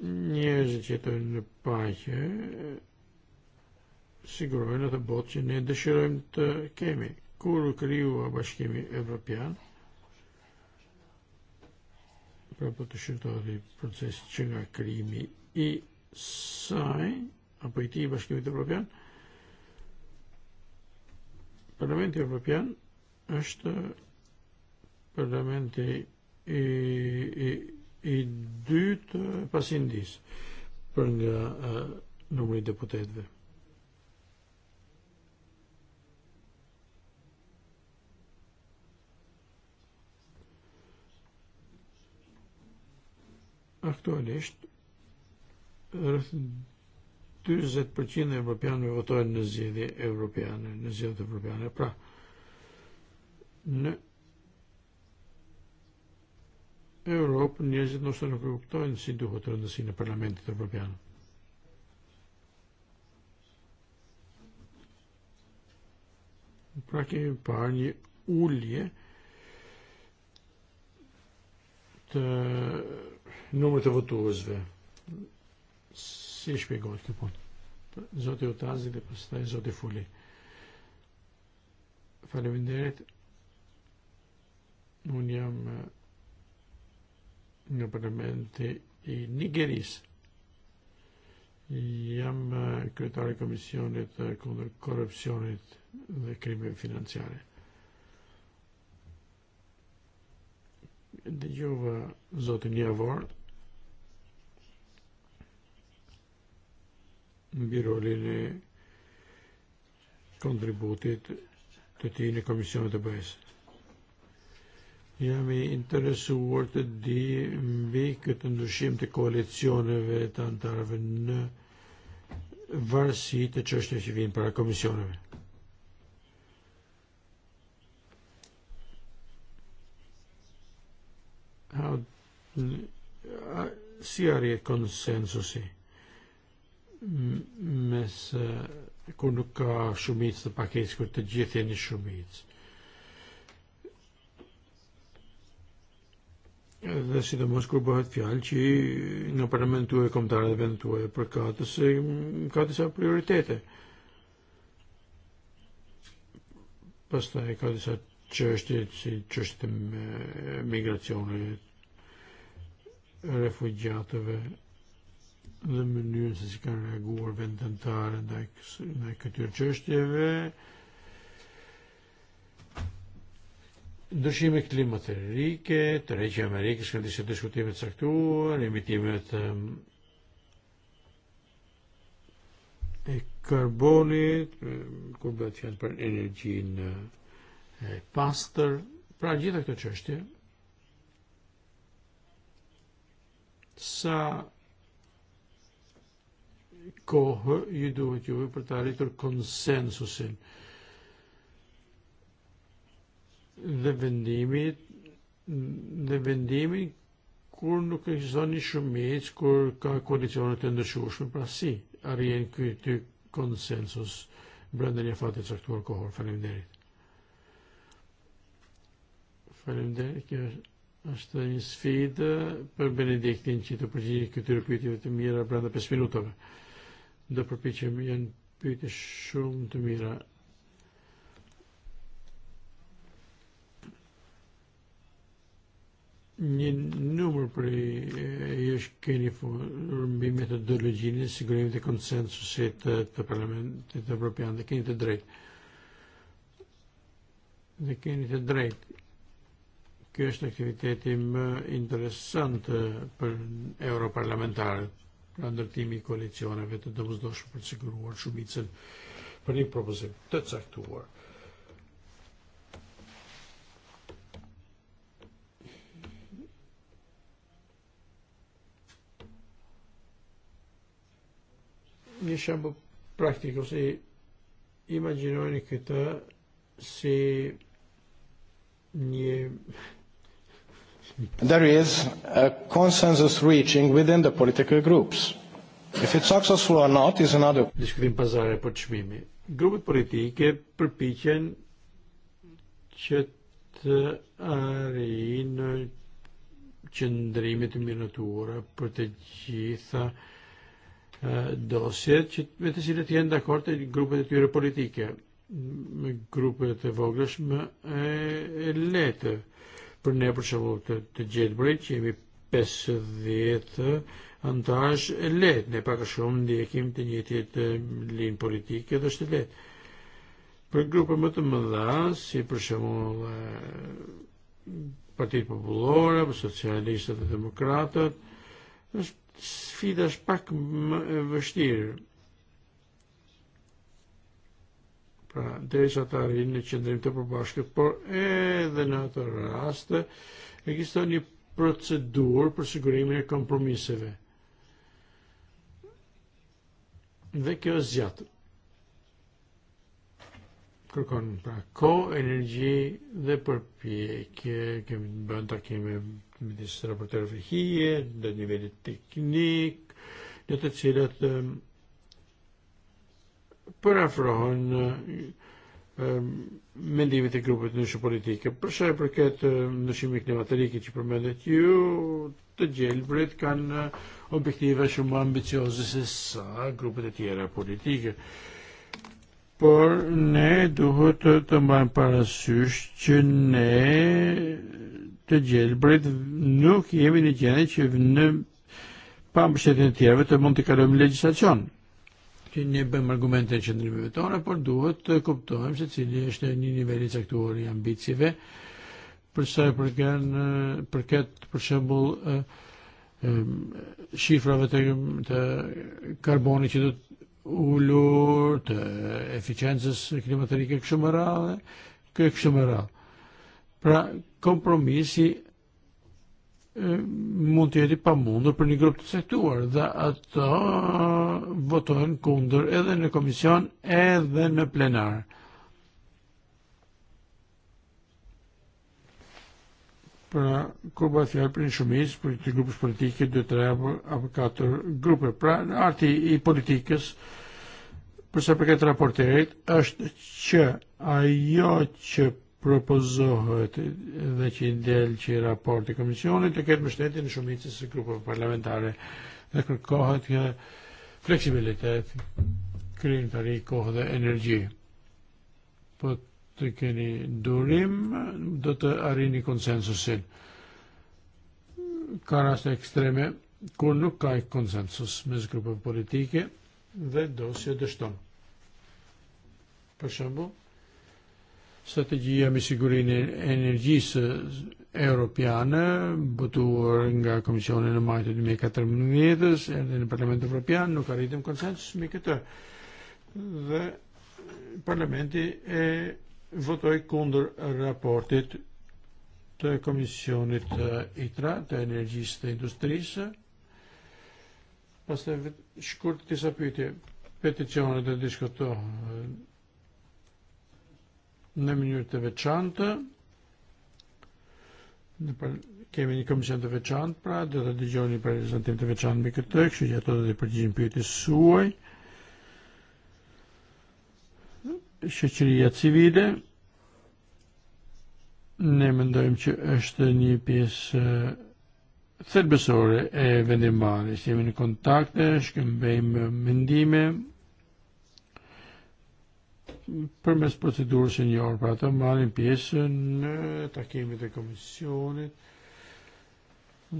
Njerëzit që jetojnë në paqe sigurojnë atë botë që ne dëshirojmë të kemi. Kur u kriju bashkimi evropian, prapë të shqyrtari proces që nga krimi i saj, apo i ti i bashkimit Evropian, Parlamenti Evropian është parlamenti i, i, i dytë pas Indis për nga uh, eh, numri deputetëve. aktualisht rrëth 40% e evropianëve votojnë në zgjedhje evropiane, në zgjedhjet evropiane. Pra, në Europë njerëzit nështë nuk e kuptojnë si duhet rëndësinë e Parlamentit Evropian. Pra kemi parë një ullje të numru të votuesve. Si shpjegohet kjo punë? Zoti u tazi dhe pastaj Zoti Fuli. Faleminderit. Unë jam uh, në parlamenti i e Nigeris. Jam kryetari uh, komisionit kundër korrupsionit uh, dhe krimeve financiare. dëgjova zotin Javor në birolin e kontributit të ti në Komisionet e Bëhes. Jam i interesuar të di mbi këtë ndryshim të koalicioneve të antarëve në varësi të çështjeve që vinë para komisioneve. sijarje konsensusi mes kur nuk ka shumic në paketës kur të gjithë jeni Dhe si të mos kur bëhet fjallë që në parlament e komtarë dhe vend e për katës ka disa prioritete. e ka disa qështit si çështje migracionit, refugiatëve dhe mënyrën se si kanë reaguar vendentare ndaj ndaj këtyre çështjeve. Ndryshime klimatike, të e Amerikës kanë disa diskutimet saktuar, caktuar, emitimet e karbonit, kur bëhet fjalë për energjinë e pastër, pra gjitha këto çështje sa kohë ju duhet juve tur të arritur vendimi dhe vendimi kur nuk no, ekziston një shumic kur ka koalicione të ndëshueshme, pra si arjen ky ty konsensus brenda një fati caktuar kohor. Faleminderit. Faleminderit. Kjo është është një sfidë për Benediktin që të përgjigjet këtyre pyetjeve të mira brenda 5 minutave. Do përpiqem janë pyetje shumë të mira. Një numër për jesh keni mbi metodologjinë sigurimit të konsensusit të, të Parlamentit Evropian dhe keni të drejtë. Dhe keni të drejtë Kjo është aktiviteti më interesant për europarlamentarët, pra ndërtimi i koalicioneve të domosdoshme për të siguruar shumicën për një propozim të caktuar. Një shembull praktik ose imagjinojeni këtë si një there is a consensus reaching within the political groups. If it's successful or not is another. Diskutim krim pazare për çmimi. Grupet politike përpiqen që të arrijnë qëndrime të mirëtuara për të gjitha dosjet që me të cilët janë dakord të grupet e tyre politike. grupet e voglësh më e, e letë Për ne për shembull të, të gjetbrit jemi 50 antarësh e lehtë, ne pak a shumë ndjekim të njëjtit linë politike dhe është e lehtë. Për grupe më të mëdha, si për shembull eh, Partit Popullore, për Socialistët dhe Demokratët, është sfida është pak më e vështirë Pra, derisa ta rinë në qëndrim të përbashkët, por edhe në atë rast ekziston një procedurë për sigurimin e kompromiseve. Dhe kjo është e zjatë. Kërkon pra ko, energji dhe përpjekje, kemi të bënë takime me disë raportere hije, dhe nivellit teknik, në të cilat um, Për afrohen ehm, mendimit e grupit në shë politike. Për shaj përket eh, nëshimi klimaterike që përmendet ju, të gjelbrit kanë objektive shumë ambicioze se sa grupet e tjera politike. Por ne duhet të, të mbajmë parasysh që ne të gjelbrit nuk jemi në gjendje që në pa mbështetjen e të mund të kalëm legislacionë që ne bëjmë argumente në qëndrimeve tona, por duhet të kuptojmë se cili është një nivel i caktuar i ambicieve për sa i përken eh, përket për shembull ë shifrave eh, eh, të, të karbonit që do të ulur, të eficiencës klimatike kështu më radhë, kështu më radhë. Pra kompromisi mund të jeti pa mundur për një grup të sektuar dhe ato votohen kundër edhe në komision edhe në plenar. Pra, kur bëhet fjalë për një shumicë, për një grupës politike, dy, tre apo, apo katër grupe. Pra, në arti i politikës, përsa përket raporterit, është që ajo që propozohet dhe që i del që i raporti komisionit të ketë mështetje në shumicës së grupeve parlamentare dhe kërkohet një fleksibilitet, të ri kohë dhe energji. Po të keni durim, do të arini konsensusin. Ka raste ekstreme kur nuk ka i konsensus mes grupeve politike dhe dosje dështon. Për shëmbu, strategia me sigurinë e energjisë europiane, botuar nga Komisioni në majtë 2014 edhe në Parlament Europian, nuk arritëm konsens me këtë. Dhe Parlamenti e votoj kundër raportit të Komisionit ITRA, të Energjisë dhe Industrisë. të shkurt tisa pyetje, peticionet e diskutohen në mënyrë të veçantë. Ne Kemi një komision të veçantë, pra teda do të dëgjoni për reprezentim të veçantë me këtë, kështu që ato do të përgjigjen pyetjes suaj. Shëqëria civile ne mendojmë që është një pjesë thelbësore e eh, eh, vendimbarjes. Jemi në kontakte, eh, shkëmbejmë mendime, përmes procedurës që njërë, pra ata marrin pjesë në takimet e komisionit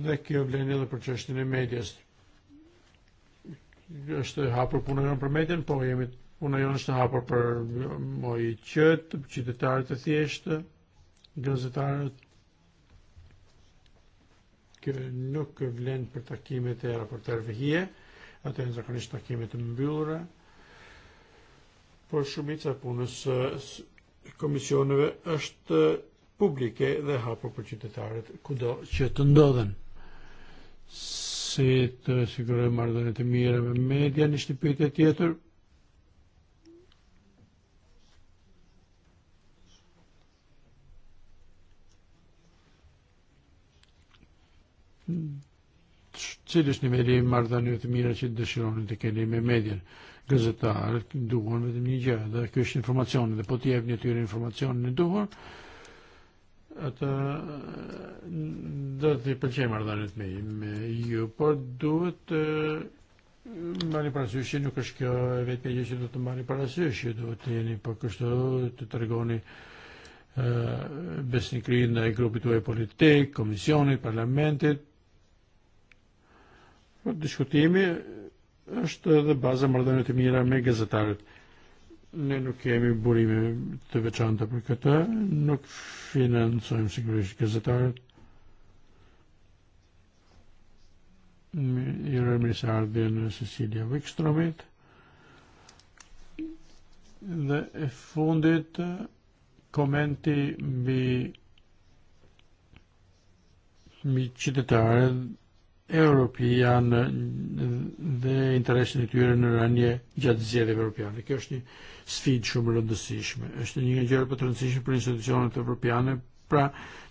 dhe kjo vlen edhe për çështjen e medias. Është hapur puna jonë për median, po jemi puna jonë është hapur për moj mm, qëtë, qytetarët e thjeshtë, gazetarët. Kjo nuk vlen për takimet e raportarëve hije, atë e nëzakonisht takimet e mbyllura por shumica e punës së komisioneve është publike dhe hapur për qytetarët e kudo që të ndodhen. Si të sigurojmë marrëdhëniet e mira me media në shtëpitë tjetër, cili është niveli i marrëdhënieve të mira që dëshironi të keni me median gazetar duhen vetëm një gjë, dhe kjo është informacioni dhe po t'i një tyre informacioni në duhur, atë do t'i pëlqej marrëdhëniet me me ju, por duhet të mbani parasysh që nuk është kjo e vetë gjë që do të mbani parasysh, që duhet të jeni po kështu të tregoni e, besnikri ndaj grupit tuaj politik, komisionit, parlamentit. Për diskutimi është edhe baza marrëdhënie të mira me gazetarët. Ne nuk kemi burime të veçanta për këtë, nuk no financojmë sigurisht gazetarët. I rëmi se ardhje në Cecilia Wikstromit. Dhe e fundit komenti mbi mbi qytetarët europian dhe eh, interesin e tyre në rënje gjatë zgjedhjeve europiane. Kjo është një sfidë shumë e rëndësishme. Është një nga gjërat e më të rëndësishme për institucionet europiane, pra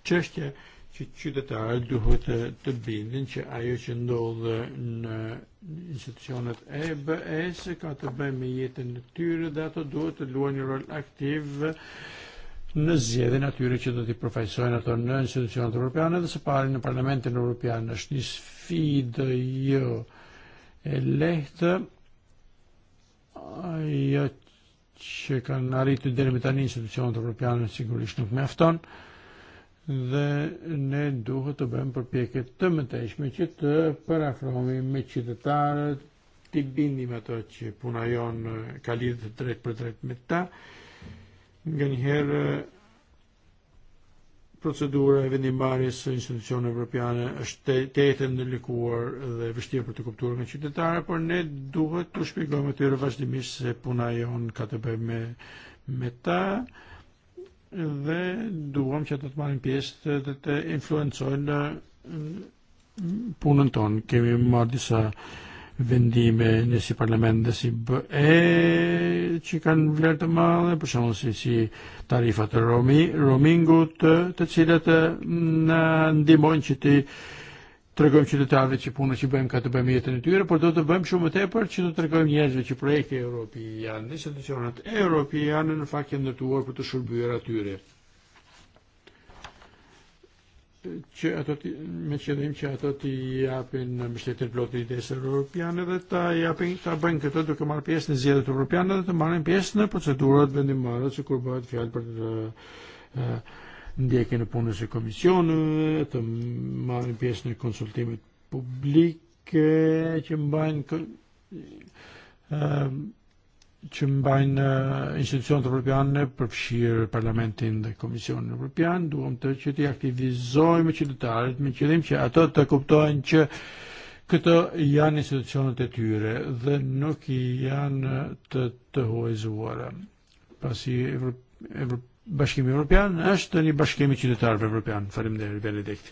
çështja që qytetarët duhet të, të bindin që ajo që ndodh në institucionet e BE-s ka të bëjë me jetën e tyre dhe ato duhet të luajnë një rol aktiv në zgjedhjen atyre që do t'i përfaqësojnë ato në institucionet europiane dhe së pari në Parlamentin Evropian. Është një sfidë jo e lehtë ajo që kanë arritur deri më tani institucionet europiane sigurisht nuk mjafton dhe ne duhet të bëjmë përpjekje të mëtejshme që të parafrohemi me qytetarët, të bindim ato që puna jonë ka lidhë drejt për drejt me ta, Nga njëherë uh, procedura e vendimbarjes së institucioneve evropiane është tetë ndërlikuar dhe e vështirë për të kuptuar nga qytetarët, por ne duhet të shpjegojmë atyre vazhdimisht se puna jon ka të bëjë me me ta dhe duam që të të marrin pjesë të, të, të influencojnë uh, punën tonë. Kemi marrë disa uh, vendime në si parlament si BE që kanë vlerë të madhe, për shembull si, si tarifat e romi, romingut të, të cilat në ndihmojnë që ti tregojmë qytetarëve që punën që bëjmë ka të bëjmë jetën e tyre, por do të bëjmë shumë më tepër që do tregojmë njerëzve që projekti evropian, institucionet evropiane në fakt janë ndërtuar për të shërbyer atyre që ato ti, me qëllim që ato ti japin në mbështetjen plotë idesë europiane dhe ta japin ta bëjnë këtë duke marrë pjesë në zgjedhjet europiane dhe të marrin pjesë në procedurat vendimore që kur bëhet fjalë për të uh, ndjekjen e, e punës së komisionit, të marrin pjesë në konsultimet publike që mbajnë ëm që mbajnë e, institucionet evropiane përfshirë Parlamentin dhe Komisionin Evropian, duam të që të aktivizojmë qytetarët me qëllim që ato të kuptojnë që këto janë institucionet e tyre dhe nuk janë të të huajzuara. Pasi Evrop, Evrop, Bashkimi Evropian është një bashkim i qytetarëve evropian. Faleminderit Benedikt.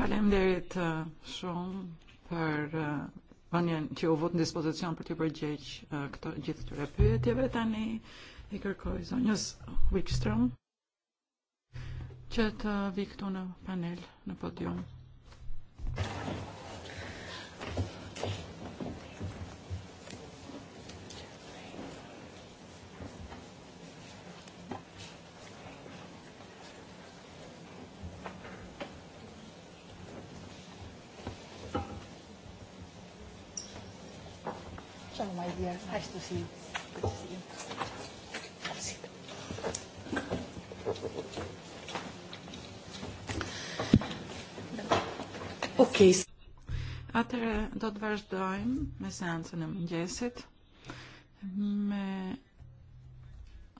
Faleminderit e, shumë për e, banjante u vot në dispozicion për të përgjegj këto gjithë këtyre pyetjeve tani i kërkoj zonjës Wickstrom që e, të panel, na podium. my dear. Nice to see you. Good to see you. Okay. Atëherë do të vazhdojmë me seancën e mëngjesit me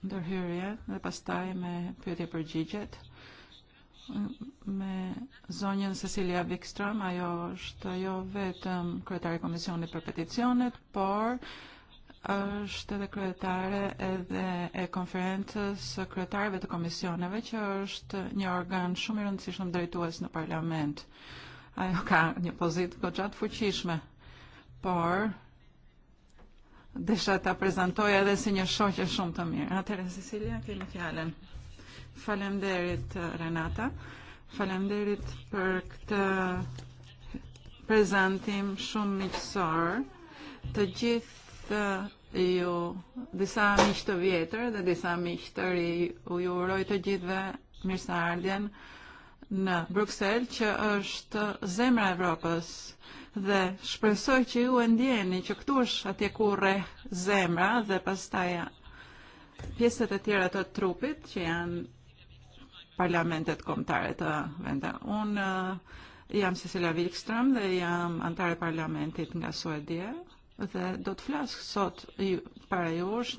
ndërhyrje dhe pastaj me pyetje përgjigjet me zonjën Cecilia Wikström, ajo është jo vetëm um, kryetare Komisionit për peticionet, por është uh, edhe kryetare edhe e konferencës e kryetarëve të komisioneve, që uh, është një organ shumë i rëndësishëm drejtues në parlament. Ajo ka një pozitë goxhat fuqishme, por desha ta prezantoja edhe si një shoqe shumë të mirë. Atëherë Cecilia, kemi fjalën. Faleminderit Renata, Faleminderit për këtë prezantim shumë miqësor. Të gjithë ju disa miq të vjetër dhe disa miq të ri u ju uroj të gjithëve mirëseardhjen në Bruxelles që është zemra e Evropës dhe shpresoj që ju e ndjeni që këtu është atje ku rreh zemra dhe pastaj pjesët e tjera të trupit që janë parlamentet kombëtare të vende. Eh, Unë jam Cecilia Wikström dhe jam antare parlamentit nga Suedia dhe do të flas sot ju, para jush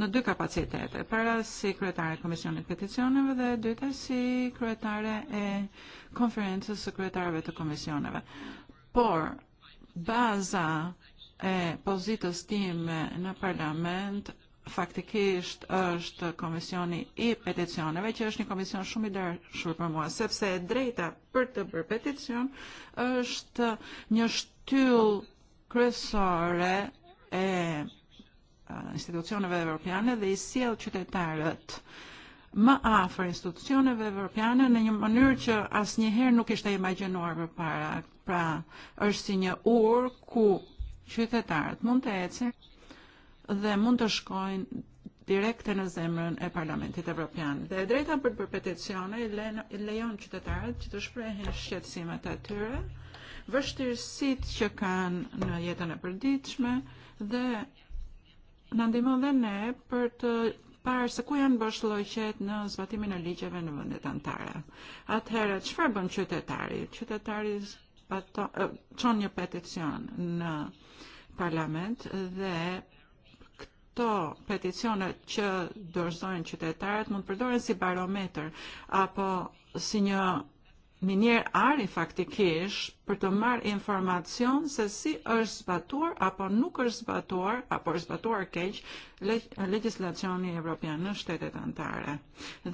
në dy kapacitete, para si kryetare e Komisionit Peticioneve dhe e si kryetare e konferencës së kryetarëve të komisioneve. Por baza e eh, pozitës time eh, në parlament faktikisht është e, komisioni i peticioneve, që është një komision shumë i dërshur për mua, sepse e drejta për të bërë peticion është një shtyl kryesore e, e institucioneve evropiane dhe i siel qytetarët më afer institucioneve evropiane në një mënyrë që asë njëherë nuk ishte imaginuar për para. Pra, është si një urë ku qytetarët mund të ecin dhe mund të shkojnë direkte në zemrën e Parlamentit Evropian. Dhe e drejta për, përpeticione i lejon qytetarët që të shprehin shqetësimet e tyre, vështirësit që kanë në jetën e përditshme dhe na ndihmon dhe ne për të parë se ku janë bësh lloqet në zbatimin e ligjeve në vendet anëtare. Atëherë çfarë bën qytetari? Qytetari e, çon një peticion në parlament dhe këto peticione që dorëzojnë qytetarët mund përdoren si barometër apo si një minjer ari faktikish për të marrë informacion se si është zbatuar apo nuk është zbatuar apo është zbatuar keq legislacioni evropian në shtetet antare.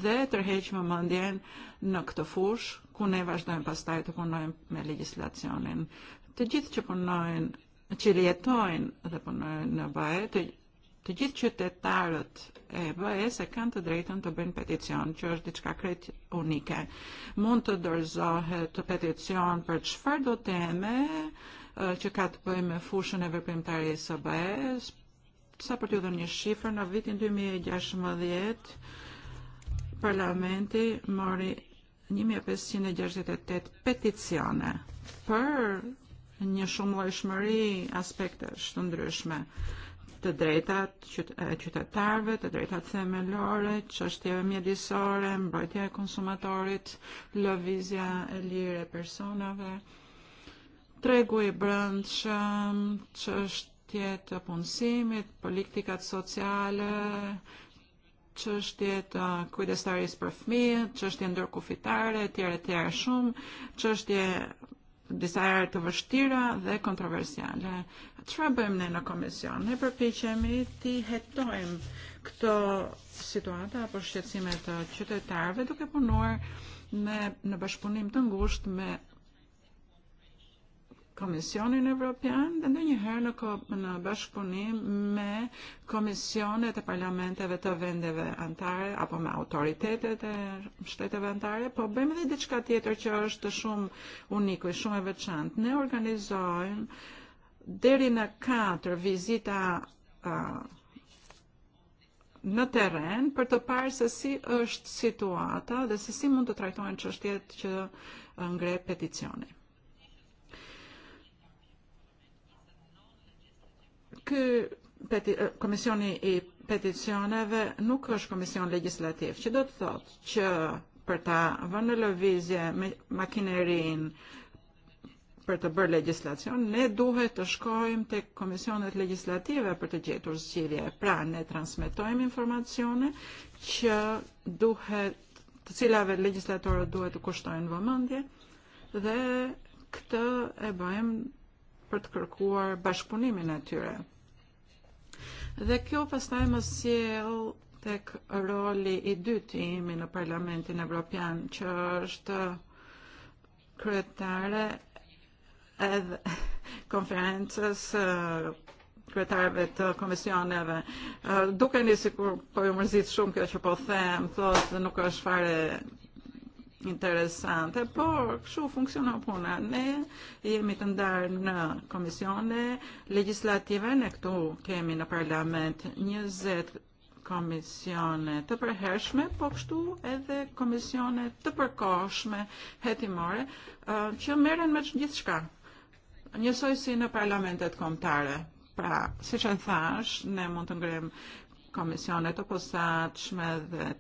Dhe tërheq më mëndjen në këtë fush, ku ne vazhdojmë pastaj të punojmë me legislacionin. Të gjithë që punojnë që jetojnë dhe punojnë në baje, të Të gjithë qytetarët e eh, BE-s e kanë të drejtën të bëjnë peticion, që është diçka krejt unike. Mund të dorëzohet eh, peticion për çfarë eh, do teme që ka të bëjë me fushën e veprimtarisë së BE-s. Sa për t'ju dhënë një shifër, në vitin 2016 parlamenti mori 1568 peticione për një shumëllojshmëri aspektesh të ndryshme. Uh, të drejtat e, qytetarëve, të drejtat themelore, çështjeve mjedisore, mbrojtja e konsumatorit, lëvizja e lirë e personave, tregu i brendshëm, çështjet të punësimit, politikat sociale, çështjet e kujdestarisë për fëmijët, çështje ndërkufitare, etj etj shumë, çështje desire të vështira dhe kontroversiale. Çfarë bëjmë ne në komision? Ne përpiqemi të hetojmë këto situata apo shqetësime të qytetarëve duke punuar me në bashkëpunim të ngushtë me Kommissionen European, dhe ndonjëherë në, në bashkëpunim me komisionet e parlamenteve të vendeve antare apo me autoritetet e shteteve antare, po bëjmë edhe diçka tjetër që është shumë uniku, shumë e veçantë. Ne organizojmë deri në 4 vizita uh, në teren për të parë se si është situata dhe se si mund të trajtohen çështjet që ngre peticionit. ky eh, komisioni i peticioneve nuk është komision legjislativ, që do të thotë që për ta vënë në lëvizje me makinerin për të bërë legjislacion, ne duhet të shkojmë tek komisionet legjislative për të gjetur zgjidhje. Pra ne transmetojmë informacione që duhet të cilave legjislatorët duhet të kushtojnë vëmendje dhe këtë e bëjmë për të kërkuar bashkëpunimin e tyre. Dhe kjo pastaj më sjell tek roli i dytë i imi në Parlamentin e Evropian, që është kryetare edhe konferencës e, kryetarëve të komisioneve. E, duke një sikur po ju mërzit shumë kjo që po them, thotë nuk është fare interesante, por xu funksiona puna. Ne jemi të ndarë në komisione legislative, ne këtu kemi në parlament 20 komisione të përhershme, po kështu edhe komisione të përkoshme hetimore uh, që meren me gjithë shka. Njësoj si në parlamentet komtare. Pra, si që e në thash, ne mund të ngrem Komissjonet u posaċ me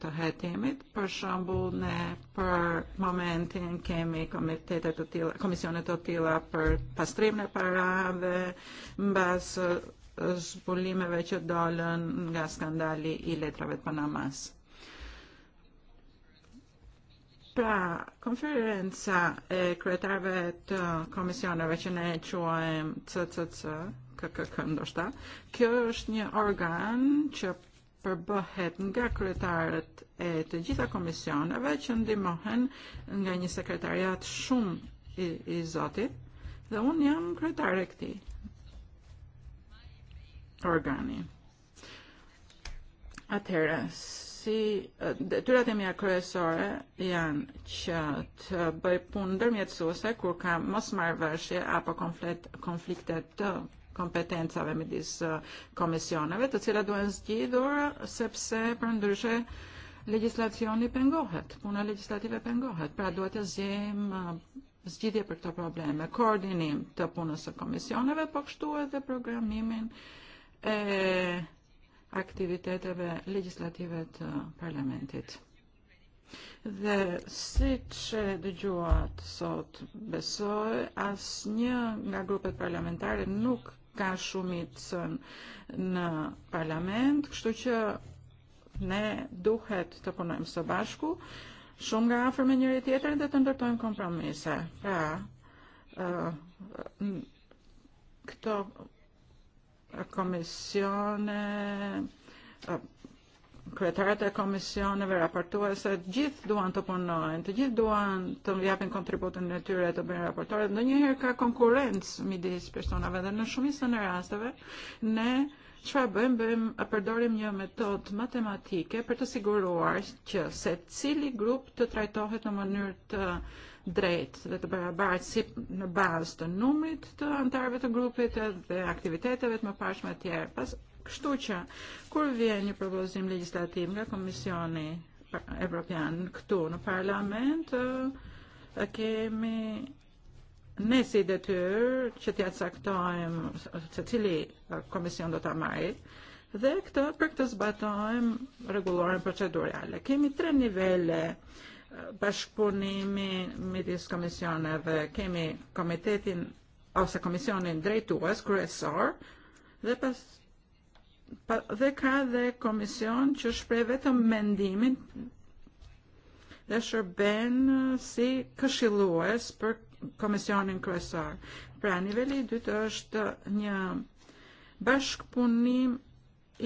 toħetimit për shëmbull ne për momentin kemi komitetet të tila, komisionet och till për pastrim në parave mbas zbulimeve që dolën nga skandali i letravet Panamas. Pra, konferenca e kretarve të komisioneve që ne quajmë CCC, KKK ndoshta. Kjo është një organ që përbëhet nga kryetarët e të gjitha komisioneve që ndimohen nga një sekretariat shumë i, i Zotit dhe unë jam kryetare këti organi. Atëherë, si detyrat e mia kryesore janë që të bëj punë ndërmjetësuese kur kam mos apo konflikt, konflikte të kompetențave midis eh, komisioneve, të cilat duhen zgjidhur sepse përndryshe legjislacioni pengohet, puna legjislative pengohet, pra eh, duhet të zgjejmë zgjidhje për këto probleme, koordinim të punës së komisioneve, po kështu edhe programimin e eh, aktiviteteve legjislative të parlamentit. Dhe si që dëgjuat sot besoj, asë një nga grupet parlamentare nuk ka shumicën në parlament, kështu që ne duhet të punojmë së bashku, shumë nga afër me njëri tjetrin dhe të ndërtojmë kompromise. Pra, e, këto komisione e, kryetaret e komisioneve, raportuese, të gjithë duan të punojnë, të gjithë duan të japin kontributin në tyre të bëjnë raportore. No njëherë ka konkurrencë midis personave dhe në shumisë në rasteve ne çfarë bëjmë? Bëjmë përdorim një metodë matematike për të siguruar që se cili grup të trajtohet në mënyrë të drejt dhe të barabartë si në no bazë të numrit të antarëve të grupit dhe aktiviteteve të më pashme tjerë. Pas Kështu që, kur vjen një propozim legislativ nga Komisioni Evropian këtu në parlament, e, e kemi ne si detyr, që t'ja caktojmë se cili e, komision do t'a marri, dhe këtë për këtë zbatojmë regulorën procedurale. Kemi tre nivele bashkëpunimi me disë komisione dhe kemi komitetin ose komisionin drejtues, kryesor, dhe pas dhe ka dhe komision që shprej vetëm mendimin dhe shërben si këshilues për komisionin kryesor. Pra niveli i dytë është një bashkëpunim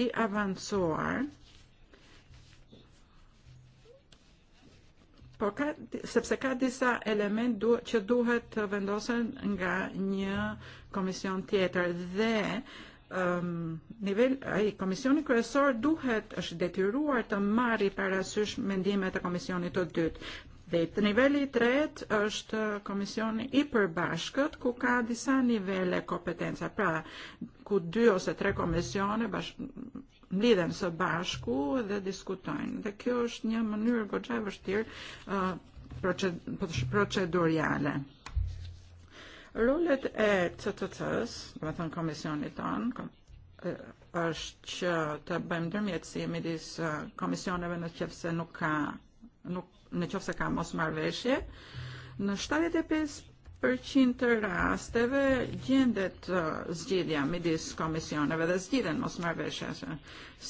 i avancuar po ka, sepse ka disa element du, që duhet të vendosen nga një komision tjetër dhe Um, nivel ai Komisionit kryesor duhet është detyruar të marri parasysh mendimet e komisionit të dytë. Dhe të niveli i tretë është komisioni i përbashkët ku ka disa nivele kompetenca, pra ku dy ose tre komisione bash mlidhen së bashku dhe diskutojnë. Dhe kjo është një mënyrë goxha e vështirë uh, proced proceduriale e għolet t t-t-t-ts, għatan komissjoni tan, għax tabbem dërmjet si midis komisioneve në komissjoni għan ċefse nukka, neċefse ka mos marveshje. Në 75% të rasteve gjendet zgjidhja midis komisioneve dhe zgjidhen mos marveshje,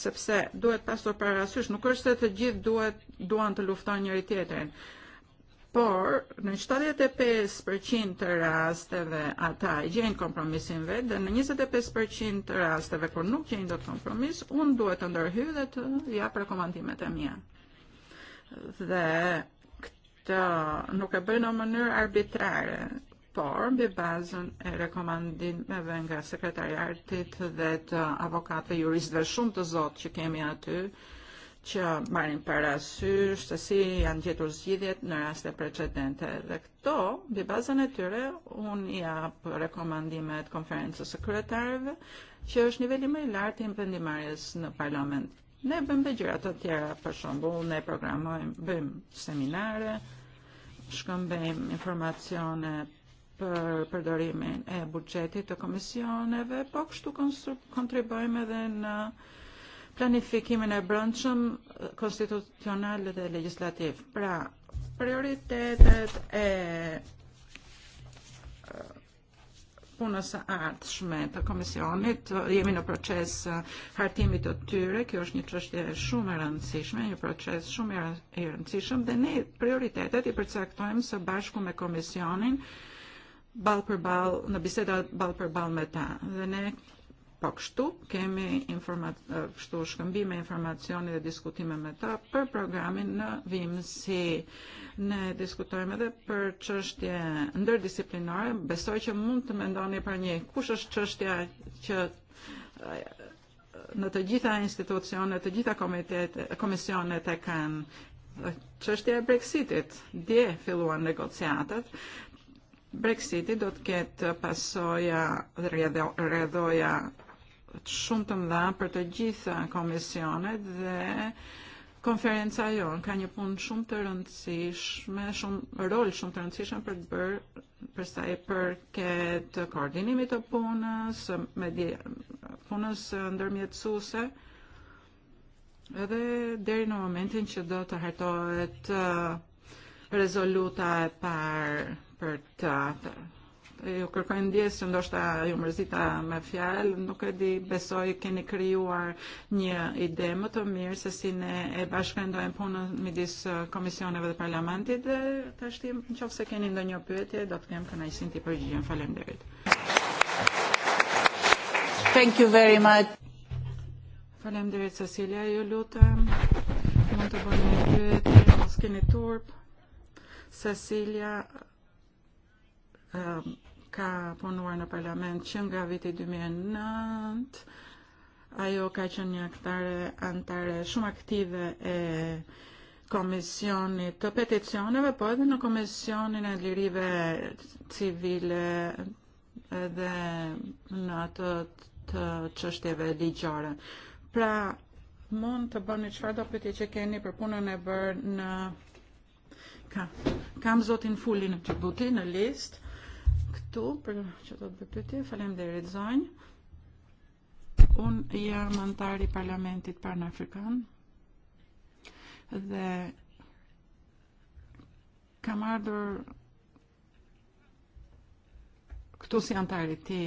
sepse duhet pasur parasysh, nuk është se të gjithë duhet duan të luftojnë njëri tjetërin, por në 75% të rasteve ata i gjenë kompromisin vetë dhe në 25% të rasteve kur nuk gjenë do të kompromis, unë duhet të ndërhy dhe të jap rekomandimet e mija. Dhe këtë nuk no e bëj në mënyrë arbitrare, por mbi bazën e rekomandimeve nga sekretariatit dhe të avokatëve juristëve shumë të zotë që kemi aty, që marrin parasysh se si janë gjetur zgjidhjet në raste precedente. Dhe këto, mbi bazën e tyre, unë jap rekomandimet konferencës së kryetarëve, që është niveli më i lartë i vendimarrjes në parlament. Ne bëjmë dhe gjëra të tjera, për shembull, ne programojmë, bëjmë seminare, shkëmbejmë informacione për përdorimin e buxhetit të komisioneve, po kështu kontribuojmë edhe në uh, planifikimin e brëndshëm konstitucional dhe legislativ. Pra, prioritetet e eh, punës së ardhshme të komisionit, jemi në proces eh, hartimit të tyre, kjo është një çështje shumë e rëndësishme, një proces shumë i rëndësishëm dhe ne prioritetet i përcaktojmë së bashku me komisionin ball për ball në biseda ball për ball me ta. Dhe ne Pak kështu kemi eh, kështu shkëmbime informacioni dhe diskutime me ta për programin në vimësi. Ne diskutojme dhe për qështje ndërdisciplinare, besoj që mund të mendoni për një kush eh, është qështja që në të gjitha institucionet, të gjitha komitete, komisionet e kanë qështje e Brexitit. Dje filluan negociatet, Brexiti të ketë pasoja rredoja të shumë të mëdha për të gjitha komisionet dhe konferenca jonë ka një punë shumë të rëndësishme, shumë rol shumë të rëndësishëm për të bërë për sa i përket koordinimit të punës, me media, punës ndërmjetësuese edhe deri në momentin që do të hartohet eh, rezoluta e parë për të, të ju kërkojnë ndjes që ndoshta ju mërzita me fjalë, nuk e di, besoj keni krijuar një ide më të mirë se si ne uh, e bashkëndojmë punën midis komisioneve dhe parlamentit dhe tash ti nëse keni një pyetje do të kem kënaqësinë të përgjigjem. Faleminderit. Thank you very much. Faleminderit Cecilia, ju lutem. Mund të bëni një pyetje, mos keni turp. Cecilia, um, ka punuar në parlament që nga viti 2009 ajo ka qenë një aktare antare shumë aktive e komisionit të peticioneve, po edhe në komisionin e lirive civile dhe në atë të qështjeve ligjore. Pra, mund të bëni qëfar do pëtje që keni për punën e bërë në... Ka, kam zotin Fuli në Gjibuti, në listë, tu për që do të bë pyetje. Faleminderit zonj. Unë jam antar i Parlamentit afrikan dhe kam ardhur këtu si antari ti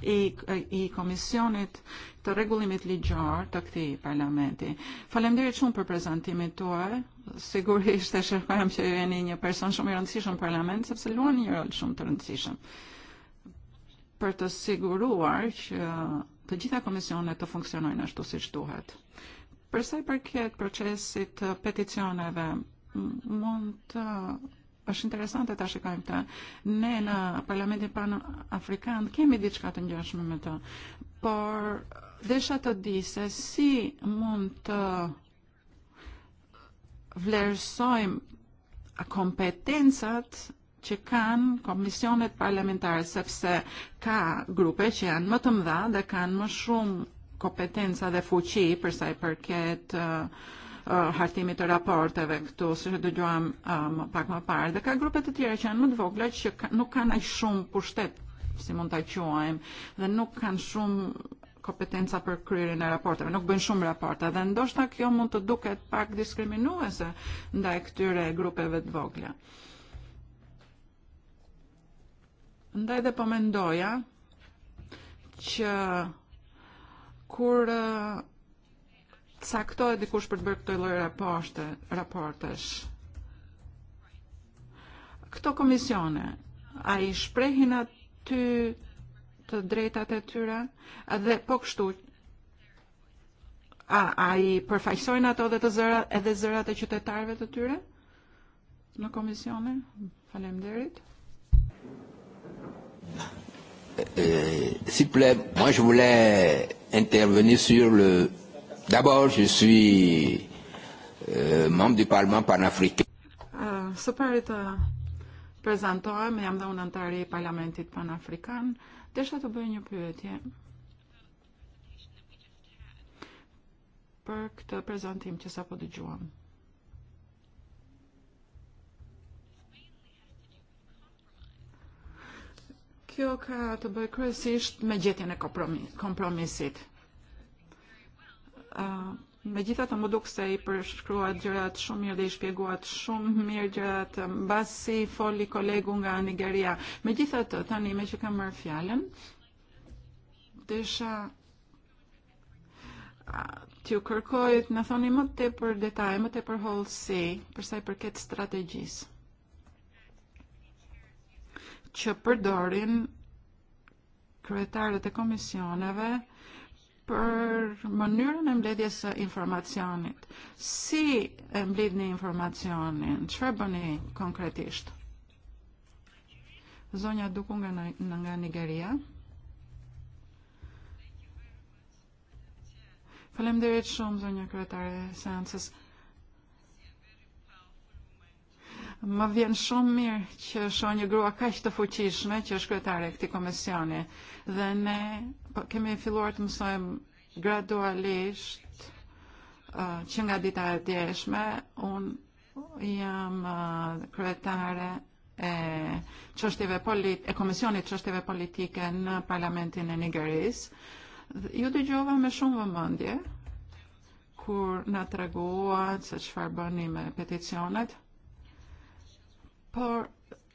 i, i komisionit të regullimit ligjor të këti parlamenti. Falemderit shumë për prezentimit tuaj, sigurisht e shërkojmë që ju jeni një person shumë i rëndësishëm parlament, sepse luan një rol shumë të rëndësishëm. Për të siguruar që të gjitha komisionet të funksionojnë ashtu si shtuhet. Përsa i përket procesit peticioneve, mund të është interesante ta shikojmë këtë. Ne në Parlamentin Pan Afrikan kemi diçka të ngjashme me të, por desha të di se si mund të vlerësojmë kompetencat që kanë komisionet parlamentare, sepse ka grupe që janë më të mëdha dhe kanë më shumë kompetenca dhe fuqi përsa i përket uh, ħartimit uh, u rapport vektu s-ħeddu um, pak ma par. Dhe ka grupet të tjera që janë më të vogla që nuk kanë aq shumë pushtet si mund ta quajmë dhe nuk no kanë shumë kompetenca për kryerjen e raporteve, nuk no bëjnë shumë raporte dhe ndoshta kjo mund të duket pak diskriminuese ndaj këtyre grupeve të vogla. Ndaj dhe po mendoja që kur uh, saktohet dikush për të bërë këtë lloj raporte, raportesh. Këto komisione, a i shprehin aty të drejtat e tyre? Dhe po kështu, a, a i përfaqësojnë ato dhe të zërat, edhe zërat e qytetarëve të tyre? Në no komisione? Faleminderit. Euh, S'il vous plaît, moi je voulais intervenir sur le D'abord, je suis euh, membre du Parlement panafricain. Uh, super të prezentohem, jam dhe unë antari i Parlamentit Panafrikan. Desha të bëj një pyetje. për këtë prezentim që sapo dëgjuam. Kjo ka të bëjë kryesisht me gjetjen e kompromisit. Megjithatë më për shkruar gjërat shumë mirë dhe i shpjeguat shumë mirë gjërat mbas foli kolegu nga Nigeria. Megjithatë tani me që kam marrë fjalën, desha t'ju kërkoj të na thoni më të për detaj, më tepër hollësi për përsa i përket strategjis. që përdorin kryetarët e komisioneve për mënyrën e mbledhjes së informacionit. Si e mbledhni informacionin? Çfarë bëni konkretisht? Zonja Duku nga nga Nigeria. Faleminderit shumë zonja kryetare e seancës. Ma vjen shumë mirë që shoh një grua kaq të fuqishme që është kryetare e këtij komisioni dhe ne po kemi filluar të mësojmë gradualisht uh, që nga dita e djeshme un jam uh, kryetare e çështjeve politike e komisionit çështjeve politike në parlamentin e Nigerisë. Ju dëgjova me shumë vëmendje kur na treguat se çfarë bëni me peticionet Por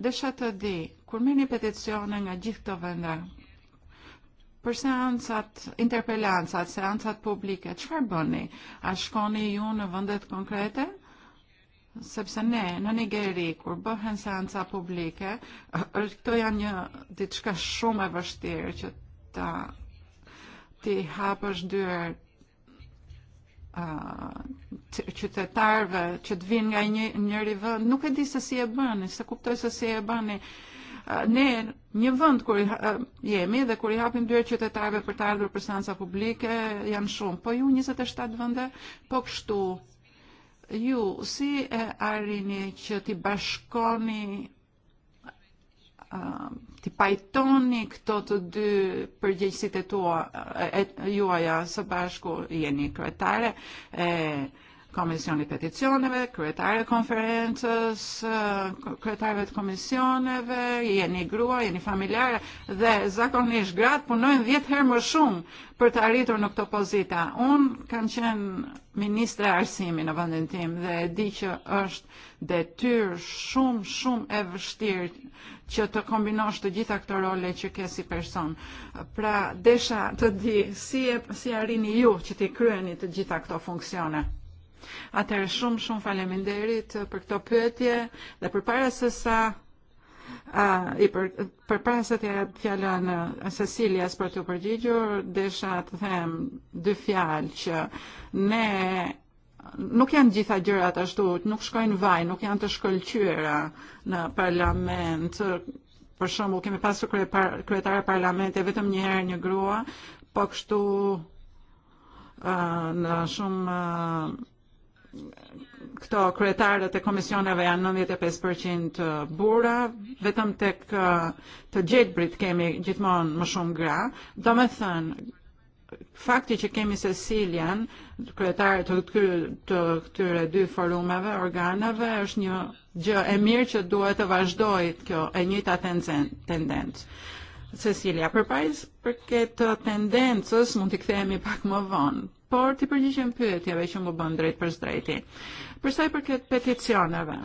desha të di, kur mirë një peticione nga gjithë të vende, për seancat, interpelancat, seancat publike, qëfar bëni? A shkoni ju në vëndet konkrete? sepse ne në Nigeri kur bëhen seanca publike, këto janë një diçka shumë e vështirë që ta ti hapësh dyrët qytetarve që të vinë nga një, njëri rivënd, nuk e di se si e bëni, se kuptoj se si e bëni. Ne një vënd kur jemi dhe kur i hapim dyre qytetarve për të ardhur për seanca publike janë shumë, po ju 27 vënde, po kështu ju si e arrini që t'i bashkoni të pajtoni këto të dy përgjegjësit e tua e, juaja së bashku jeni kryetare e Komisioni Peticioneve, kryetare konferences, kryetarëve të komisioneve, jeni grua, jeni familjare dhe zakonisht gratë punojnë 10 herë më shumë për të arritur në këto pozita. Unë kam qenë ministre arsimi në vëndin tim dhe e di që është detyrë shumë shumë e vështirë që të kombinosh të gjitha këto role që ke si person. Pra desha të di si e si arrini ju që ti kryeni të gjitha këto funksione. Atëherë shumë shumë faleminderit për këto pyetje dhe përpara se sa a, i për, përpara se të jap fjalën Cecilias për të përgjigjur, desha të them dy fjalë që ne nuk janë gjitha gjërat ashtu, nuk shkojnë vaj, nuk janë të shkëlqyera në parlament. Për shembull, kemi pasur kryetare parlamente vetëm një herë një grua, po kështu në shumë këto kryetarët e komisioneve janë 95% të burra, vetëm tek eh, të gjetbrit kemi gjithmonë më shumë gra. Do me thënë, fakti që kemi Cecilian, kryetare të këtyre, të këtyre dy forumeve, organeve, është një gjë e mirë që duhet të vazhdojt kjo e njëta tendencë. Cecilia, përpajs përket eh, tendencës mund t'i kthehemi pak më vonë por të përgjigjem pyetjeve që më bën drejt për drejti. Për sa i përket peticioneve,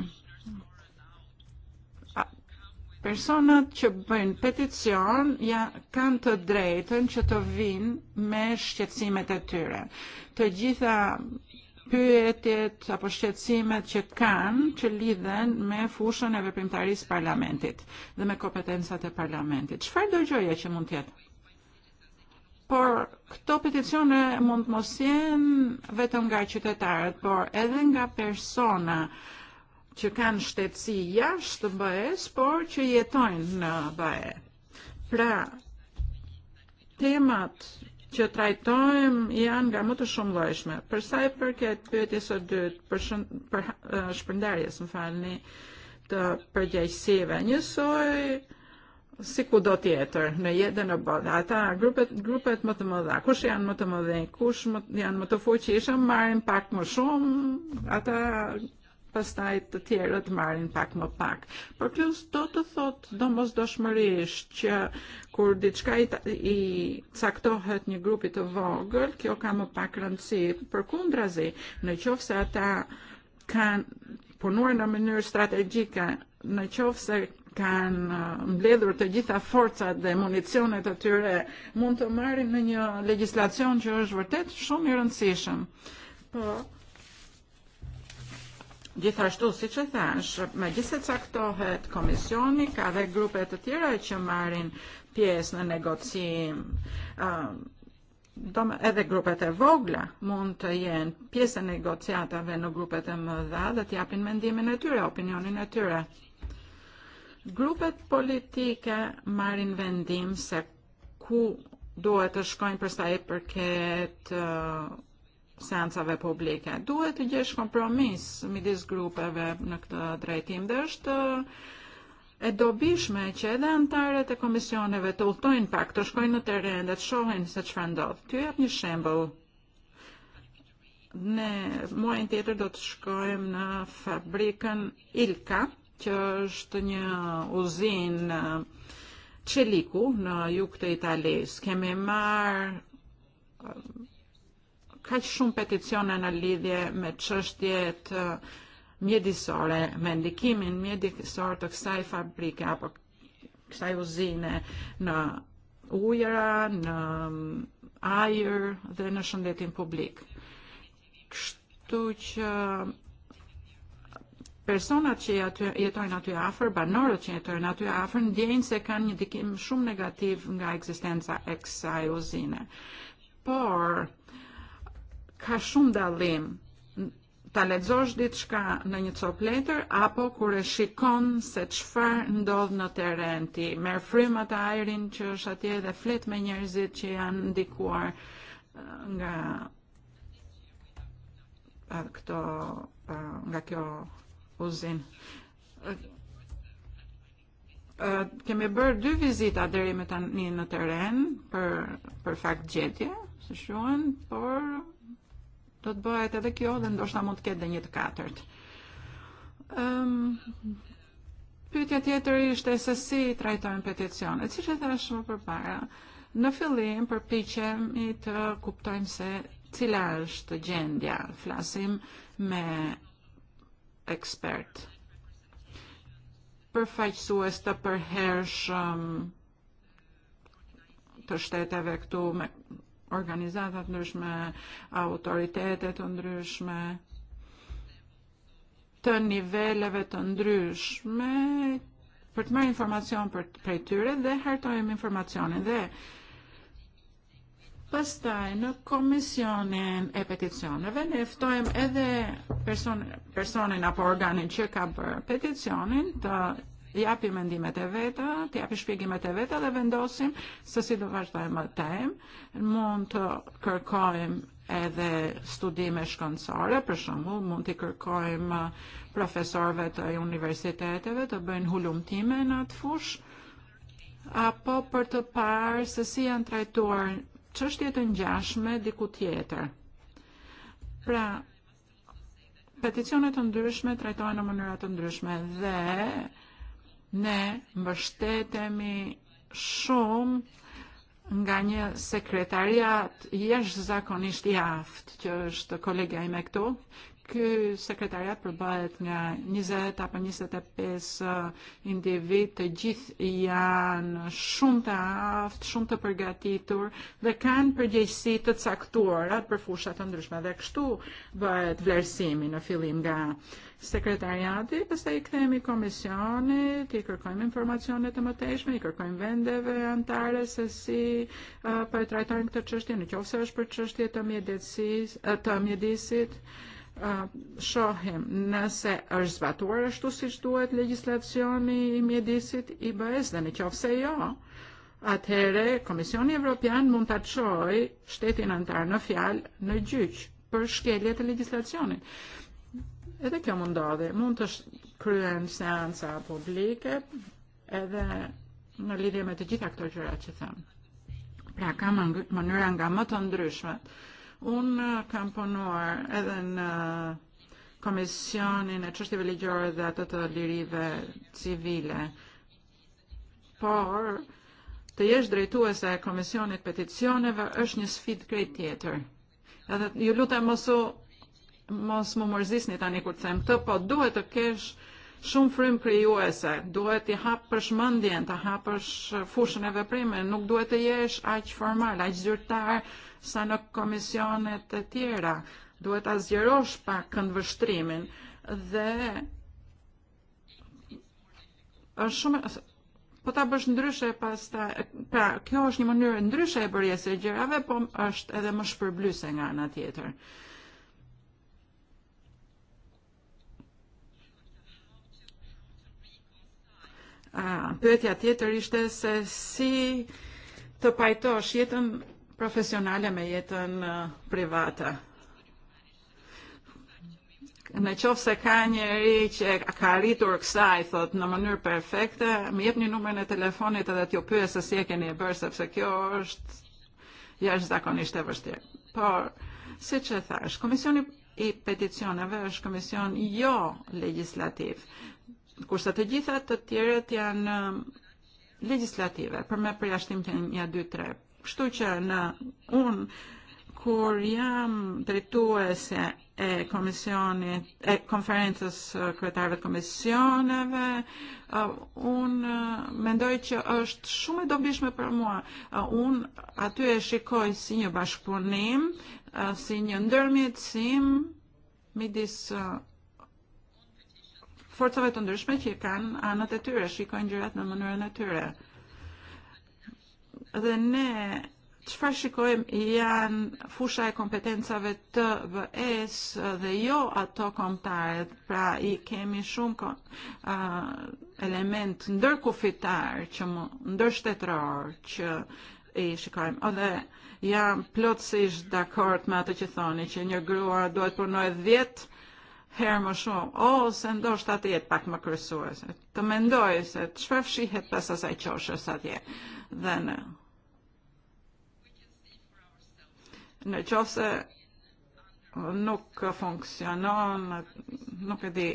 personat që bëjnë peticion ja, kanë të drejtën që të vinë me shqetsimet e tyre. Të gjitha pyetjet apo shqetsimet që kanë që lidhen me fushën e veprimtarisë parlamentit dhe me kompetencat e parlamentit. Çfarë do gjëja që mund të jetë? por këto peticione mund mos jenë vetëm nga qytetarët, por edhe nga persona që kanë shtetësi jashtë BE-s, por që jetojnë në BE. Pra, temat që trajtojmë janë nga më të shumë lojshme. Përsa i përket pyetjes së dytë, për, shën, për uh, shpërndarjes, më falni, të përgjegjësive, njësoj siku do tjetër në jetën e botë. Ata grupet grupet më të më dha, kush janë më të më dhe, kush më, janë më të fuqishëm, marrin pak më shumë, ata pastaj të tjerët marrin pak më pak. Por kjo do të thotë domosdoshmërisht që kur diçka i, i caktohet një grupi të vogël, kjo ka më pak rëndësi. Përkundrazi, në no qoftë se ata kanë punuar në mënyrë strategjike, në no qoftë se kanë mbledhur uh, të gjitha forcat dhe municionet të tyre mund të marrin në një legislacion që është vërtet shumë i rëndësishëm. Po, gjithashtu, si që thash, me gjithse caktohet komisioni, ka dhe grupet të tjera që marrin pjesë në negocim, um, edhe grupet e vogla mund të jenë pjesë e negociatave në grupet e mëdha dhe t'japin mendimin e tyre, opinionin e tyre. Grupet politike marrin vendim se ku duhet të shkojnë për sa i përket uh, seancave publike. Duhet të gjesh kompromis midis grupeve në këtë drejtim dhe është e dobishme që edhe antarët e komisioneve të udhtojnë pak, të shkojnë në teren dhe të shohin se çfarë ndodh. Ky jep një shembull. Ne muajin tjetër do të shkojmë në fabrikën Ilka që është një uzin qeliku në jug të Italisë. Kemi marë kaq shumë peticione në lidhje me çështjet e, mjedisore, me ndikimin mjedisor të kësaj fabrike apo kësaj uzine në ujëra, në ajër dhe në shëndetin publik. Kështu që personat që jetojnë aty e e afër, banorët që jetojnë aty e afër, ndjejnë se kanë një dikim shumë negativ nga ekzistenca e kësaj uzine. Por ka shumë dallim ta lexosh diçka në një copë letër apo kur e shikon se çfarë ndodh në terren ti, merr frymë atë ajrin që është atje dhe flet me njerëzit që janë ndikuar eh, nga eh, këto eh, nga kjo użin. Eh, kemi bërë dy vizita deri me tani në teren për, për fakt gjetje, se shuen, por do të bëhet edhe kjo dhe ndoshta mund të ketë dhe një të katërt. Um, pyetja tjetër ishte se si trajtojnë peticionet, si që e thash më përpara. Në fillim përpiqemi të kuptojmë se cila është gjendja. Flasim me expert. përfaqësues të përhershëm um, të shteteve këtu me organizatat ndryshme, autoritetet të ndryshme, të niveleve të ndryshme për të mërë informacion për prej tyre dhe hertojmë informacionin dhe Pastajn komisjonin e petizzjoneve niftojm edhe person, personin apo organin që ka bërë petizzjonin të japi mendimet e veta, të japi shpjegimet e veta dhe vendosim se si do vazhdojmë më tem, mund të kërkojmë edhe studime shkoncore, për shembull mund të kërkojmë profesorëve të universiteteve të bëjnë hulumtime në atë fushë apo për të parë se si janë trajtuar çështjet e ngjashme diku tjetër. Pra, peticionet të ndryshme trajtohen në mënyra të ndryshme dhe ne mbështetemi shumë nga një sekretariat jashtëzakonisht i aftë që është kolega ime këtu, ky sekretarjat përbahet nga 20 apo 25 individ, të gjithë janë can të de shumë të përgatitur dhe kanë përgjegjësi të caktuara për fusha të ndryshme dhe kështu bëhet vlerësimi në fillim nga sekretarjati, pastaj i kthehemi komisionit, i kërkojmë informacione e mëtejshme, i kërkojmë vendeve antare se si uh, po e trajtojnë këtë çështje, nëse është për çështje të mjedisë, të mjedisit, uh, xoħim nëse është zbatuar ashtu si që duhet legislacioni i mjedisit i bëhes dhe në qofë se jo, atëhere Komisioni Evropian mund të qoj shtetin antar në no fjalë në no gjyqë për shkelje të legislacionit. Edhe kjo mund ndodhi, mund të kryen seansa publike edhe në no lidhje me të gjitha këto gjëra që them. Pra ka mënyra nga më të ndryshmet un kampanuar eh, edhe eh, në Komisionin e çështjeve ligjore dhe ato të lirive civile. Por, të jesh drejtuese e Komisionit Peticioneve është një sfidë krejt tjetër. Edhe ju lutem mos u mos më mërzisni tani kur të them këtë, po duhet të kesh shumë frym krijuese, duhet i hapësh mendjen, ta hapësh e, fushën e veprimit, nuk duhet të jesh aq formal, aq zyrtar sa në komisionet e tjera. Duhet ta zgjerosh pa këndvështrimin dhe është shumë po ta bësh ndryshe pastaj e, pra kjo është një mënyrë ndryshe e bërjes së e gjërave, po është edhe më shpërblyese nga ana tjetër. pyetja tjetër ishte se si të pajtosh jetën profesionale me jetën private. Në qofë se ka njëri që ka rritur kësaj, thot, në mënyrë perfekte, më jep një numër në telefonit edhe t'jo pyë se si e keni e bërë, sepse kjo është jashtë zakonisht e vështirë. Por, si që thash, Komisioni i peticioneve është komision jo legislativ kurse të gjitha të tjerët janë legislative, për e e uh, uh, me përjashtim të një, dy, tre. Kështu uh, që në unë, kur jam drejtuese e komisionit, e konferences kretarve të komisioneve, unë mendoj që është shumë e dobishme për mua. Unë aty e shikoj si një bashkëpunim, si një ndërmjetësim midis forcave të ndryshme që kanë anët e tyre, shikojnë gjërat në mënyrën e tyre. Dhe ne çfarë shikojmë janë fusha e kompetencave të VS dhe jo ato kombëtare. Pra i kemi shumë uh, element ndërkufitar që më, ndërshtetror që i shikojmë. Dhe jam plotësisht dakord me atë që thoni që një grua duhet punojë 10 herë më shumë, ose ndoshta të jetë pak më kërësuese, të mendoj se të shfërfshihet pas asaj qoshës atje. Dhe në në qofë se nuk funksionon, nuk e di,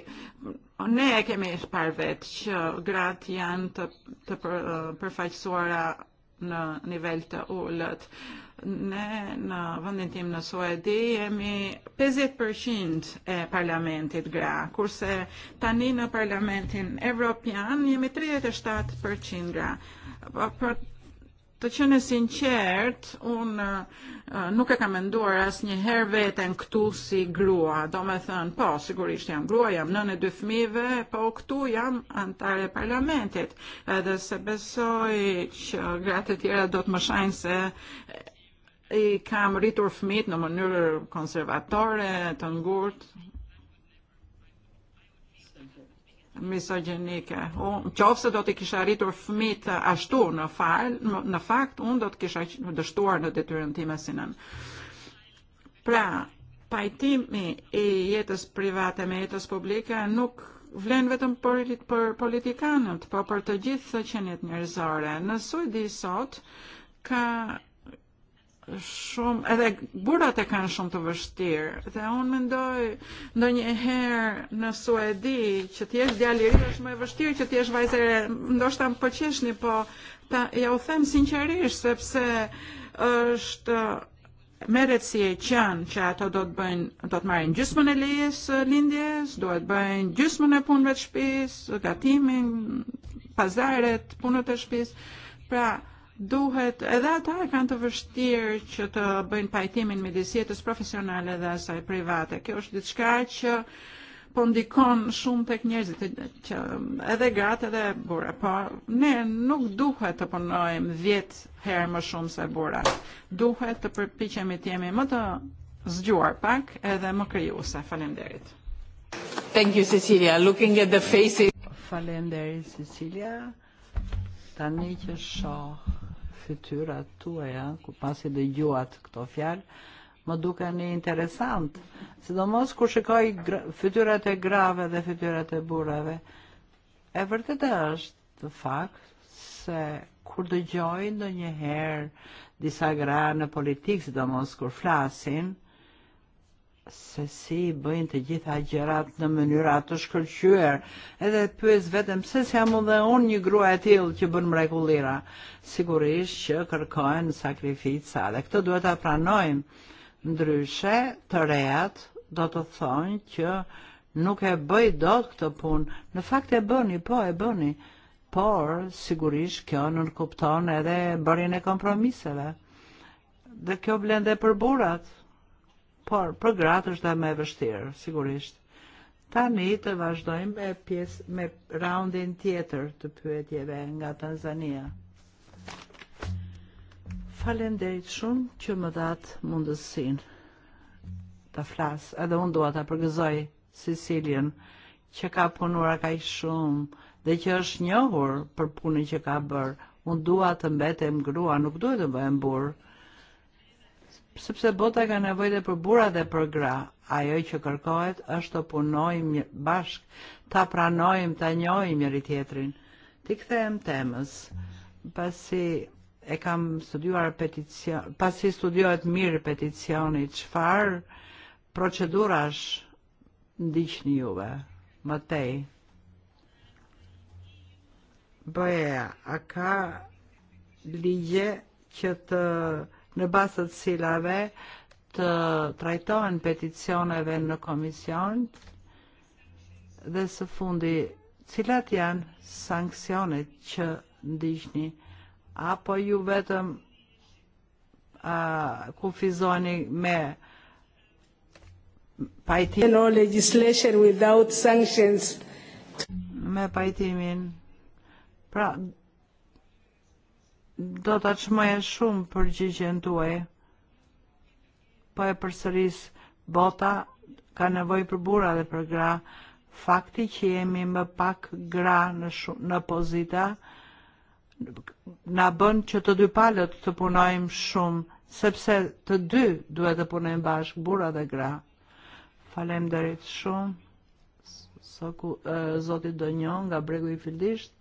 ne det... No, kemi parë vetë që gratë janë të, të për, eh, përfaqësuara në nivel të ullët. Uh, na tim në Suedi jemi 50% e parlamentit gra, kurse tani në parlamentin evropian jemi 37% e gra. Për të qenë sinqert, unë e, nuk e kam menduar asë një herë veten këtu si grua, do me thënë, po, sigurisht jam grua, jam nën e dy fmive, po këtu jam antare e parlamentit, edhe se besoj që gratë të tjera do të më shajnë se i kam rritur fëmijët në mënyrë konservatore, të ngurtë, misogjenike. Unë qofse do të kisha rritur fëmijët ashtu në fal, në fakt unë do të kisha dështuar në detyrën time si nën. Pra, pajtimi i jetës private me jetës publike nuk vlen vetëm për, për politikanët, po për të gjithë qenjet njerëzore. Në Suedi sot ka shumë, edhe burrat e kanë shumë të vështirë. Dhe unë mendoj, ndonjëherë në Suedi, që ti jesh djalë i ri është më e vështirë që ti jesh vajzë e Ndoshta më pëlqeshni, po ta, ja u them sinqerisht, sepse është eh, merret si e qenë që ato do të bëjnë, do të marrin gjysmën e lejes lindjes, do të bëjnë gjysmën e punëve të shtëpisë, gatimin, pazaret, punët e shtëpisë. Pra, duhet edhe eh, ata e kanë të vështirë që të bëjnë pajtimin midis jetës profesionale eh, dhe eh, asaj private. Kjo është diçka që po ndikon shumë tek njerëzit që edhe gratë edhe burra, po ne nuk duhet të punojmë 10 herë më shumë se burrat. Duhet të përpiqemi të jemi më të zgjuar pak edhe më krijuese. Faleminderit. Thank you Cecilia. Looking at the faces. Faleminderit Cecilia. Tani që shoh fytyra tuaja, ku pasi gjuat këto fjalë, më duke një interesant, sidomos kur shikoj fytyrat e grave dhe fytyrat e burave, E vërtet e është të fakt se kur dëgjoj ndonjëherë disa gra në politikë, sidomos kur flasin, se si bëjnë të gjitha gjërat në mënyra të shkëlqyer. Edhe të pyes vetëm se si jam dhe unë një grua e tilë që bënë mrekulira, Sigurisht që kërkojnë sakrifica dhe këtë duhet të pranojmë. Ndryshe, të rejat do të thonë që nuk e bëj të këtë punë. Në fakt e bëni, po e bëni, por sigurisht kjo nënkupton edhe bërjen e kompromiseve. Dhe kjo blende për burat, por për gratë është dhe me vështirë, sigurisht. Tani të vazhdojmë me, pjesë, me raundin tjetër të pyetjeve nga Tanzania. Falenderit shumë që më datë mundësin të flasë, edhe unë dua të përgëzoj Sicilien që ka punuar kaq shumë dhe që është njohur për punën që ka bërë. Unë dua të mbetem grua, nuk no duhet të bëhem burr sepse bota ka nevojë edhe për bura dhe për gra. Ajo që kërkohet është të punojmë bashk, ta pranojmë, ta njojmë njëri tjetrin. Ti kthehem temës, pasi e kam studiuar peticion, pasi studiohet mirë peticioni, çfarë procedurash një juve? më tej? Bëja, a ka ligje që të në basë të cilave të trajtohen peticioneve në komision dhe së fundi cilat janë sankcionet që ndiqni apo ju vetëm a, kufizoni me pajtimin no legislation without sanctions me pajtimin pra do të qmëje shumë përgjigjen tuaj, po e përsëris bota ka nevoj për bura dhe për gra, fakti që jemi më pak gra në, shumë, në pozita, na bën që të dy palët të punojmë shumë, sepse të dy duhet të punojmë bashkë, bura dhe gra. Falem derit shumë, Soku, e, eh, Zotit Donjon nga Bregu i Fildisht,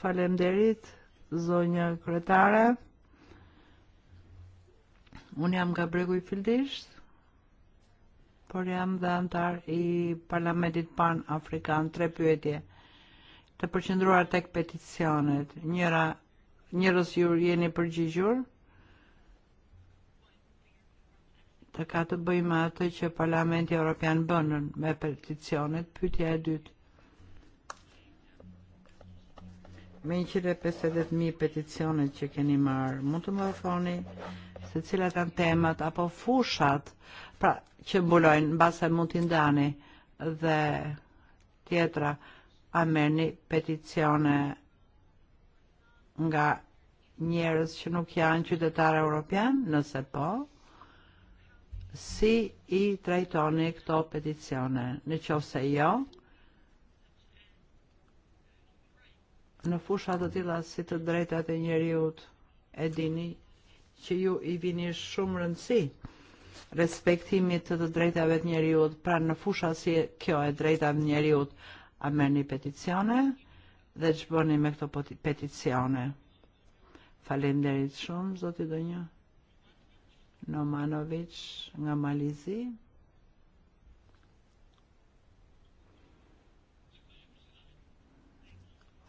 Falemderit, zonja kretare. Unë jam nga bregu i fildisht, por jam dhe antar i Parlamentit Pan Afrikan, tre pyetje të përqendruar tek peticionet. Njëra, njërës ju jeni përgjigjur, të ka të bëjmë atë që Parlamenti Europian bënën me peticionet, pytja e dytë. 150.000 peticione që keni marrë, mund të më thoni se cilat janë temat apo fushat pra, që mbulojnë, mbase mund t'i ndani dhe tjetra a merrni peticione nga njerëz që nuk janë qytetarë europian, nëse po, si i trajtoni këto peticione. Në qoftë se jo, në no fusha të tila si të drejtat e njerëzit e dini që ju i vini shumë rëndësi respektimit të të drejtave të njerëzit, pra në no fusha si kjo e drejtave të njerëzit a merrni peticione dhe që ç'bëni me këto peticione. Falem derit shumë zoti një, Nomanovic nga Malizi.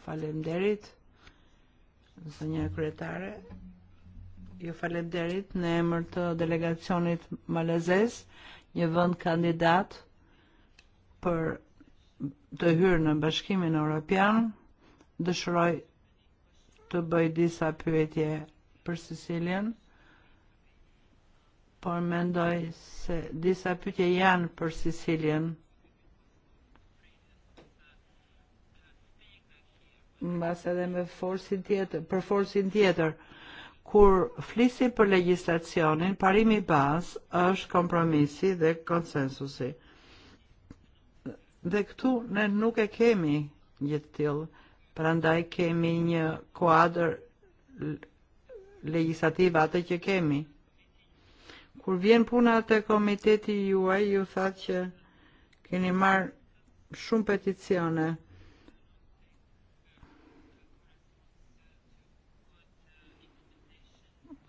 Faleminderit. Zonja kryetare, ju faleminderit në emër të delegacionit Malazes një e vënd kandidat për të hyrë në Bashkimin Europian Dëshiroj të bëj disa pyetje për Sicilien, por mendoj se disa pyetje janë për Sicilien. mbas edhe me forcin tjetër, për forcin tjetër. Kur flisi për legislacionin, parimi bas është kompromisi dhe konsensusi. Dhe këtu ne nuk e kemi gjithë tillë, prandaj kemi një kuadrë legjislativ atë që kemi. Kur vjen puna të komiteti juaj, ju thatë që keni marë shumë peticione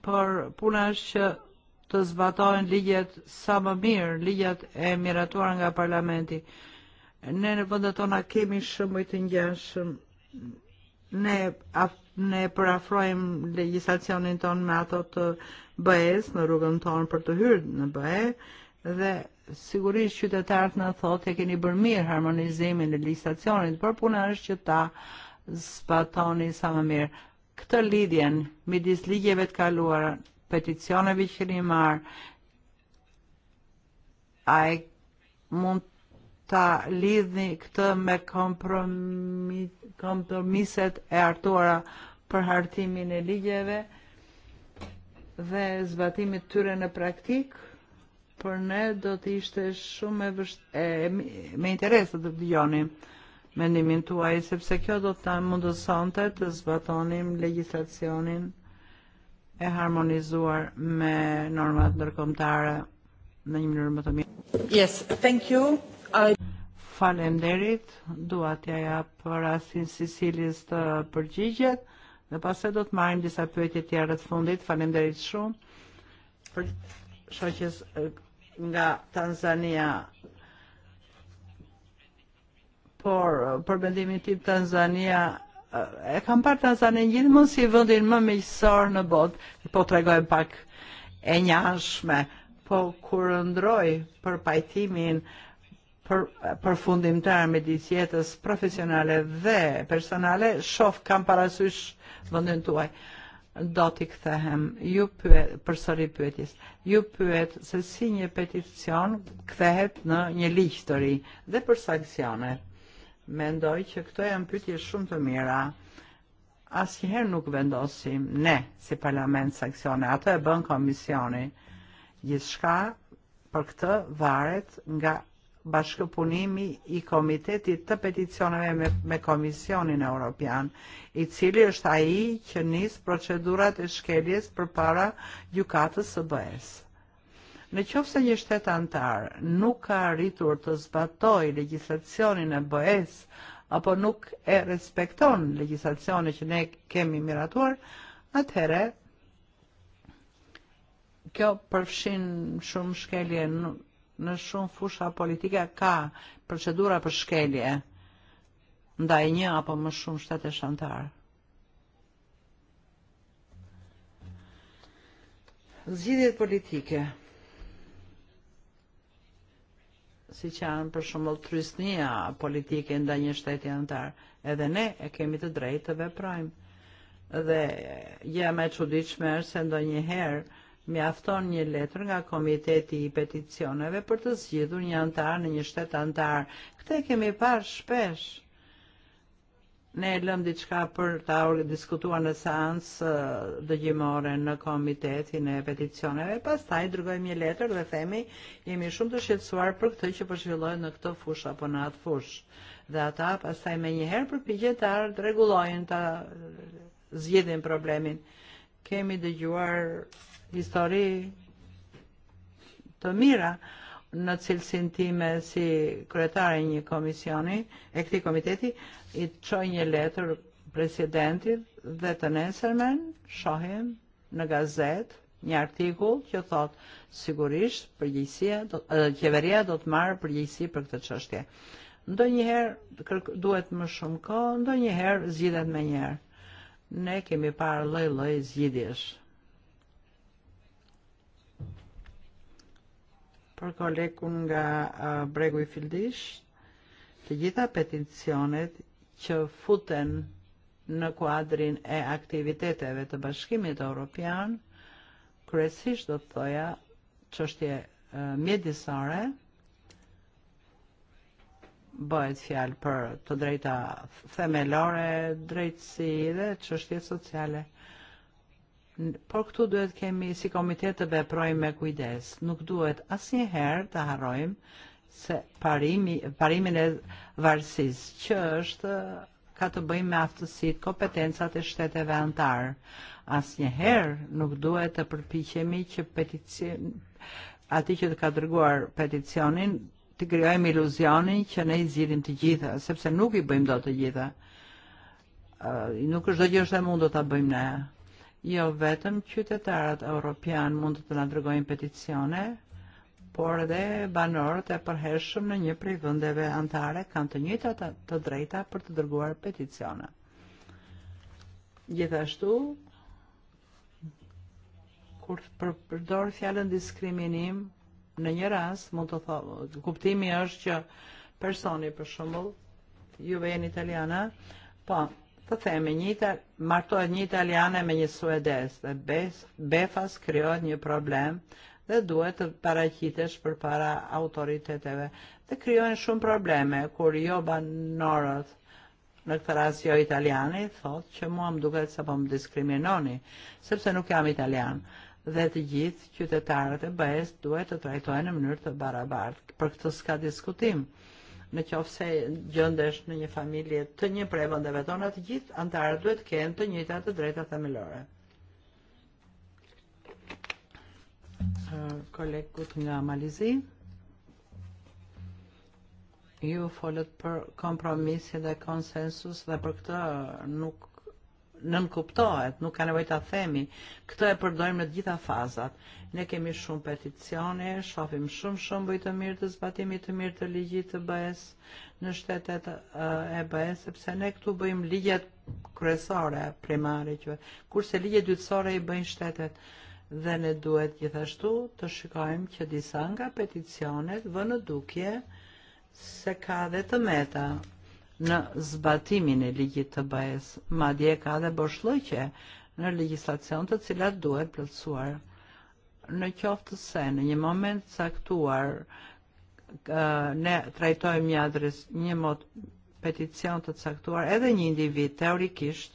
për puna që të zbatojnë ligjet sa më mirë, ligjet e miratuar nga parlamenti. Ne në vëndet tona kemi shumë i të ngjashëm. Ne, ne përafrojmë legislacionin tonë me ato të bëhes në rrugën tonë për të hyrë në bëhe dhe sigurisht qytetarët në thotë e keni bërë mirë harmonizimin e legislacionit, për puna është që ta zbatoni sa më mirë këtë lidhjen midis ligjeve të kaluara, peticioneve që keni marr, ai mund ta lidhni këtë me kompromis, kompromiset e hartuara për hartimin e ligjeve dhe zbatimit tyre në praktik, për ne do të ishte shumë e, vësht... e, e me interes të dëgjonim mendimin tuaj sepse kjo do të mundësonte të zbatonim legislacionin e harmonizuar me normat ndërkombëtare në një mënyrë më të mirë. Yes, thank you. I... Faleminderit. Dua t'ja jap rastin Sicilis të përgjigjet dhe pastaj do të marrim disa pyetje tjera të fundit. Faleminderit shumë. Për shoqes eh, nga Tanzania por për vendimin tim Tanzania e kam parë Tanzanin gjithmonë si vendin më miqësor në botë, po tregoj pak e njashme, po kur ndroj për pajtimin për përfundimtar me jetës profesionale dhe personale, shoh kam parasysh vendin tuaj do t'i kthehem. Ju pyet, për përsëri pyetjes. Ju pyet se si një peticion kthehet në no, një ligj të ri dhe për sanksione mendoj që këto janë pytje shumë të mira. Asnjëherë nuk vendosim ne si parlament sankcione, ato e bën komisioni. Gjithçka për këtë varet nga bashkëpunimi i komitetit të peticioneve me, me Komisionin Europian, i cili është ai që nis procedurat e shkeljes përpara gjykatës së BE-s. Në qofë se një shtetë antarë nuk ka rritur të zbatoj legislacionin e bëhes, apo nuk e respekton legislacionin që ne kemi miratuar, atëhere kjo përfshin shumë shkelje në shumë fusha politika ka procedura për shkelje ndaj një apo më shumë shtete shantarë. Zgjidhjet politike si që janë për shumë trysnia politike nda një shtetë janë tarë. Edhe ne e kemi të drejtë të veprajmë. Dhe jam e qudichme është se ndo mi afton një letër nga komiteti i peticioneve për të zgjidhur një antarë në një shtetë antarë. Këte kemi parë shpeshë. Ne lëm diçka për ta diskutuar në seancë dëgjimore në komitetin e peticioneve, pastaj dërgojmë një letër dhe themi jemi shumë të shqetësuar për këtë që po zhvillohet në këtë fushë apo në atë fushë. Dhe ata pastaj më njëherë përpiqen të rregullojnë ta zgjidhin problemin. Kemi dëgjuar histori të mira në cilësin time si kretare një komisioni, e këti komiteti, i të qoj një letër presidentit dhe të nesërmen, shohim në gazet një artikull që thot sigurisht përgjësia, e, qeveria do të marë përgjësi për këtë qështje. Ndo njëherë duhet më shumë ko, ndo njëherë zgjidhet me njëherë. Ne kemi parë loj loj zgjidhjesh për kolekun nga uh, bregu i fildish, të gjitha peticionet që futen në kuadrin e aktiviteteve të bashkimit Europian, kresisht do të thoja qështje uh, e, mjedisore, bëhet fjalë për të drejta themelore, drejtësi dhe çështje sociale. Por këtu duhet kemi si komitet të veprojmë me kujdes. Nuk duhet asnjëherë të harrojmë se parimi, parimin e varësisë që është ka të bëjë me aftësitë, kompetencat e shteteve antar. Asnjëherë nuk duhet të përpiqemi që peticion ati që të ka dërguar peticionin të krijojmë iluzionin që ne i zgjidhim të gjitha, sepse nuk i bëjmë dot të gjitha. Uh, nuk është do gjështë e mund do ta bëjmë ne jo vetëm qytetarët europian mund të nadrëgojnë peticione, por edhe banorët e përhershëm në një prej vendeve antare kanë të njëjta të, të drejta për të dërguar peticione. Gjithashtu, kur për, përdor fjalën diskriminim, në një rast mund të thotë, kuptimi është që personi për shembull, juve jeni italiana, po të themi një martohet një italiane me një suedes dhe befas krijohet një problem dhe duhet të paraqitesh përpara autoriteteve dhe krijohen shumë probleme kur jo banorët në këtë rast jo italiani thotë që mua më duket se po më diskriminoni sepse nuk jam italian dhe të gjithë qytetarët e BE-s duhet të trajtohen në mënyrë të barabartë. Për këtë s'ka diskutim në qofë se gjëndesh në një familje të një prej vëndeve tona të gjithë, antarë duhet kënë të njëta të drejta themelore. Kolegut uh, nga Malizi, ju folët për kompromisi dhe konsensus dhe për këta nuk nën kuptohet, nuk ka nevojë ta themi. Këtë e përdorim në të gjitha fazat. Ne kemi shumë peticione, shohim shumë shumë shembuj të mirë të zbatimit të mirë të ligjit të BE-s në shtetet e, e BE-s, sepse ne këtu bëjmë ligjet kryesore primare që kurse ligjet dytësore i bëjnë shtetet dhe ne duhet gjithashtu të shikojmë që disa nga peticionet vënë dukje se ka dhe të meta në zbatimin e ligjit të BE-s, madje ka dhe boshllëqe në legislacion të cilat duhet plëtsuar. Në no qoftë se në një moment saktuar ne trajtojmë një adres, një mot peticion të caktuar edhe një individ teorikisht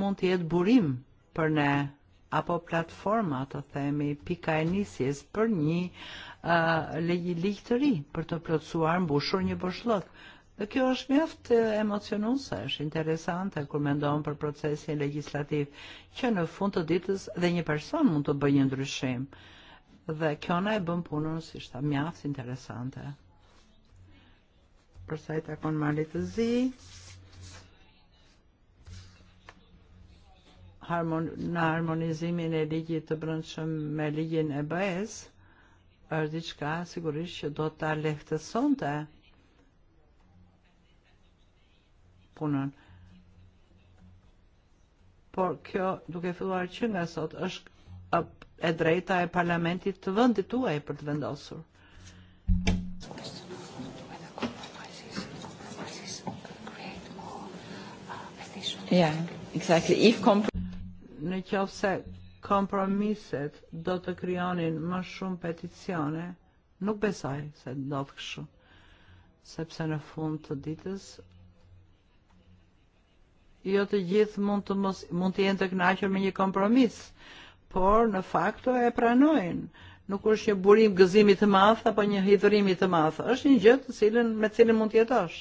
mund të jetë burim për ne apo platforma të themi pika e nisjes për një uh, legjë ligjë të ri për të plotësuar mbushur një boshllok. Dhe kjo është mjaft emocionuese, është interesante kur mendon për procesin legislativ që në fund të ditës dhe një person mund të bëjë një ndryshim. Dhe kjo na e bën punën si shta mjaft interesante. Për sa i takon malit të zi, harmon, në harmonizimin e ligjit të brëndshëm me ligjin e bëhes, është diçka sigurisht që do ta lehtësonte punën. Por kjo, duke filluar që nga sot, është e drejta e parlamentit të vëndit uaj për të vendosur. në qofë se kompromiset do të kryonin më shumë peticione, nuk besaj se do të këshu, sepse në fund të ditës jo të gjithë mund të mos mund të jenë të kënaqur me një kompromis, por në fakt e pranojnë. Nuk është një burim gëzimi të madh apo një hidhrim i të madh. Është një gjë të cilën me të cilën mund të jetosh.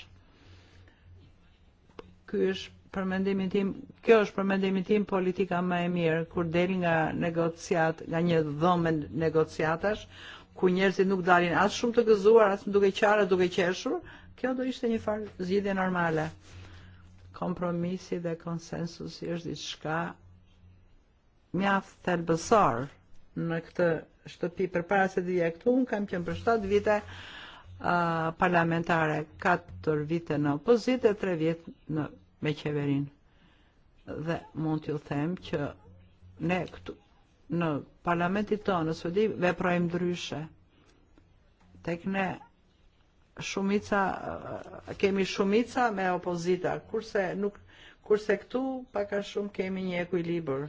Ky është për mendimin tim, kjo është për mendimin tim politika më e mirë kur del nga negociat, nga një dhomë negociatash ku njerëzit nuk dalin as shumë të gëzuar, as duke qarë, duke qeshur, kjo do ishte një farë zgjidhje normale kompromisi dhe konsensusi është diçka mjaft thelbësor në no, këtë shtëpi përpara se të vija këtu un kam qenë për 7 vite uh, parlamentare, 4 vite në no, opozitë, 3 vjet në no, me qeverinë. Dhe mund t'ju them që ne këtu në parlamentit tonë në Suedi veprojmë ndryshe. Tek ne shumica, eh, kemi shumica me opozita, kurse, nuk, kurse këtu paka shumë kemi një ekuilibër.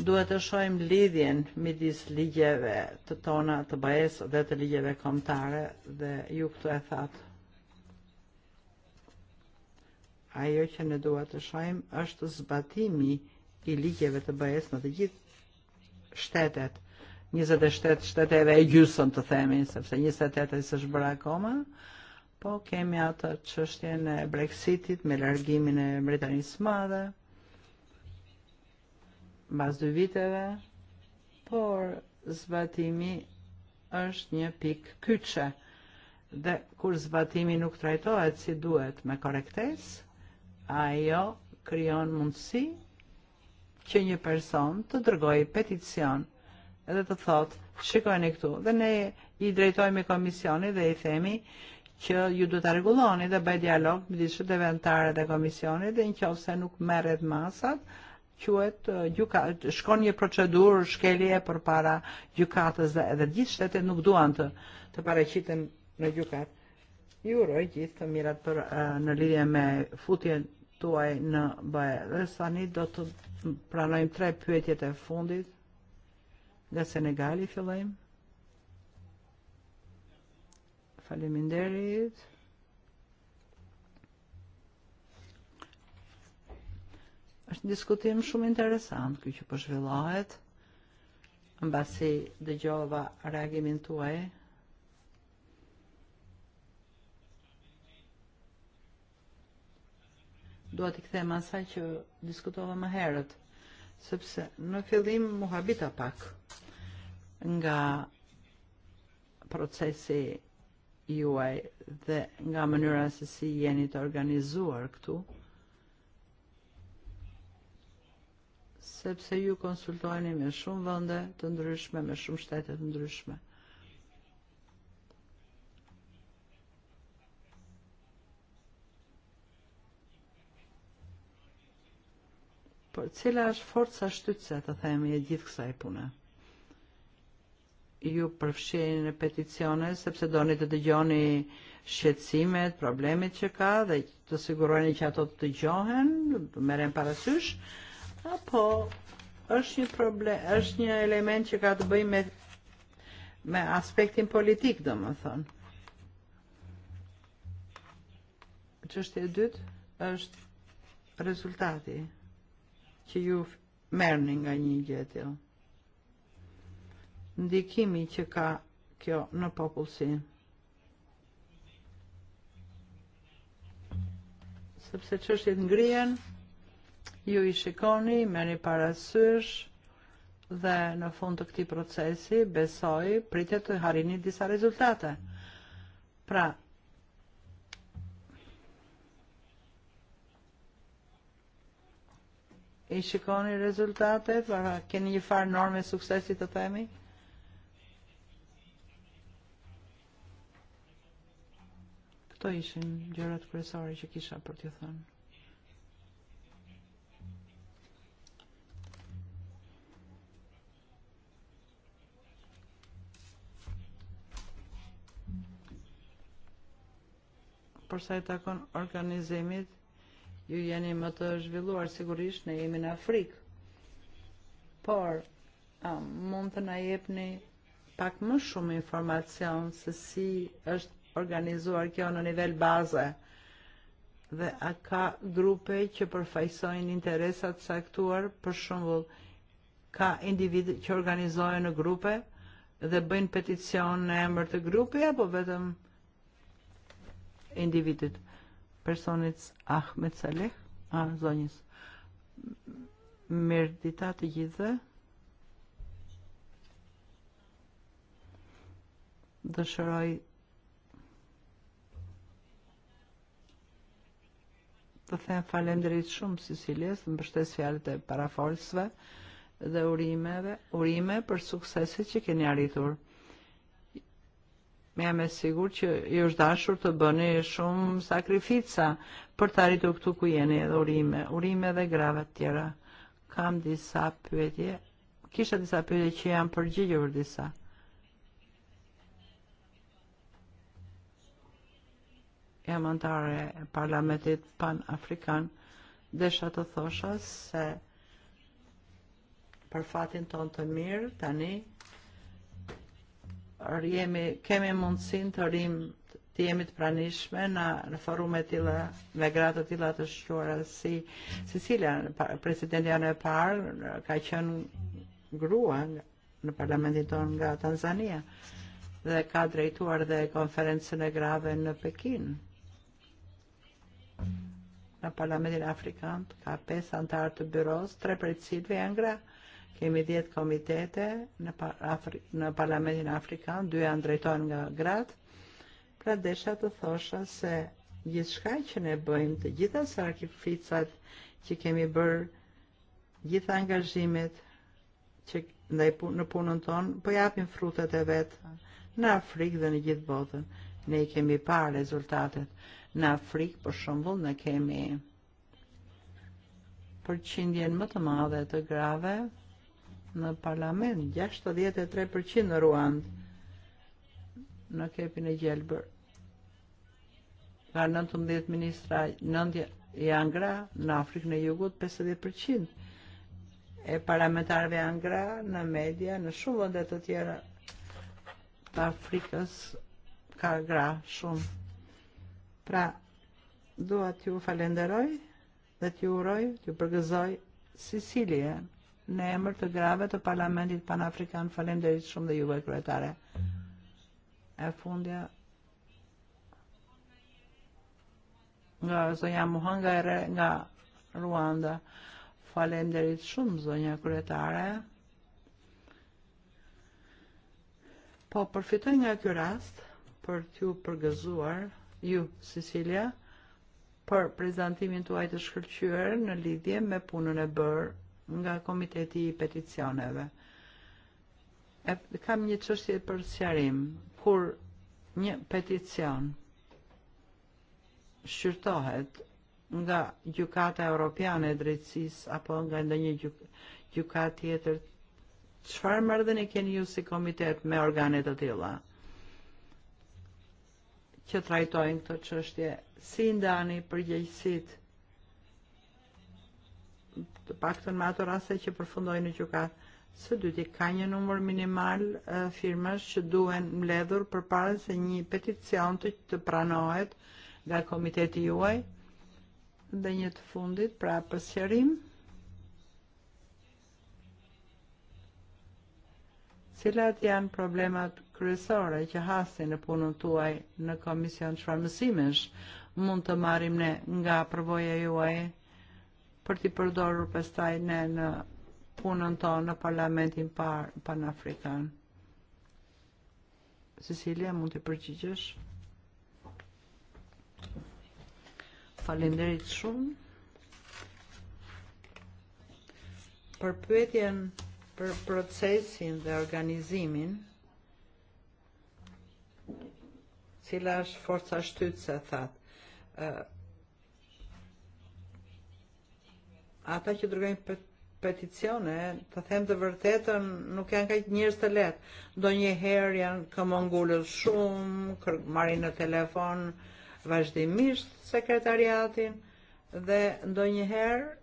Duhet të e shojmë lidhjen midis ligjeve të tona të bajes dhe të ligjeve komtare dhe ju këtu e thatë. Ajo që ne duhet të e shojmë është zbatimi i ligjeve të bajes në të gjithë shtetet 27 e, e gjysëm të themin, sepse 28 e është bërë akoma, po kemi ato qështje në e Brexitit me largimin e Britanisë madhe, mbas dy viteve, por zbatimi është një pik kyqe. dhe kur zbatimi nuk trajtohet si duhet me korektes, ajo kryon mundësi që një person të drgoj peticion edhe të thotë, shikojni këtu, dhe ne i drejtojmë i komisioni dhe i themi që ju du të regulloni dhe bëj dialog midis shëdeventare dhe komisionit dhe në se nuk meret masat, Quet, gjuka, uh, shkon një procedur shkelje për para gjukatës dhe edhe gjithë shtetet nuk duan të të pareqitën në gjykat. Ju uroj gjithë të mirat për uh, në lidhje me futjen tuaj në bëhe. Dhe sani do të pranojmë tre pyetjet e fundit nga Senegali fillojm. Faleminderit. Është një diskutim shumë interesant ky që po zhvillohet. Mbasi dëgjova reagimin tuaj. Dua t'i kthem asaj që diskutova më herët sepse në fillim mu habita pak nga procesi juaj dhe nga mënyra se si jeni të organizuar këtu, sepse ju konsultojni me shumë vënde të ndryshme, me shumë shtetet të ndryshme. Por cila është forca shtytëse, të themi, e gjithë kësaj pune? Ju përfshin peticione, sepse doni të dëgjoni shqetsimet, problemet që ka dhe të sigurojni që ato të dëgjohen, meren parasysh, apo është një problem, është një element që ka të bëjë me me aspektin politik, domethënë. Çështja e dytë është rezultati që ju merrni nga një gjë tillë. Ndikimi që ka kjo në no popullsi. Sepse çështjet ngrien, ju i shikoni, meni parasysh dhe në fund të këti procesi besoj pritet të harini disa rezultate. Pra, i shikoni rezultatet, para keni një farë norme suksesit të temi? Këto ishin gjërat kryesore që kisha për t'ju thënë. Përsa i takon organizimit, ju jeni më të zhvilluar sigurisht, ne jemi në Afrikë. Por, um, mund të na jepni pak më shumë informacion se si është organizuar kjo në nivel baze dhe a ka grupe që përfajsojnë interesat saktuar për shumëll ka individi që organizojnë në grupe dhe bëjnë peticion në emër të grupi apo vetëm individit personit Ahmet Saleh, a zonjës. Mirë dita të gjithë Dëshëroj të them falenderit shumë Siciljes, në bështes fjalët e parafolsve dhe urimeve, urime për sukseset që keni arritur jam e sigur që ju është dashur të bëni shumë sakrifica për të arritur këtu ku jeni edhe urime, urime dhe grave të tjera. Kam disa pyetje, kisha disa pyetje që janë përgjigjur disa. Jam antare e parlamentit pan-afrikan, desha të thosha se për fatin ton të mirë, tani, jemi, kemi mundësin të rrim të jemi të pranishme në, në forume tila, me gratë të tila të shkruara si Sicilia, presidenti anë e parë, ka qënë grua në parlamentin tonë nga Tanzania dhe ka drejtuar dhe konferencën e grave në Pekin. Në parlamentin Afrikant ka 5 antarë të byros, 3 për cilve janë gra. Kemi 10 komitete në, par Afri në Parlamentin Afrikan, dy janë drejtojnë nga gratë. Pra desha të thosha se gjithë gjithçka që ne bëjmë, të gjitha sakrificat që kemi bërë, gjitha angazhimet që ndaj në punën tonë, po japim frutet e vetë në Afrikë dhe në gjithë botën. Ne i kemi parë rezultatet. Në Afrikë, për shembull, ne kemi përqindjen më të madhe të grave në parlament, 63% e në Ruand, në kepin e gjelbër. Ka 19 ministra, 9 janë gra, në Afrikë në e Jugut 50% e parlamentarëve janë gra në media, në shumë vende të tjera të Afrikës ka gra shumë. Pra, dua t'ju falenderoj dhe t'ju uroj, t'ju përgëzoj Sicilien në emër të grave të Parlamentit Panafrikan. Faleminderit shumë dhe juve kryetare. E fundja nga zonja Muhanga e nga Ruanda. Faleminderit shumë zonja kryetare. Po përfitoj nga ky rast për t'ju përgëzuar ju Cecilia për prezantimin tuaj të shkëlqyer në lidhje me punën e bërë nga Komiteti i Peticioneve. E, kam një qështje për sjarim, kur një peticion shqyrtohet nga gjukata europiane e drejtsis apo nga ndonjë gjuk, gjukat tjetër, qëfar mërdhën e keni ju si komitet me organet të tila? që trajtojnë këto qështje, si ndani përgjegjësit të paktën me ato raste që përfundojnë në gjykatë. Së dyti, ka një numër minimal firmash që duhen mbledhur përpara se një peticion të, të pranohet nga komiteti juaj dhe një të fundit pra për sqarim. Cilat janë problemat kryesore që hasin në punën tuaj në komision çfarë mësimesh mund të marim ne nga përvoja juaj? për t'i përdorur pastaj ne në punën tonë në parlamentin par, panafrikan. Cecilia, mund t'i përgjigjesh? Falenderit shumë. Për pyetjen për procesin dhe organizimin, cila është forca shtytëse, thatë ata që dërgojnë peticione, të them të vërtetën, nuk janë kaq njerëz të lehtë. Donjëherë janë këmongulës shumë, marrin në telefon vazhdimisht sekretariatin dhe ndonjëherë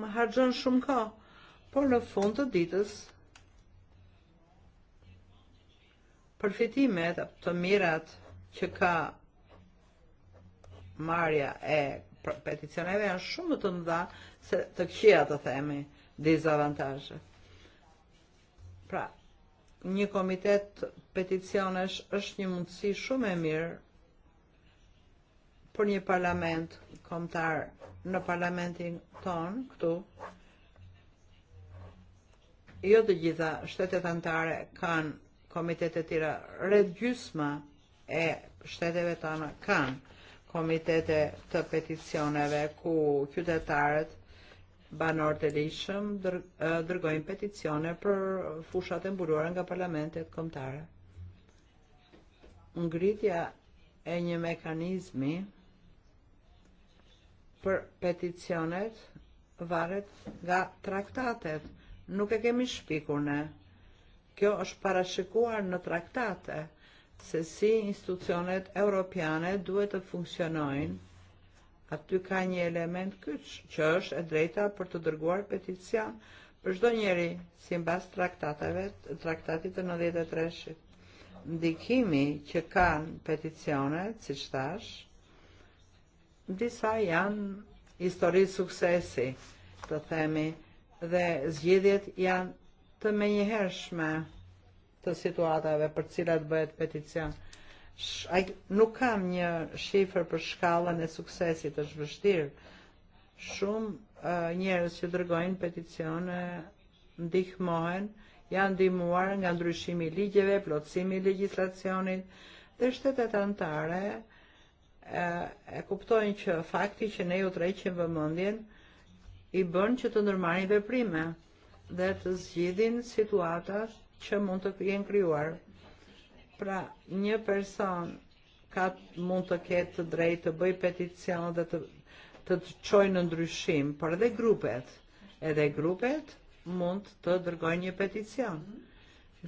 më harxhon shumë kohë. Por në fund të ditës përfitimet të mirat që ka marja e peticioneve janë shumë më të mëdha se të këqia të themi dizavantazhe. Pra, një komitet peticionesh është një mundësi shumë e mirë për një parlament komtar në parlamentin ton këtu jo të gjitha shtetet antare kanë komitete tira rreth gjysma e shteteve tona kanë komitete të peticioneve ku qytetarët banor të lishëm dër, uh, dërgojnë peticione për fushat e mburuar nga parlamentet komtare. Ngritja e një mekanizmi për peticionet varet nga traktatet. Nuk e kemi shpikur ne. Kjo është parashikuar në traktate se si institucionet europiane duhet të funksionojnë aty ka një element kyç që është e drejta për të dërguar peticion për çdo njeri sipas traktateve, traktatit të 93-shit. E Ndikimi që kanë peticionet, siç thash, disa janë histori suksesi, të themi, dhe zgjedhjet janë të menjëhershme toată situatave për cilat bëhet peticion. Ai nuk kam një shifër për shkallën e suksesit, është vështirë. Shumë uh, njerëz që dërgojnë peticione ndihmohen, janë ndihmuar nga ndryshimi i ligjeve, plotësimi i legjislacionit dhe shtetet anëtare uh, e, e kuptojnë që fakti që ne ju tërheqim vëmendjen i bën që të ndërmarrin veprime dhe të zgjidhin situatat që mund të jenë kryuar. Pra, një person ka mund të ketë të drejt të bëj peticion dhe të të të qojnë në ndryshim, por edhe grupet, edhe grupet mund të dërgojnë një peticion.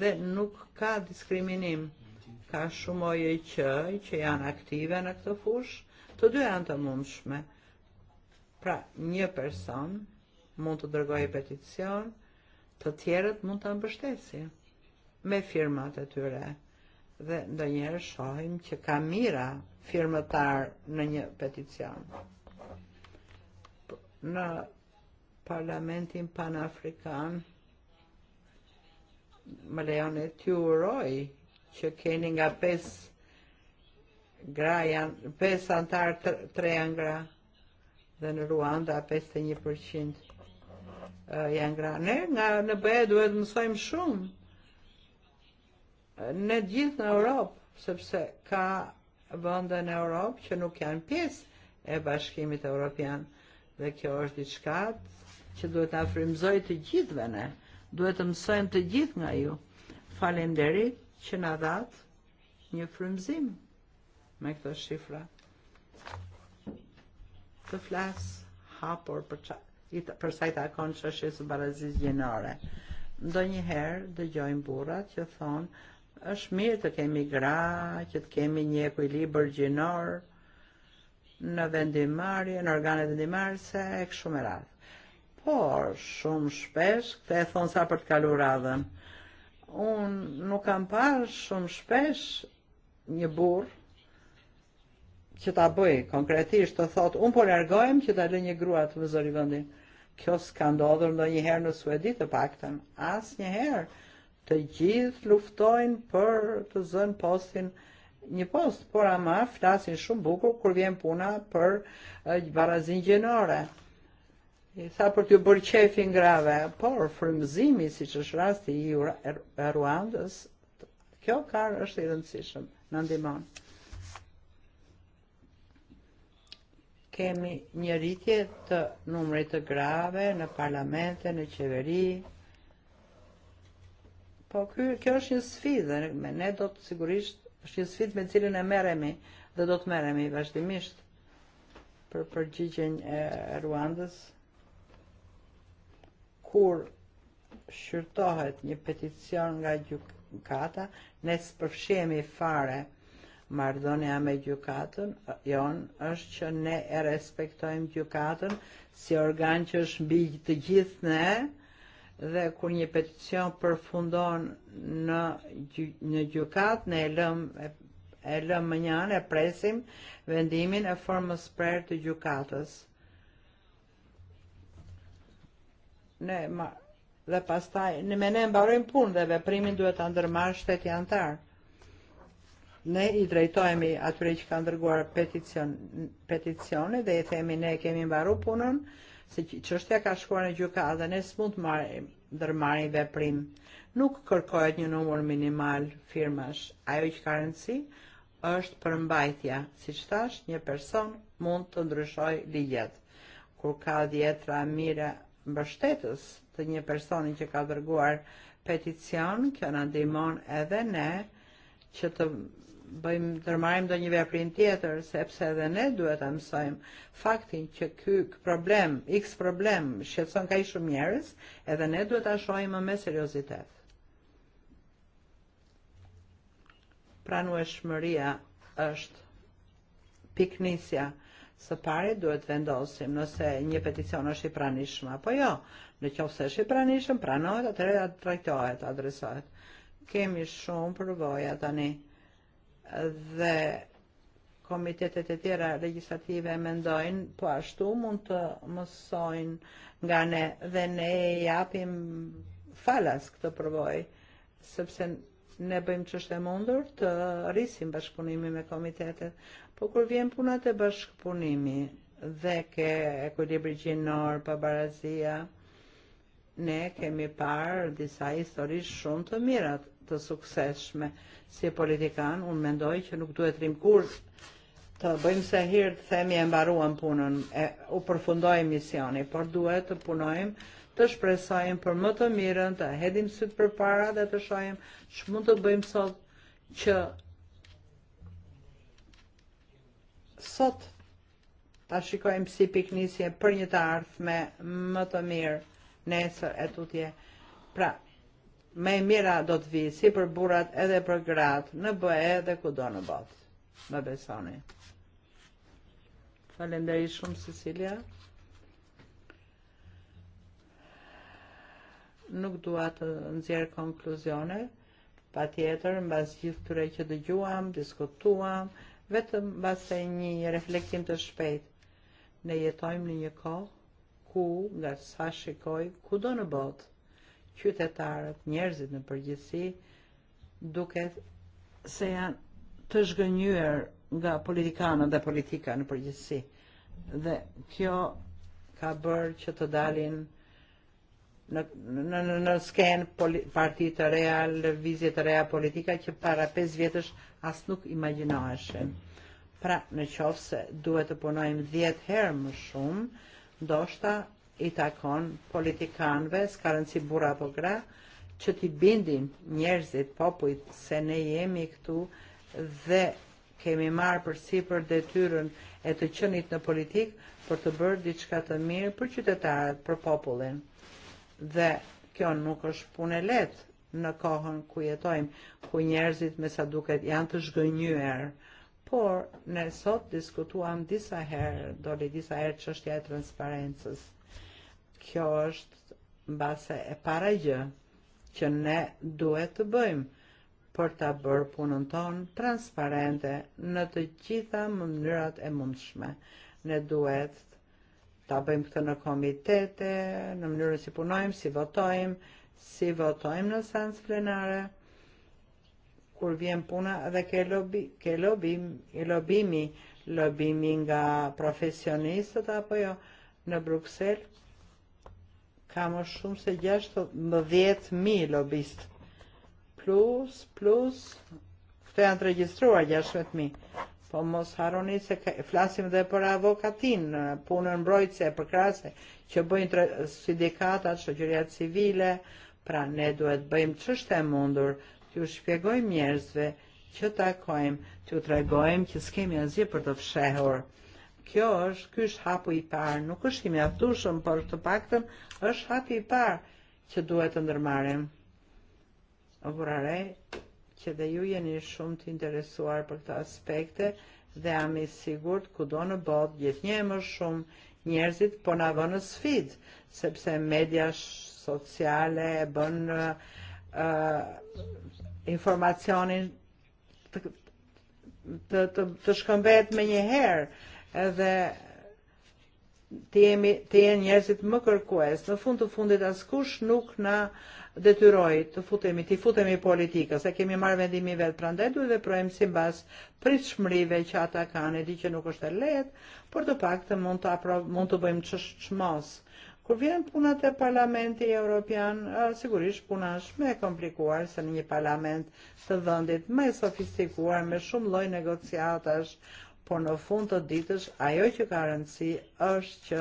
Dhe nuk ka diskriminim, ka shumë oje që, që janë aktive në këtë fush, të dy janë të mundshme. Pra, një person mund të dërgojë peticion, të tjerët mund të mbështesin me firmat e tyre. Dhe ndonjëherë shohim që ka mira firmëtar në një peticion. Në parlamentin panafrikan, më e ty uroj që keni nga 5 gra janë 5 antar 3 janë gra dhe në Ruanda 51% janë gra. Ne nga në BE duhet mësojmë shumë në gjithë në Europë, sepse ka vënde në Europë që nuk janë pjesë e bashkimit Europian dhe kjo është diçka që duhet të afrimzoj të gjithve ne, duhet të mësojmë të gjithë nga ju. Falenderit që në datë një frimzim me këto shifra. Të flasë hapor për qa, për sa i takon çështjes së barazisë gjinore. Ndonjëherë dëgjojmë burat që thonë është mirë të kemi gra, që të kemi një ekuilibër gjinor në vendimarje, në organet se e kështu me radhë. Por shumë shpesh, këtë e thonë sa për të kalu radhën, unë nuk kam parë shumë shpesh një burë që ta bëj konkretisht të thotë, unë po largojmë që ta lë një grua të vëzori vendin. Kjo s'ka ndodhur ndonjëherë në Suedi të paktën, asnjëherë të gjithë luftojnë për të zënë postin një post, por ama flasin shumë buku kur vjen puna për eh, barazin gjenore. I tha për t'ju bërë qefin grave, por frymëzimi si që është rasti i Ruandës, kjo karë është i rëndësishëm, në ndimon. Kemi një rritje të numrit të grave në parlamente, në qeveri, po ky, kjo është një sfidë me ne do të sigurisht është një sfidë me cilën e merremi dhe do të merremi vazhdimisht për përgjigjen e eh, Ruandës kur shqyrtohet një peticion nga gjykata, ne s'përfshihemi fare marrëdhënia me gjykatën, jon është që ne e respektojmë gjykatën si organ që është mbi të gjithë ne, dhe kur një peticion përfundon në në gjykat ne e lëm e, e lëm më njanë e presim vendimin e formës prerë të gjykatës. Ne ma, dhe pastaj ne me ne mbarojm punë dhe veprimin duhet ta ndërmarrë shteti antar. Ne i drejtojemi atyre që kanë dërguar peticion, peticione dhe i themi ne kemi mbaru punën, se që qështja ka shkuar në gjykatë dhe ne s'mund marrim dërmarin veprim. Nuk kërkohet një numër minimal firmash. Ajo që ka rëndësi është përmbajtja. Si që thash, një person mund të ndryshoj ligjet. Kur ka djetra mire mbështetës të një personi që ka dërguar peticion, kjo në ndimon edhe ne që të bëjmë ndërmarrim ndonjë veprim tjetër, sepse edhe ne duhet ta mësojmë faktin që ky problem, X problem ka i shumë njerës, edhe ne duhet ta shohim më me seriozitet. shmëria e është piknisja së pari duhet vendosim nëse një peticion është i pranishëm apo jo. Në qoftë se është i pranishëm, pranohet, atëherë trajtohet, adresohet. Kemi shumë përvoja tani dhe komitetet e tjera legislative mendojnë, po ashtu mund të äh, mësojnë nga ne dhe ne e japim falas këtë përvoj, sepse ne bëjmë që është e mundur të äh, rrisim bashkëpunimi me komitetet, po kur vjen punat e bashkëpunimi dhe ke ekuilibri gjinor, pabarazia, ne kemi parë disa histori shumë të mirat të sukseshme si e politikan, unë mendoj që nuk duhet rim kur të bëjmë se hirë të themi e mbaruan punën, e, u përfundoj misioni, por duhet të punojmë të shpresojmë për më të mirën, të hedim sytë për para dhe të shojmë që mund të bëjmë sot që sot ta shikojmë si piknisje për një të ardhme më të mirë nesër e tutje. Pra, me mira do të vi, si për burat edhe për gratë, në BE dhe ku do në botë. Më besoni. Falenderi shumë, Cecilia. Nuk dua të nëzjerë konkluzione, pa tjetër, mbas gjithë tyre që dëgjuam, diskutuam, vetëm mbas e një reflektim të shpejt. Ne jetojmë në një kohë ku, nga sa shikoj, kudo në botë, qytetarët, njerëzit në përgjithësi, duke se janë të zhgënjur nga politikanët dhe politika në përgjithësi. Dhe kjo ka bërë që të dalin në në në sken parti të reja, lëvizje të reja politika që para 5 vjetësh as nuk imagjinoheshin. Pra, në qofë se duhet të punojmë 10 herë më shumë, ndoshta Itakon takon politikanve, s'ka rëndësi që t'i bindin njerëzit, popujt, se ne jemi këtu dhe kemi marrë për si për detyrën e të qënit në politik për të bërë diçka të mirë për qytetarët, për popullin. Dhe kjo nuk është punë e lehtë në kohën ku jetojmë, ku njerëzit me sa duket janë të zhgënjur. Por ne sot diskutuam disa herë, doli disa herë çështja e transparencës kjo është base e para gjë që ne duhet të bëjmë për ta bërë punën tonë transparente në të gjitha mënyrat e mundshme. Ne duhet ta bëjmë këtë në komitete, në mënyrën si punojmë, si votojmë, si votojmë në sens plenare, kur vjen puna dhe ke, lobi, ke lobim, i lobimi, lobimi nga profesionistët apo jo, në Bruxelles, ka më shumë se 16.000 lobist. Plus, plus, këto janë të regjistruar 16.000. Po mos haroni se ka, flasim dhe për avokatin, punën mbrojtëse, për krasë, që bëjnë të sindikatat, shëgjëriat civile, pra ne duhet bëjmë qështë e mundur, të ju shpjegojmë njerëzve, që takojmë, të ju tregojmë që s'kemi azje për të fshehur Kjo është, ky është hapu i parë, nuk është i mjaftueshëm, por të paktën është hapi i parë që duhet të ndërmarrim. Vurare që dhe ju jeni shumë të interesuar për këta aspekte dhe jam i sigurt kudo në botë gjithnjë e më shumë njerëzit po na vënë në sfidë, sepse media sociale e bën uh, informacionin të, të, të, të shkëmbet me një herë dhe të jemi të jenë njerëzit më kërkues. Në fund të fundit askush nuk na detyroi të futemi, të futemi politikës, se kemi marrë vendimin vet, prandaj duhet të veprojmë sipas pritshmërive që ata kanë, e di që nuk është e lehtë, por të paktën mund të apro, mund të bëjmë ç'mos. Kur vjen puna te Parlamenti Evropian, sigurisht puna është më e komplikuar se në një parlament të vendit më e sofistikuar me shumë lloj negociatash, por në fund të ditës ajo që ka rëndësi është që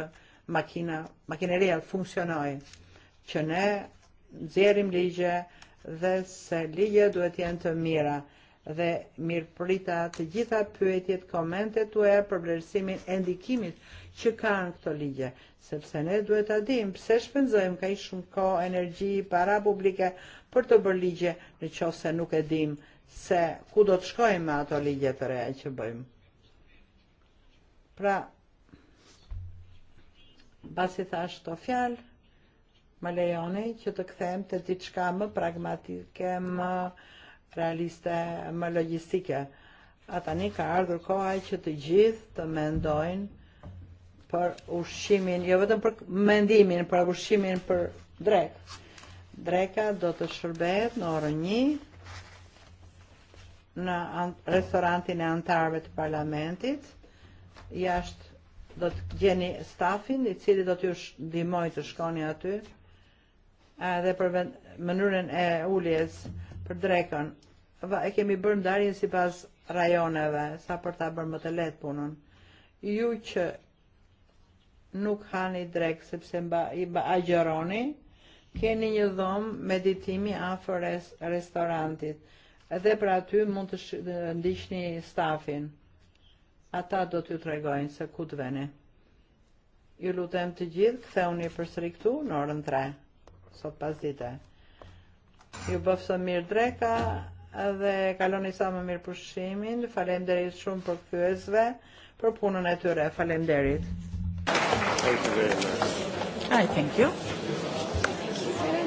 makina, makineria funksionoj, që ne nxjerrim ligje dhe se ligje duhet jenë të mira dhe mirë prita të gjitha pyetjet, komentet tuaja për vlerësimin e ndikimit që kanë këto ligje, sepse ne duhet të dim pëse shpenzojmë ka i shumë ko, energji, para publike për të bërë ligje, në qo se nuk e dim se ku do të shkojmë ato ligje të reja që bëjmë para Pra, basi thash këto fjalë, më lejoni që të kthehem te diçka më pragmatike, më realiste, më logjistike. A tani ka ardhur koha që të gjithë të mendojnë për ushqimin, jo vetëm për mendimin, për ushqimin për drekë. Dreka do të shërbehet në orën një në restorantin e antarëve të parlamentit jashtë do të gjeni stafin i cili do t'ju ndihmoj të shkoni aty edhe për mënyrën e uljes për drekën e kemi bërë ndarjen sipas rajoneve sa për ta bërë më të lehtë punën ju që nuk hani drek sepse mba i ba agjeroni keni një dhomë meditimi afër restorantit edhe për aty mund të ndiqni stafin ata do t'ju tregojnë se ku të veni. Ju lutem të gjithë ktheuni përsëri këtu në orën 3 sot pas dite. Ju bëftë mirë dreka dhe kaloni sa më mirë pushimin. derit shumë për kthyesve, për punën e tyre. falem derit. Thank you very much. I thank you.